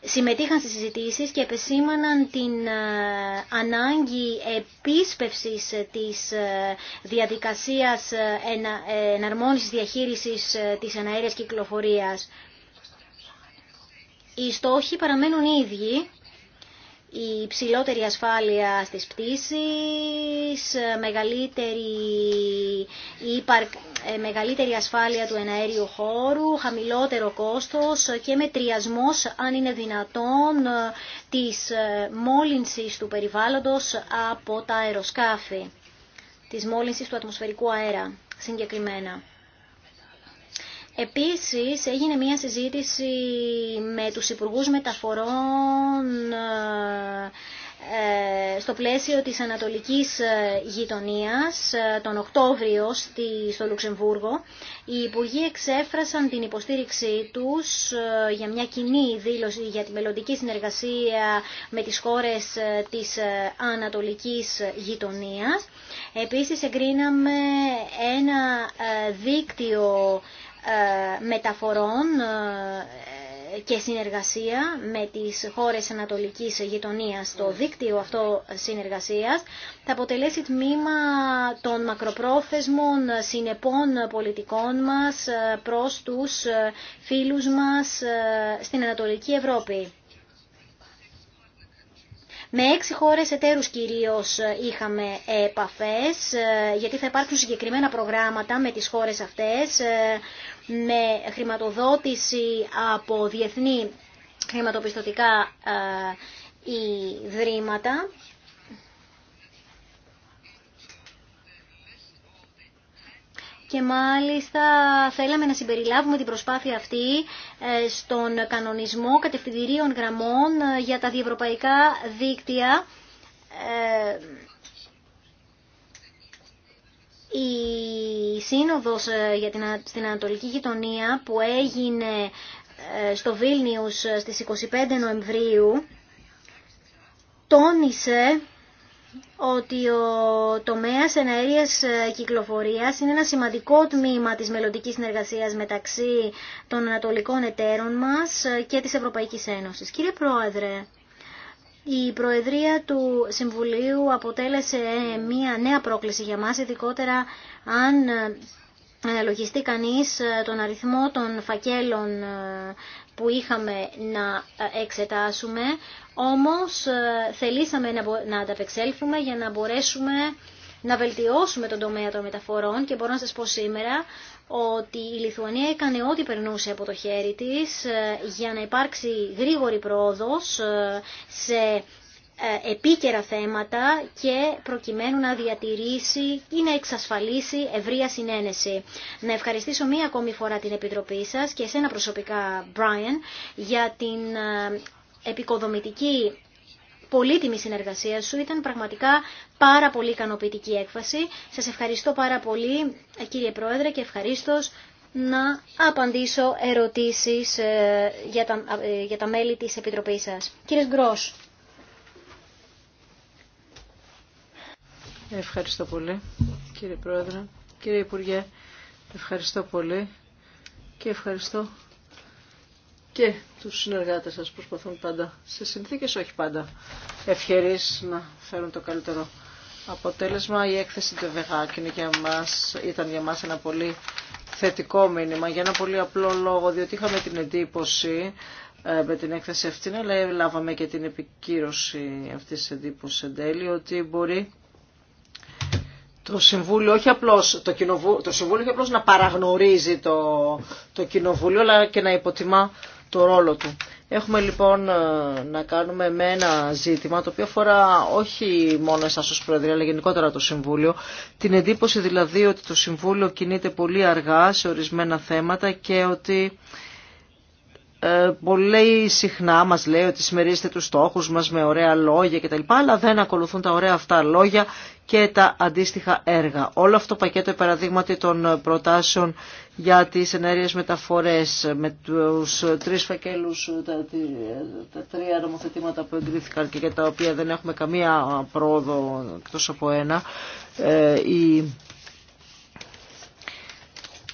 συμμετείχαν στις συζητήσεις και επεσήμαναν την ανάγκη επίσπευσης της διαδικασίας εναρμόνισης διαχείρισης της αναέρειας κυκλοφορίας οι στόχοι παραμένουν ίδιοι. Η ψηλότερη ασφάλεια στις πτήσεις, μεγαλύτερη, ε, μεγαλύτερη ασφάλεια του εναέριου χώρου, χαμηλότερο κόστος και μετριασμός, αν είναι δυνατόν, της ε, μόλυνσης του περιβάλλοντος από τα αεροσκάφη, της μόλυνσης του ατμοσφαιρικού αέρα συγκεκριμένα. Επίσης έγινε μια συζήτηση με τους Υπουργούς Μεταφορών ε, ε, στο πλαίσιο της Ανατολικής ε, Γειτονίας τον Οκτώβριο στο Λουξεμβούργο. Οι Υπουργοί εξέφρασαν την υποστήριξή τους για μια κοινή δήλωση για τη μελλοντική συνεργασία με τις χώρες της Ανατολικής Γειτονίας. Επίσης εγκρίναμε ένα δίκτυο ε, μεταφορών ε, και συνεργασία με τις χώρες ανατολικής γειτονίας. Το δίκτυο αυτό συνεργασίας θα αποτελέσει τμήμα των μακροπρόθεσμων συνεπών πολιτικών μας ε, προς τους φίλους μας στην Ανατολική Ευρώπη. Με έξι χώρες εταίρους κυρίως ε, είχαμε επαφές, ε, γιατί θα υπάρξουν συγκεκριμένα προγράμματα με τις χώρες αυτές, ε, με χρηματοδότηση από διεθνή χρηματοπιστωτικά ιδρύματα και μάλιστα θέλαμε να συμπεριλάβουμε την προσπάθεια αυτή ε, στον κανονισμό κατευθυντηρίων γραμμών ε, για τα διευρωπαϊκά δίκτυα ε, η σύνοδος για την, στην Ανατολική Γειτονία που έγινε στο Βίλνιους στις 25 Νοεμβρίου τόνισε ότι ο τομέας εναέριας ε, κυκλοφορίας είναι ένα σημαντικό τμήμα της μελλοντικής συνεργασίας μεταξύ των ανατολικών εταίρων μας ε, και της Ευρωπαϊκής Ένωσης. Κύριε Πρόεδρε, η Προεδρία του Συμβουλίου αποτέλεσε ε, μια νέα πρόκληση για μας, ειδικότερα αν αναλογιστεί κανείς τον αριθμό των φακέλων που είχαμε να εξετάσουμε όμως ε, θελήσαμε να ανταπεξέλθουμε για να μπορέσουμε να βελτιώσουμε τον τομέα των μεταφορών και μπορώ να σας πω σήμερα ότι η Λιθουανία έκανε ό,τι περνούσε από το χέρι της ε, για να υπάρξει γρήγορη πρόοδος ε, σε επίκαιρα θέματα και προκειμένου να διατηρήσει ή να εξασφαλίσει ευρεία συνένεση. Να ευχαριστήσω μία ακόμη φορά την Επιτροπή σας και εσένα προσωπικά, Brian, για την επικοδομητική πολύτιμη συνεργασία σου. Ήταν πραγματικά πάρα πολύ ικανοποιητική έκφαση. Σας ευχαριστώ πάρα πολύ κύριε Πρόεδρε και ευχαρίστω να απαντήσω ερωτήσεις ε, για τα, ε, για τα μέλη της Επιτροπής σας. Κύριε Γκρός. Ευχαριστώ πολύ κύριε Πρόεδρε. Κύριε Υπουργέ, ευχαριστώ πολύ και ευχαριστώ και τους συνεργάτες σας προσπαθούν πάντα σε συνθήκες, όχι πάντα ευχερείς να φέρουν το καλύτερο αποτέλεσμα. Η έκθεση του Βεγάκη για μας, ήταν για μας ένα πολύ θετικό μήνυμα για ένα πολύ απλό λόγο, διότι είχαμε την εντύπωση ε, με την έκθεση αυτή, αλλά λάβαμε και την επικύρωση αυτής της εντύπωσης εν τέλει, ότι μπορεί το Συμβούλιο όχι απλώς, το, κοινοβου... το Συμβούλιο να παραγνωρίζει το, το Κοινοβούλιο, αλλά και να υποτιμά το ρόλο του. Έχουμε λοιπόν ε, να κάνουμε με ένα ζήτημα το οποίο αφορά όχι μόνο εσάς ως Προεδρία αλλά γενικότερα το Συμβούλιο. Την εντύπωση δηλαδή ότι το Συμβούλιο κινείται πολύ αργά σε ορισμένα θέματα και ότι ε, πολύ συχνά μας λέει ότι συμμερίζεται τους στόχους μας με ωραία λόγια κτλ. Αλλά δεν ακολουθούν τα ωραία αυτά λόγια και τα αντίστοιχα έργα. Όλο αυτό το πακέτο παραδείγματι των προτάσεων για τις ενέργειες μεταφορές με τους τρεις φακέλους, τα, τρία νομοθετήματα που εγκρίθηκαν και για τα οποία δεν έχουμε καμία πρόοδο εκτός από ένα. Ε, η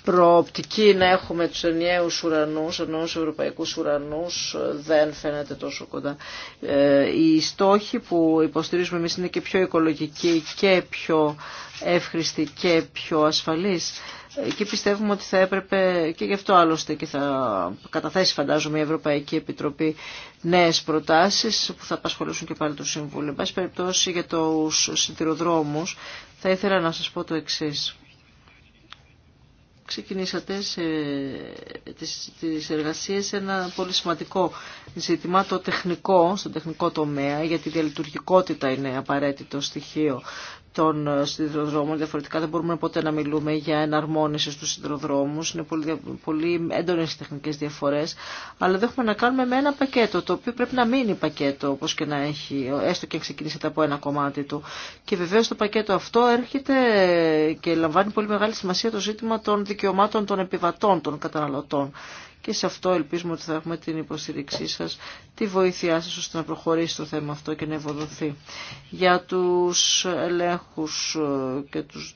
προοπτική να έχουμε τους ενιαίους ουρανούς, ενός ευρωπαϊκούς ουρανούς, δεν φαίνεται τόσο κοντά. Ε, οι στόχοι που υποστηρίζουμε εμείς είναι και πιο οικολογικοί και πιο εύχρηστοι και πιο ασφαλείς. Ε, και πιστεύουμε ότι θα έπρεπε και γι' αυτό άλλωστε και θα καταθέσει φαντάζομαι η Ευρωπαϊκή Επιτροπή νέες προτάσεις που θα απασχολήσουν και πάλι το Συμβούλιο. Εν πάση περιπτώσει για τους συντηροδρόμους θα ήθελα να σας πω το εξής ξεκινήσατε σε, τις, εργασίες σε ένα πολύ σημαντικό ζήτημα, το τεχνικό, στον τεχνικό τομέα, γιατί η διαλειτουργικότητα είναι απαραίτητο στοιχείο των σιδηροδρόμων. Διαφορετικά δεν μπορούμε ποτέ να μιλούμε για εναρμόνιση στους σιδηροδρόμους. Είναι πολύ, πολύ έντονες οι τεχνικές διαφορές. Αλλά δεν έχουμε να κάνουμε με ένα πακέτο, το οποίο πρέπει να μείνει πακέτο, όπως και να έχει, έστω και αν ξεκινήσετε από ένα κομμάτι του. Και βεβαίως το πακέτο αυτό έρχεται και λαμβάνει πολύ μεγάλη σημασία το ζήτημα των δικαιωμάτων των επιβατών, των καταναλωτών και σε αυτό ελπίζουμε ότι θα έχουμε την υποστήριξή σας, τη βοήθειά σας ώστε να προχωρήσει το θέμα αυτό και να ευοδοθεί. Για τους ελέγχους ε, και τους,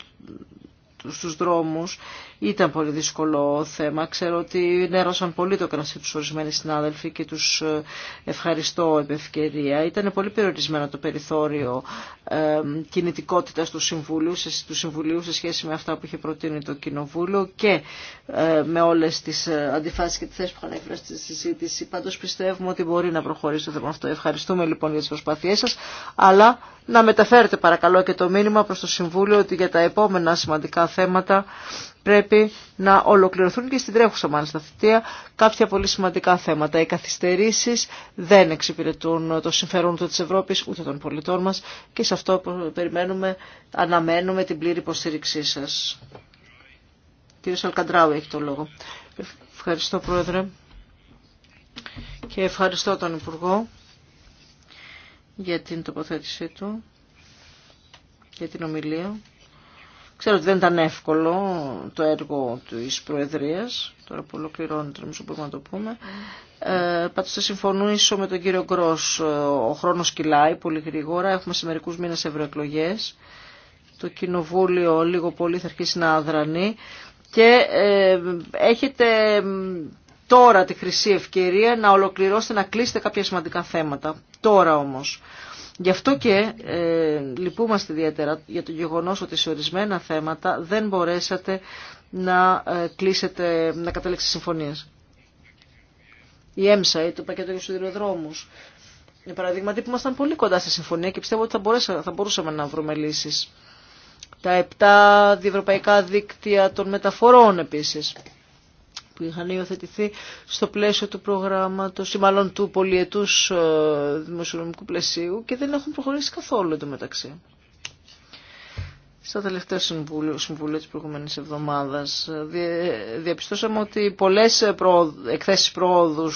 τους δρόμους ήταν πολύ δύσκολο θέμα. Ξέρω ότι νέρωσαν πολύ το κρασί τους ορισμένοι συνάδελφοι και τους ε, ευχαριστώ επ' ευκαιρία. Ήταν πολύ περιορισμένο το περιθώριο ε, κινητικότητας του Συμβουλίου, του Συμβουλίου σε σχέση με αυτά που είχε προτείνει το Κοινοβούλιο και ε, με όλες τις ε, αντιφάσεις και τις θέσεις που είχαν εκφράσει στη συζήτηση. Πάντως πιστεύουμε ότι μπορεί να προχωρήσει το θέμα αυτό. Ευχαριστούμε λοιπόν για τις προσπάθειές σας, αλλά να μεταφέρετε παρακαλώ και το μήνυμα προς το Συμβούλιο ότι για τα επόμενα σημαντικά θέματα πρέπει να ολοκληρωθούν και στην τρέχουσα μάλιστα θητεία κάποια πολύ σημαντικά θέματα. Οι καθυστερήσεις δεν εξυπηρετούν το συμφέρον ούτε τη Ευρώπη ούτε των πολιτών μας και σε αυτό περιμένουμε, αναμένουμε την πλήρη υποστήριξή σας. Κύριος Αλκαντράου έχει το λόγο. Ευχαριστώ Πρόεδρε και ευχαριστώ τον Υπουργό για την τοποθέτησή του, για την ομιλία. Ξέρω ότι δεν ήταν εύκολο το έργο της Προεδρίας, τώρα που ολοκληρώνεται νομίζω μπορούμε να το πούμε. Ε, Πάντως θα συμφωνήσω με τον κύριο Γκρός, ε, ο χρόνος κυλάει πολύ γρήγορα, έχουμε σε μερικούς μήνες ευρωεκλογέ. το κοινοβούλιο λίγο πολύ θα αρχίσει να αδρανεί και ε, έχετε τώρα τη χρυσή ευκαιρία να ολοκληρώσετε, να κλείσετε κάποια σημαντικά θέματα. Τώρα όμως. Γι' αυτό και ε, λυπούμαστε ιδιαίτερα για το γεγονός ότι σε ορισμένα θέματα δεν μπορέσατε να ε, κλείσετε, να καταλήξετε συμφωνίες. Η ΕΜΣΑ, το πακέτο για του σιδηροδρόμους, είναι παραδείγματι που ήμασταν πολύ κοντά στη συμφωνία και πιστεύω ότι θα, μπορέσα, θα μπορούσαμε να βρούμε λύσεις. Τα επτά διευρωπαϊκά δίκτυα των μεταφορών επίσης που είχαν υιοθετηθεί στο πλαίσιο του προγράμματος ή μάλλον του πολιετούς ε, δημοσιονομικού πλαισίου και δεν έχουν προχωρήσει καθόλου εντωμεταξύ. Στο τελευταίο συμβούλιο, συμβούλιο της προηγούμενης εβδομάδας ε, διαπιστώσαμε ότι πολλές ε, εκθέσεις προόδου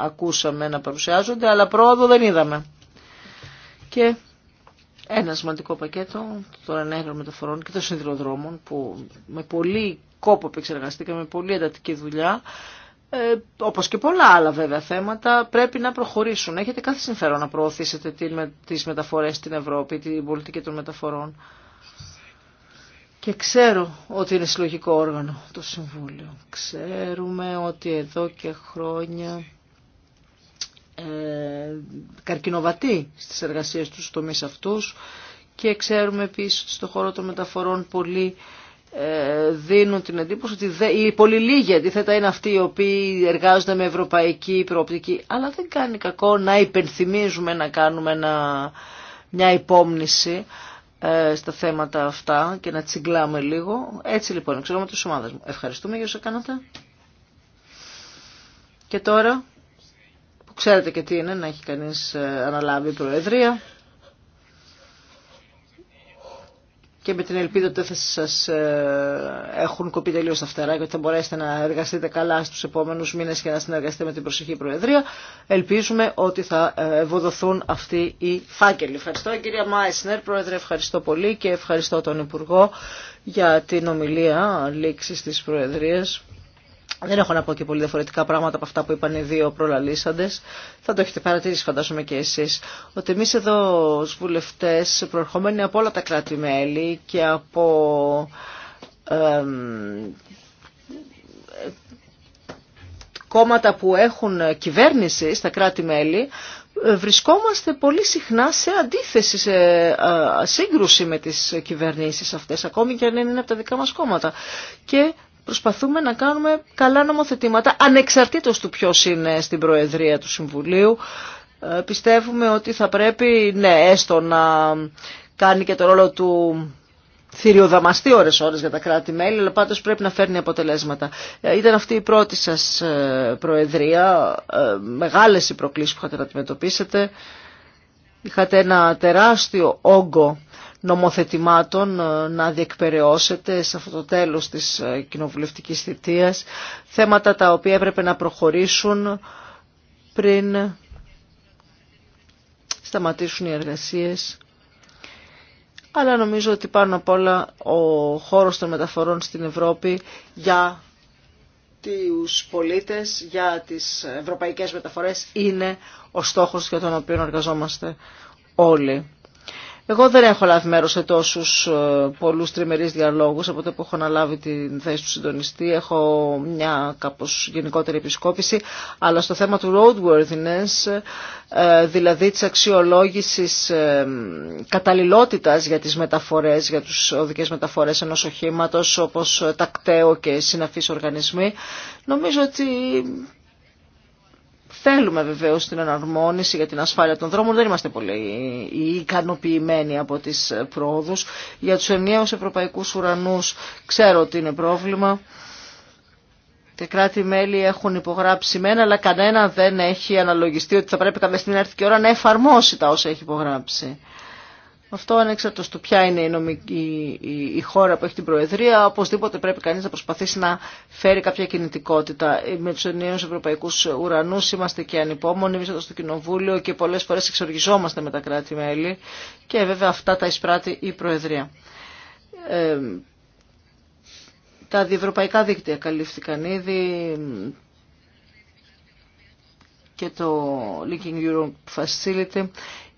ακούσαμε να παρουσιάζονται, αλλά πρόοδο δεν είδαμε. Και ένα σημαντικό πακέτο των ενέργων μεταφορών και των σιδηροδρόμων που με πολύ κόπο που εξεργαστήκαμε, πολύ εντατική δουλειά. Ε, όπως και πολλά άλλα βέβαια θέματα πρέπει να προχωρήσουν. Έχετε κάθε συμφέρον να προωθήσετε τις μεταφορές στην Ευρώπη, την πολιτική των μεταφορών. Και ξέρω ότι είναι συλλογικό όργανο το Συμβούλιο. Ξέρουμε ότι εδώ και χρόνια ε, καρκινοβατεί στις εργασίες τους τομείς αυτούς και ξέρουμε επίσης στον χώρο των μεταφορών πολύ ε, δίνουν την εντύπωση ότι οι πολύ λίγοι αντίθετα είναι αυτοί οι οποίοι εργάζονται με ευρωπαϊκή προοπτική. Αλλά δεν κάνει κακό να υπενθυμίζουμε, να κάνουμε μια υπόμνηση ε, στα θέματα αυτά και να τσιγκλάμε λίγο. Έτσι λοιπόν, ξέρουμε τους ομάδες μου. Ευχαριστούμε για όσα κάνατε. Και τώρα, που ξέρετε και τι είναι να έχει κανείς ε, αναλάβει η Προεδρία, και με την ελπίδα ότι θα σας ε, έχουν κοπεί τελείως τα φτερά και ότι θα μπορέσετε να εργαστείτε καλά στους επόμενους μήνες και να συνεργαστείτε με την προσεχή Προεδρία. Ελπίζουμε ότι θα ε, ευοδοθούν αυτοί οι φάκελοι. Ευχαριστώ κυρία Μάισνερ, Πρόεδρε, ευχαριστώ πολύ και ευχαριστώ τον Υπουργό για την ομιλία λήξης της Προεδρίας. Δεν έχω να πω και πολύ διαφορετικά πράγματα από αυτά που είπαν οι δύο προλαλήσαντες. Θα το έχετε παρατηρήσει φαντάζομαι και εσείς. Ότι εμείς εδώ ως βουλευτές προερχόμενοι από όλα τα κράτη-μέλη και από κόμματα που έχουν κυβέρνηση στα κράτη-μέλη βρισκόμαστε πολύ συχνά σε αντίθεση, σε σύγκρουση με τις κυβερνήσεις αυτές, ακόμη και αν είναι από τα δικά μας κόμματα. Και προσπαθούμε να κάνουμε καλά νομοθετήματα, ανεξαρτήτως του ποιος είναι στην Προεδρία του Συμβουλίου. Ε, πιστεύουμε ότι θα πρέπει, ναι, έστω να κάνει και το ρόλο του θηριοδαμαστεί ώρες ώρες για τα κράτη-μέλη, αλλά πάντως πρέπει να φέρνει αποτελέσματα. Ε, ήταν αυτή η πρώτη σας ε, προεδρία, μεγάλες οι προκλήσεις που είχατε να αντιμετωπίσετε. Είχατε ένα τεράστιο όγκο νομοθετημάτων ε, να διεκπαιρεώσετε σε αυτό το τέλος της ε, κοινοβουλευτικής θητείας, θέματα τα οποία έπρεπε να προχωρήσουν πριν σταματήσουν οι εργασίες. Αλλά νομίζω ότι πάνω απ' όλα ο χώρος των μεταφορών στην Ευρώπη για τους πολίτες, για τις ευρωπαϊκές μεταφορές είναι ο στόχος για τον οποίο εργαζόμαστε όλοι. Εγώ δεν έχω λάβει μέρο σε τόσους ε, πολλούς τριμερεί διαλόγους από το που έχω αναλάβει την θέση του συντονιστή. Έχω μια κάπω γενικότερη επισκόπηση, αλλά στο θέμα του roadworthiness, ε, δηλαδή της αξιολόγησης ε, καταλληλότητας για τις μεταφορές, για τους οδικές μεταφορές ενός οχήματος, όπως τακταίο και συναφείς οργανισμοί, νομίζω ότι Θέλουμε βεβαίω την αναρμόνιση για την ασφάλεια των δρόμων. Δεν είμαστε πολύ ικανοποιημένοι από τι πρόοδου. Για του ενιαίου ευρωπαϊκού ουρανού ξέρω ότι είναι πρόβλημα. Τα κράτη-μέλη έχουν υπογράψει μένα, αλλά κανένα δεν έχει αναλογιστεί ότι θα πρέπει κάποια στιγμή να έρθει και ώρα να εφαρμόσει τα όσα έχει υπογράψει. Αυτό ανέξαρτος του ποια είναι η, χώρα που έχει την Προεδρία, οπωσδήποτε πρέπει κανείς να προσπαθήσει να φέρει κάποια κινητικότητα. Ε, με τους ενιαίους ευρωπαϊκούς ουρανούς είμαστε και ανυπόμονοι, βρίσκοντας στο Κοινοβούλιο και πολλές φορές εξοργιζόμαστε με τα κράτη-μέλη και βέβαια αυτά τα εισπράττει η Προεδρία. Ε, τα διευρωπαϊκά δίκτυα καλύφθηκαν ήδη και το Linking Europe Facility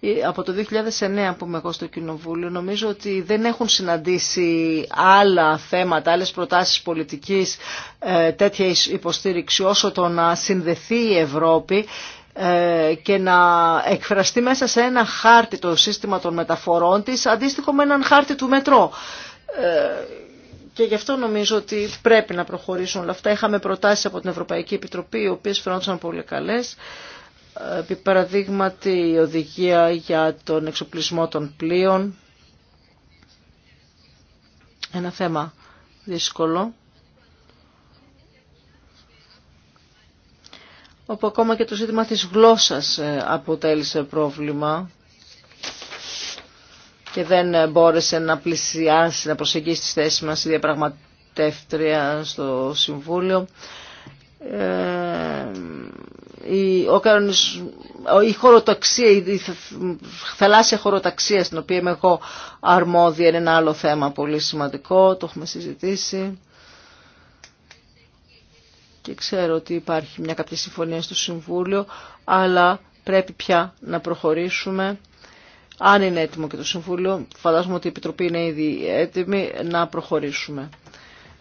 ε, από το 2009 που είμαι εγώ στο Κοινοβούλιο νομίζω ότι δεν έχουν συναντήσει άλλα θέματα, άλλες προτάσεις πολιτικής ε, τέτοια υποστήριξη όσο το να συνδεθεί η Ευρώπη ε, και να εκφραστεί μέσα σε ένα χάρτη το σύστημα των μεταφορών της αντίστοιχο με έναν χάρτη του μετρό. Και γι' αυτό νομίζω ότι πρέπει να προχωρήσουν όλα αυτά. Είχαμε προτάσεις από την Ευρωπαϊκή Επιτροπή, οι οποίες φαινόντουσαν πολύ καλές επί παραδείγματι η οδηγία για τον εξοπλισμό των πλοίων. Ένα θέμα δύσκολο. Όπου ακόμα και το ζήτημα της γλώσσας ε, αποτέλεσε πρόβλημα και δεν μπόρεσε να πλησιάσει, να προσεγγίσει τις θέσεις μας η διαπραγματεύτρια στο Συμβούλιο. Ε, η, ο κανονισ... η χωροταξία, η θαλάσσια χωροταξία στην οποία είμαι εγώ αρμόδια είναι ένα άλλο θέμα πολύ σημαντικό, το έχουμε συζητήσει. Και ξέρω ότι υπάρχει μια κάποια συμφωνία στο Συμβούλιο, αλλά πρέπει πια να προχωρήσουμε. Αν είναι έτοιμο και το Συμβούλιο, φαντάζομαι ότι η Επιτροπή είναι ήδη έτοιμη να προχωρήσουμε.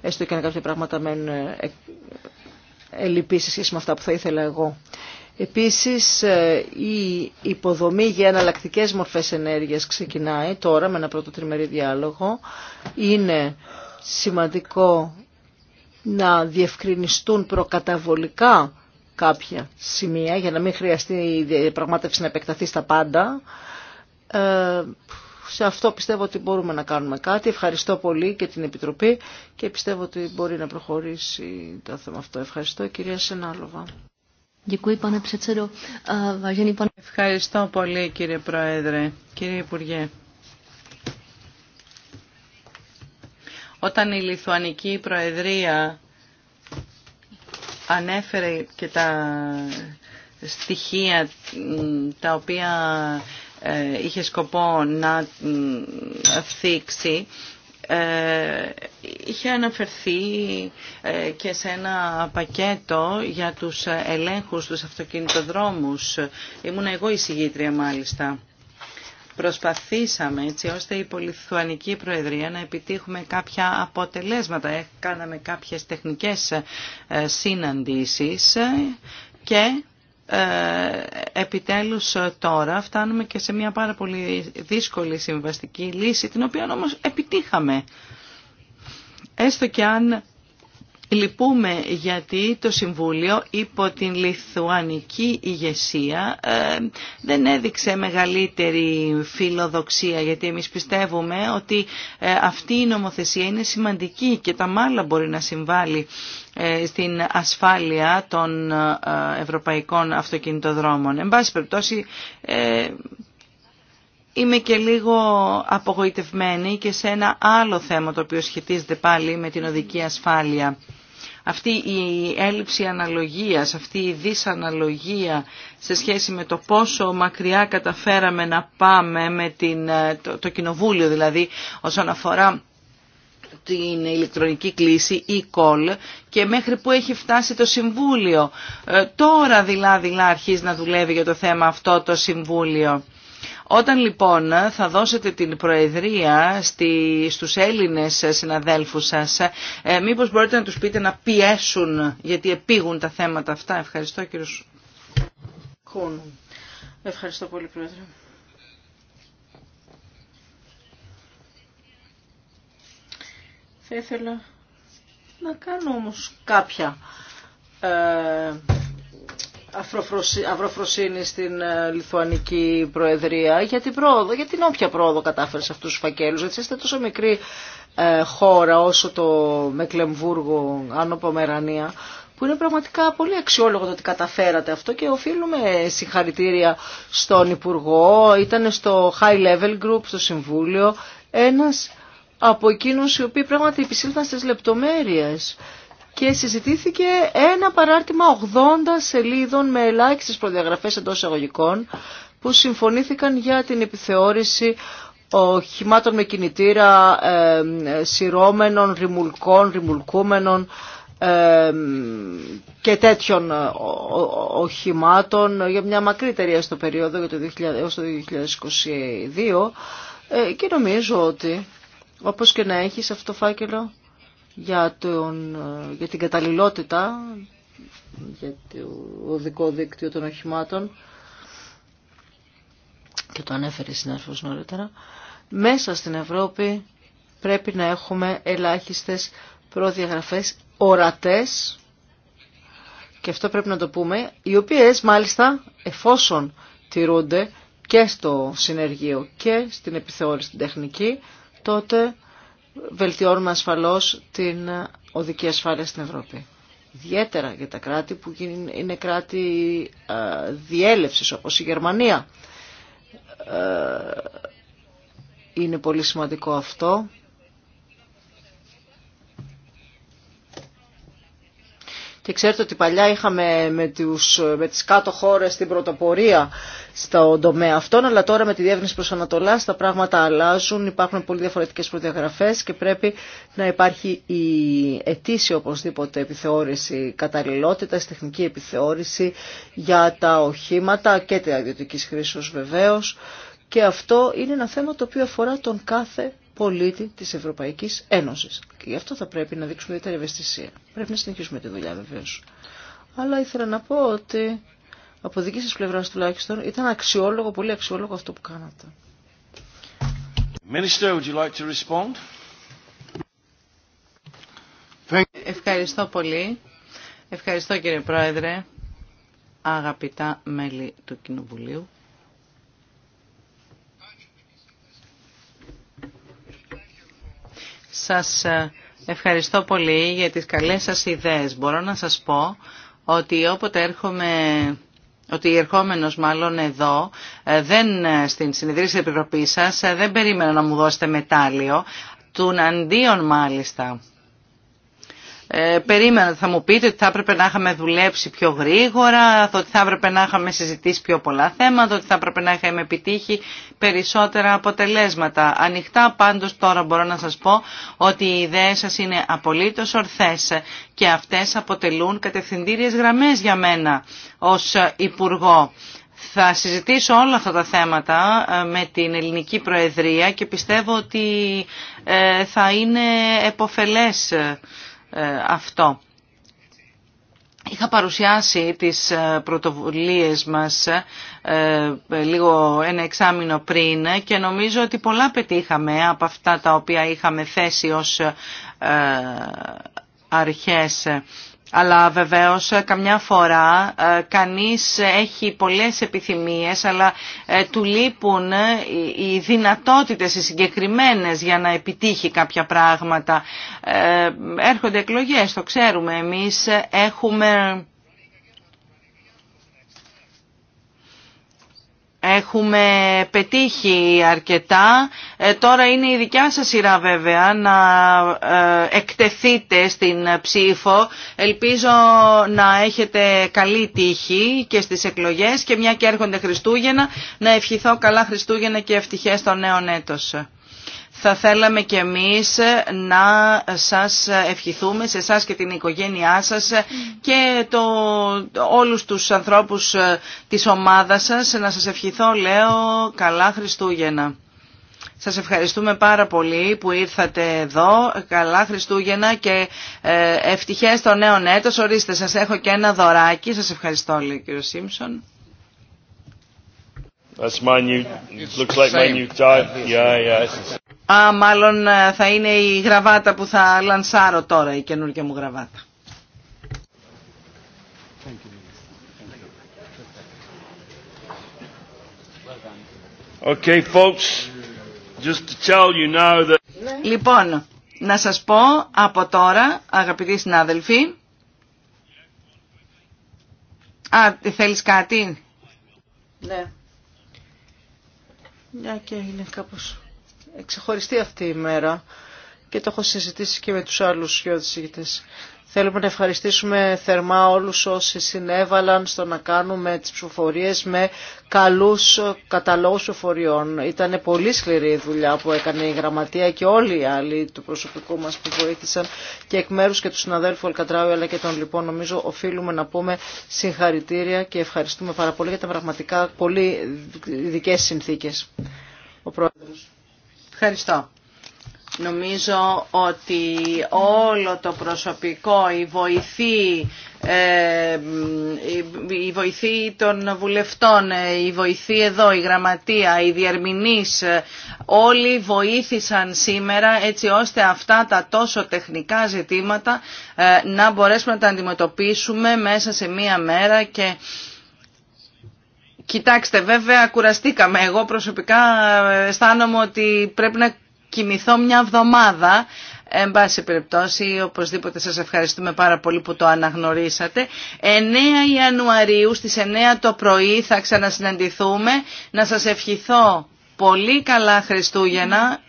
Έστω και αν κάποια πράγματα μένουν ε, ελλειπή σε σχέση με αυτά θα ήθελα εγώ. Επίσης ε, η υποδομή για εναλλακτικέ μορφές ενέργειας ξεκινάει τώρα με ένα πρώτο τριμερή διάλογο. Είναι σημαντικό να διευκρινιστούν προκαταβολικά κάποια σημεία για να μην χρειαστεί η διαπραγμάτευση να επεκταθεί στα πάντα. Ε, σε αυτό πιστεύω ότι μπορούμε να κάνουμε κάτι. Ευχαριστώ πολύ και την Επιτροπή και πιστεύω ότι μπορεί να προχωρήσει το θέμα αυτό. Ευχαριστώ κυρία Σενάλοβα. Ευχαριστώ πολύ κύριε Πρόεδρε, κύριε Υπουργέ. Όταν η Λιθουανική Προεδρία ανέφερε και τα στοιχεία τα οποία ε, είχε σκοπό να θίξει ε, είχε αναφερθεί ε, και σε ένα πακέτο για τους ελέγχους τους αυτοκινητοδρόμους. Ήμουν εγώ η συγγήτρια μάλιστα. Προσπαθήσαμε έτσι ώστε η Πολυθουανική Προεδρία να επιτύχουμε κάποια αποτελέσματα. Κάναμε κάποιες τεχνικές συναντήσεις και ε, επιτέλους ε, τώρα φτάνουμε και σε μια πάρα πολύ δύσκολη συμβαστική λύση, την οποία όμως επιτύχαμε. Έστω και αν Λυπούμε γιατί το Συμβούλιο υπό την λιθουανική ηγεσία ε, δεν έδειξε μεγαλύτερη φιλοδοξία γιατί εμείς πιστεύουμε ότι ε, αυτή η νομοθεσία είναι σημαντική και τα μάλλα μπορεί να συμβάλλει ε, στην ασφάλεια των ευρωπαϊκών αυτοκινητοδρόμων. Εν πάση περιπτώσει Είμαι και λίγο απογοητευμένη και σε ένα άλλο θέμα το οποίο σχετίζεται πάλι με την οδική ασφάλεια. Αυτή η έλλειψη αναλογίας, αυτή η δυσαναλογία σε σχέση με το πόσο μακριά καταφέραμε να πάμε με την, ε, το, κοινοβούλιο δηλαδή όσον αφορά την ηλεκτρονική κλίση e-call και μέχρι που έχει φτάσει το Συμβούλιο. Ε, τώρα δηλαδή αρχίζει να δουλεύει για το θέμα αυτό το Συμβούλιο. Όταν λοιπόν θα δώσετε την προεδρία στη, στους Έλληνες συναδέλφους σας, ε, μήπως μπορείτε να τους πείτε να πιέσουν, γιατί επίγουν τα θέματα αυτά. Ευχαριστώ κύριο Κούν. Ευχαριστώ πολύ πρόεδρε. Θα ήθελα να κάνω όμως κάποια ε, αυροφροσύνη στην ε, Λιθουανική Προεδρία για την πρόοδο, για την όποια πρόοδο κατάφερε σε αυτούς τους φακέλους. Έτσι είστε τόσο μικρή ε, χώρα όσο το Μεκλεμβούργο, Άνω Πομερανία, που είναι πραγματικά πολύ αξιόλογο το ότι καταφέρατε αυτό και οφείλουμε συγχαρητήρια στον Υπουργό, ήταν στο High Level Group, στο Συμβούλιο, ένας από εκείνους οι οποίοι πράγματι επισήλθαν στις λεπτομέρειες και συζητήθηκε ένα παράρτημα 80 σελίδων με ελάχιστες προδιαγραφές εντός εισαγωγικών που συμφωνήθηκαν για την επιθεώρηση οχημάτων με κινητήρα ε, σειρώμενων, ρημουλκών, ρημουλκούμενων ε, και τέτοιων ε, οχημάτων για μια μακρύτερη στο περίοδο για το 2000, έως το 2022 ε, και νομίζω ότι όπως και να έχει αυτό το φάκελο για, τον, για την καταλληλότητα, για το οδικό δίκτυο των οχημάτων και το ανέφερε η νωρίτερα, μέσα στην Ευρώπη πρέπει να έχουμε ελάχιστες προδιαγραφές ορατές και αυτό πρέπει να το πούμε, οι οποίες μάλιστα εφόσον τηρούνται και στο συνεργείο και στην επιθεώρηση τεχνική, τότε βελτιώνουμε ασφαλώς την οδική ασφάλεια στην Ευρώπη. Ιδιαίτερα για τα κράτη που είναι κράτη ε, διέλευσης όπως η Γερμανία. Ε, είναι πολύ σημαντικό αυτό Και ξέρετε ότι παλιά είχαμε με, τους, με τις κάτω χώρες την πρωτοπορία στον τομέα αυτόν, αλλά τώρα με τη διεύρυνση προς Ανατολάς τα πράγματα αλλάζουν, υπάρχουν πολύ διαφορετικές προδιαγραφές και πρέπει να υπάρχει η ετήσια οπωσδήποτε επιθεώρηση καταλληλότητας, τεχνική επιθεώρηση για τα οχήματα και τα ιδιωτική χρήσεως βεβαίως. Και αυτό είναι ένα θέμα το οποίο αφορά τον κάθε πολίτη τη Ευρωπαϊκή Ένωση. Και γι' αυτό θα πρέπει να δείξουμε ιδιαίτερη ευαισθησία. Πρέπει να συνεχίσουμε τη δουλειά βεβαίω. Αλλά ήθελα να πω ότι από δική σα πλευρά τουλάχιστον ήταν αξιόλογο, πολύ αξιόλογο αυτό που κάνατε. Ευχαριστώ πολύ. Ευχαριστώ κύριε Πρόεδρε, αγαπητά μέλη του Κοινοβουλίου. Σας ε, ευχαριστώ πολύ για τις καλές σας ιδέες. Μπορώ να σας πω ότι όποτε έρχομαι ότι ερχόμενος μάλλον εδώ, ε, δεν, ε, στην συνεδρία της σας, δεν περίμενα να μου δώσετε μετάλλιο, του αντίον μάλιστα. Ε, περίμενα ότι θα μου πείτε ότι θα έπρεπε να είχαμε δουλέψει πιο γρήγορα, ότι θα έπρεπε να είχαμε συζητήσει πιο πολλά θέματα, ότι θα έπρεπε να είχαμε επιτύχει περισσότερα αποτελέσματα. Ανοιχτά πάντως τώρα μπορώ να σας πω ότι οι ιδέες σας είναι απολύτως ορθές και αυτές αποτελούν κατευθυντήριες γραμμές για μένα ως Υπουργό. Θα συζητήσω όλα αυτά τα θέματα ε, με την Ελληνική Προεδρία και πιστεύω ότι ε, θα είναι εποφελές ε, ε, αυτό. Είχα παρουσιάσει τις ε, πρωτοβουλίες μας ε, λίγο ένα εξάμεινο πριν και νομίζω ότι πολλά πετύχαμε από αυτά τα οποία είχαμε θέσει ως αρχές αλλά βεβαίως ε, καμιά φορά ε, κανείς έχει πολλές επιθυμίες αλλά ε, του λείπουν οι δυνατότητες οι συγκεκριμένες για να επιτύχει κάποια πράγματα. Έρχονται εκλογές, το ξέρουμε εμείς, έχουμε Έχουμε πετύχει αρκετά. Ε, τώρα είναι η δικιά σας σειρά βέβαια να ε, εκτεθείτε στην ψήφο. Ελπίζω να έχετε καλή τύχη και στις εκλογές και μια και έρχονται Χριστούγεννα να ευχηθώ καλά Χριστούγεννα και ευτυχές στο νέο έτος θα θέλαμε και εμείς να σας ευχηθούμε σε εσά και την οικογένειά σας και το, όλους τους ανθρώπους της ομάδας σας να σας ευχηθώ λέω καλά Χριστούγεννα. Σας ευχαριστούμε πάρα πολύ που ήρθατε εδώ. Καλά Χριστούγεννα και ε, ευτυχές το νέο έτος. Ορίστε, σας έχω και ένα δωράκι. Σας ευχαριστώ, λέει ο κύριος Σίμψον. That's my new, looks like my new tie. Yeah, yeah. Α, μάλλον ε, θα είναι η γραβάτα που θα λανσάρω τώρα, η καινούργια μου γραβάτα. Okay, folks, just to tell you now that... Λοιπόν, να σας πω από τώρα, αγαπητοί συνάδελφοι, Α, θέλεις κάτι? Ναι. Μια και είναι κάπως εξεχωριστή αυτή η μέρα και το έχω συζητήσει και με τους άλλους γεωδησίτες. Θέλουμε να ευχαριστήσουμε θερμά όλους όσοι συνέβαλαν στο να κάνουμε τις ψηφοφορίες με καλούς καταλόγους ψηφοφοριών. Ήταν πολύ σκληρή η δουλειά που έκανε η γραμματεία και όλοι οι άλλοι του προσωπικού μας που βοήθησαν και εκ μέρους και του συναδέλφου Αλκατράου αλλά και των λοιπόν νομίζω οφείλουμε να πούμε συγχαρητήρια και ευχαριστούμε πάρα πολύ για τα πραγματικά πολύ ειδικέ συνθήκες. Ο Πρόεδρος. Ευχαριστώ. Νομίζω ότι όλο το προσωπικό, η βοηθή, ε, η βοηθή των βουλευτών, ε, η βοηθή εδώ, η γραμματεία, οι διερμηνείς, ε, όλοι βοήθησαν σήμερα έτσι ώστε αυτά τα τόσο τεχνικά ζητήματα να μπορέσουμε να τα αντιμετωπίσουμε μέσα σε μία μέρα και Κοιτάξτε, βέβαια κουραστήκαμε. Εγώ προσωπικά αισθάνομαι ότι πρέπει να κοιμηθώ μια εβδομάδα. Εν πάση περιπτώσει, οπωσδήποτε σας ευχαριστούμε πάρα πολύ που το αναγνωρίσατε. 9 Ιανουαρίου στις 9 το πρωί θα ξανασυναντηθούμε. Να σας ευχηθώ πολύ καλά Χριστούγεννα,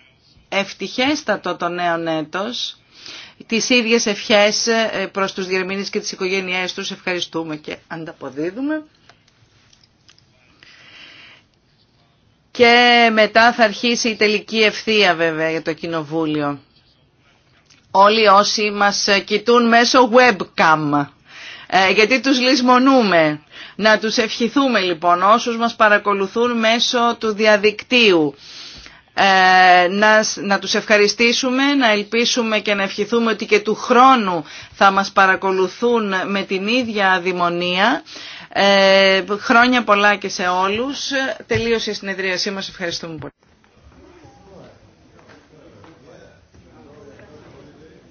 ευτυχέστατο το νέο έτος. Τις ίδιες ευχές ε, προς τους διερμήνες και τις οικογένειές τους ευχαριστούμε και ανταποδίδουμε. και μετά θα αρχίσει η τελική ευθεία βέβαια για το Κοινοβούλιο. Όλοι όσοι μας κοιτούν μέσω webcam, ε, γιατί τους λησμονούμε. Να τους ευχηθούμε λοιπόν όσους μας παρακολουθούν μέσω του διαδικτύου. Ε, να, να τους ευχαριστήσουμε, να ελπίσουμε και να ευχηθούμε ότι και του χρόνου θα μας παρακολουθούν με την ίδια αδημονία ε, χρόνια πολλά και σε όλους. Τελείωσε η συνεδρίασή μας. Ευχαριστούμε πολύ.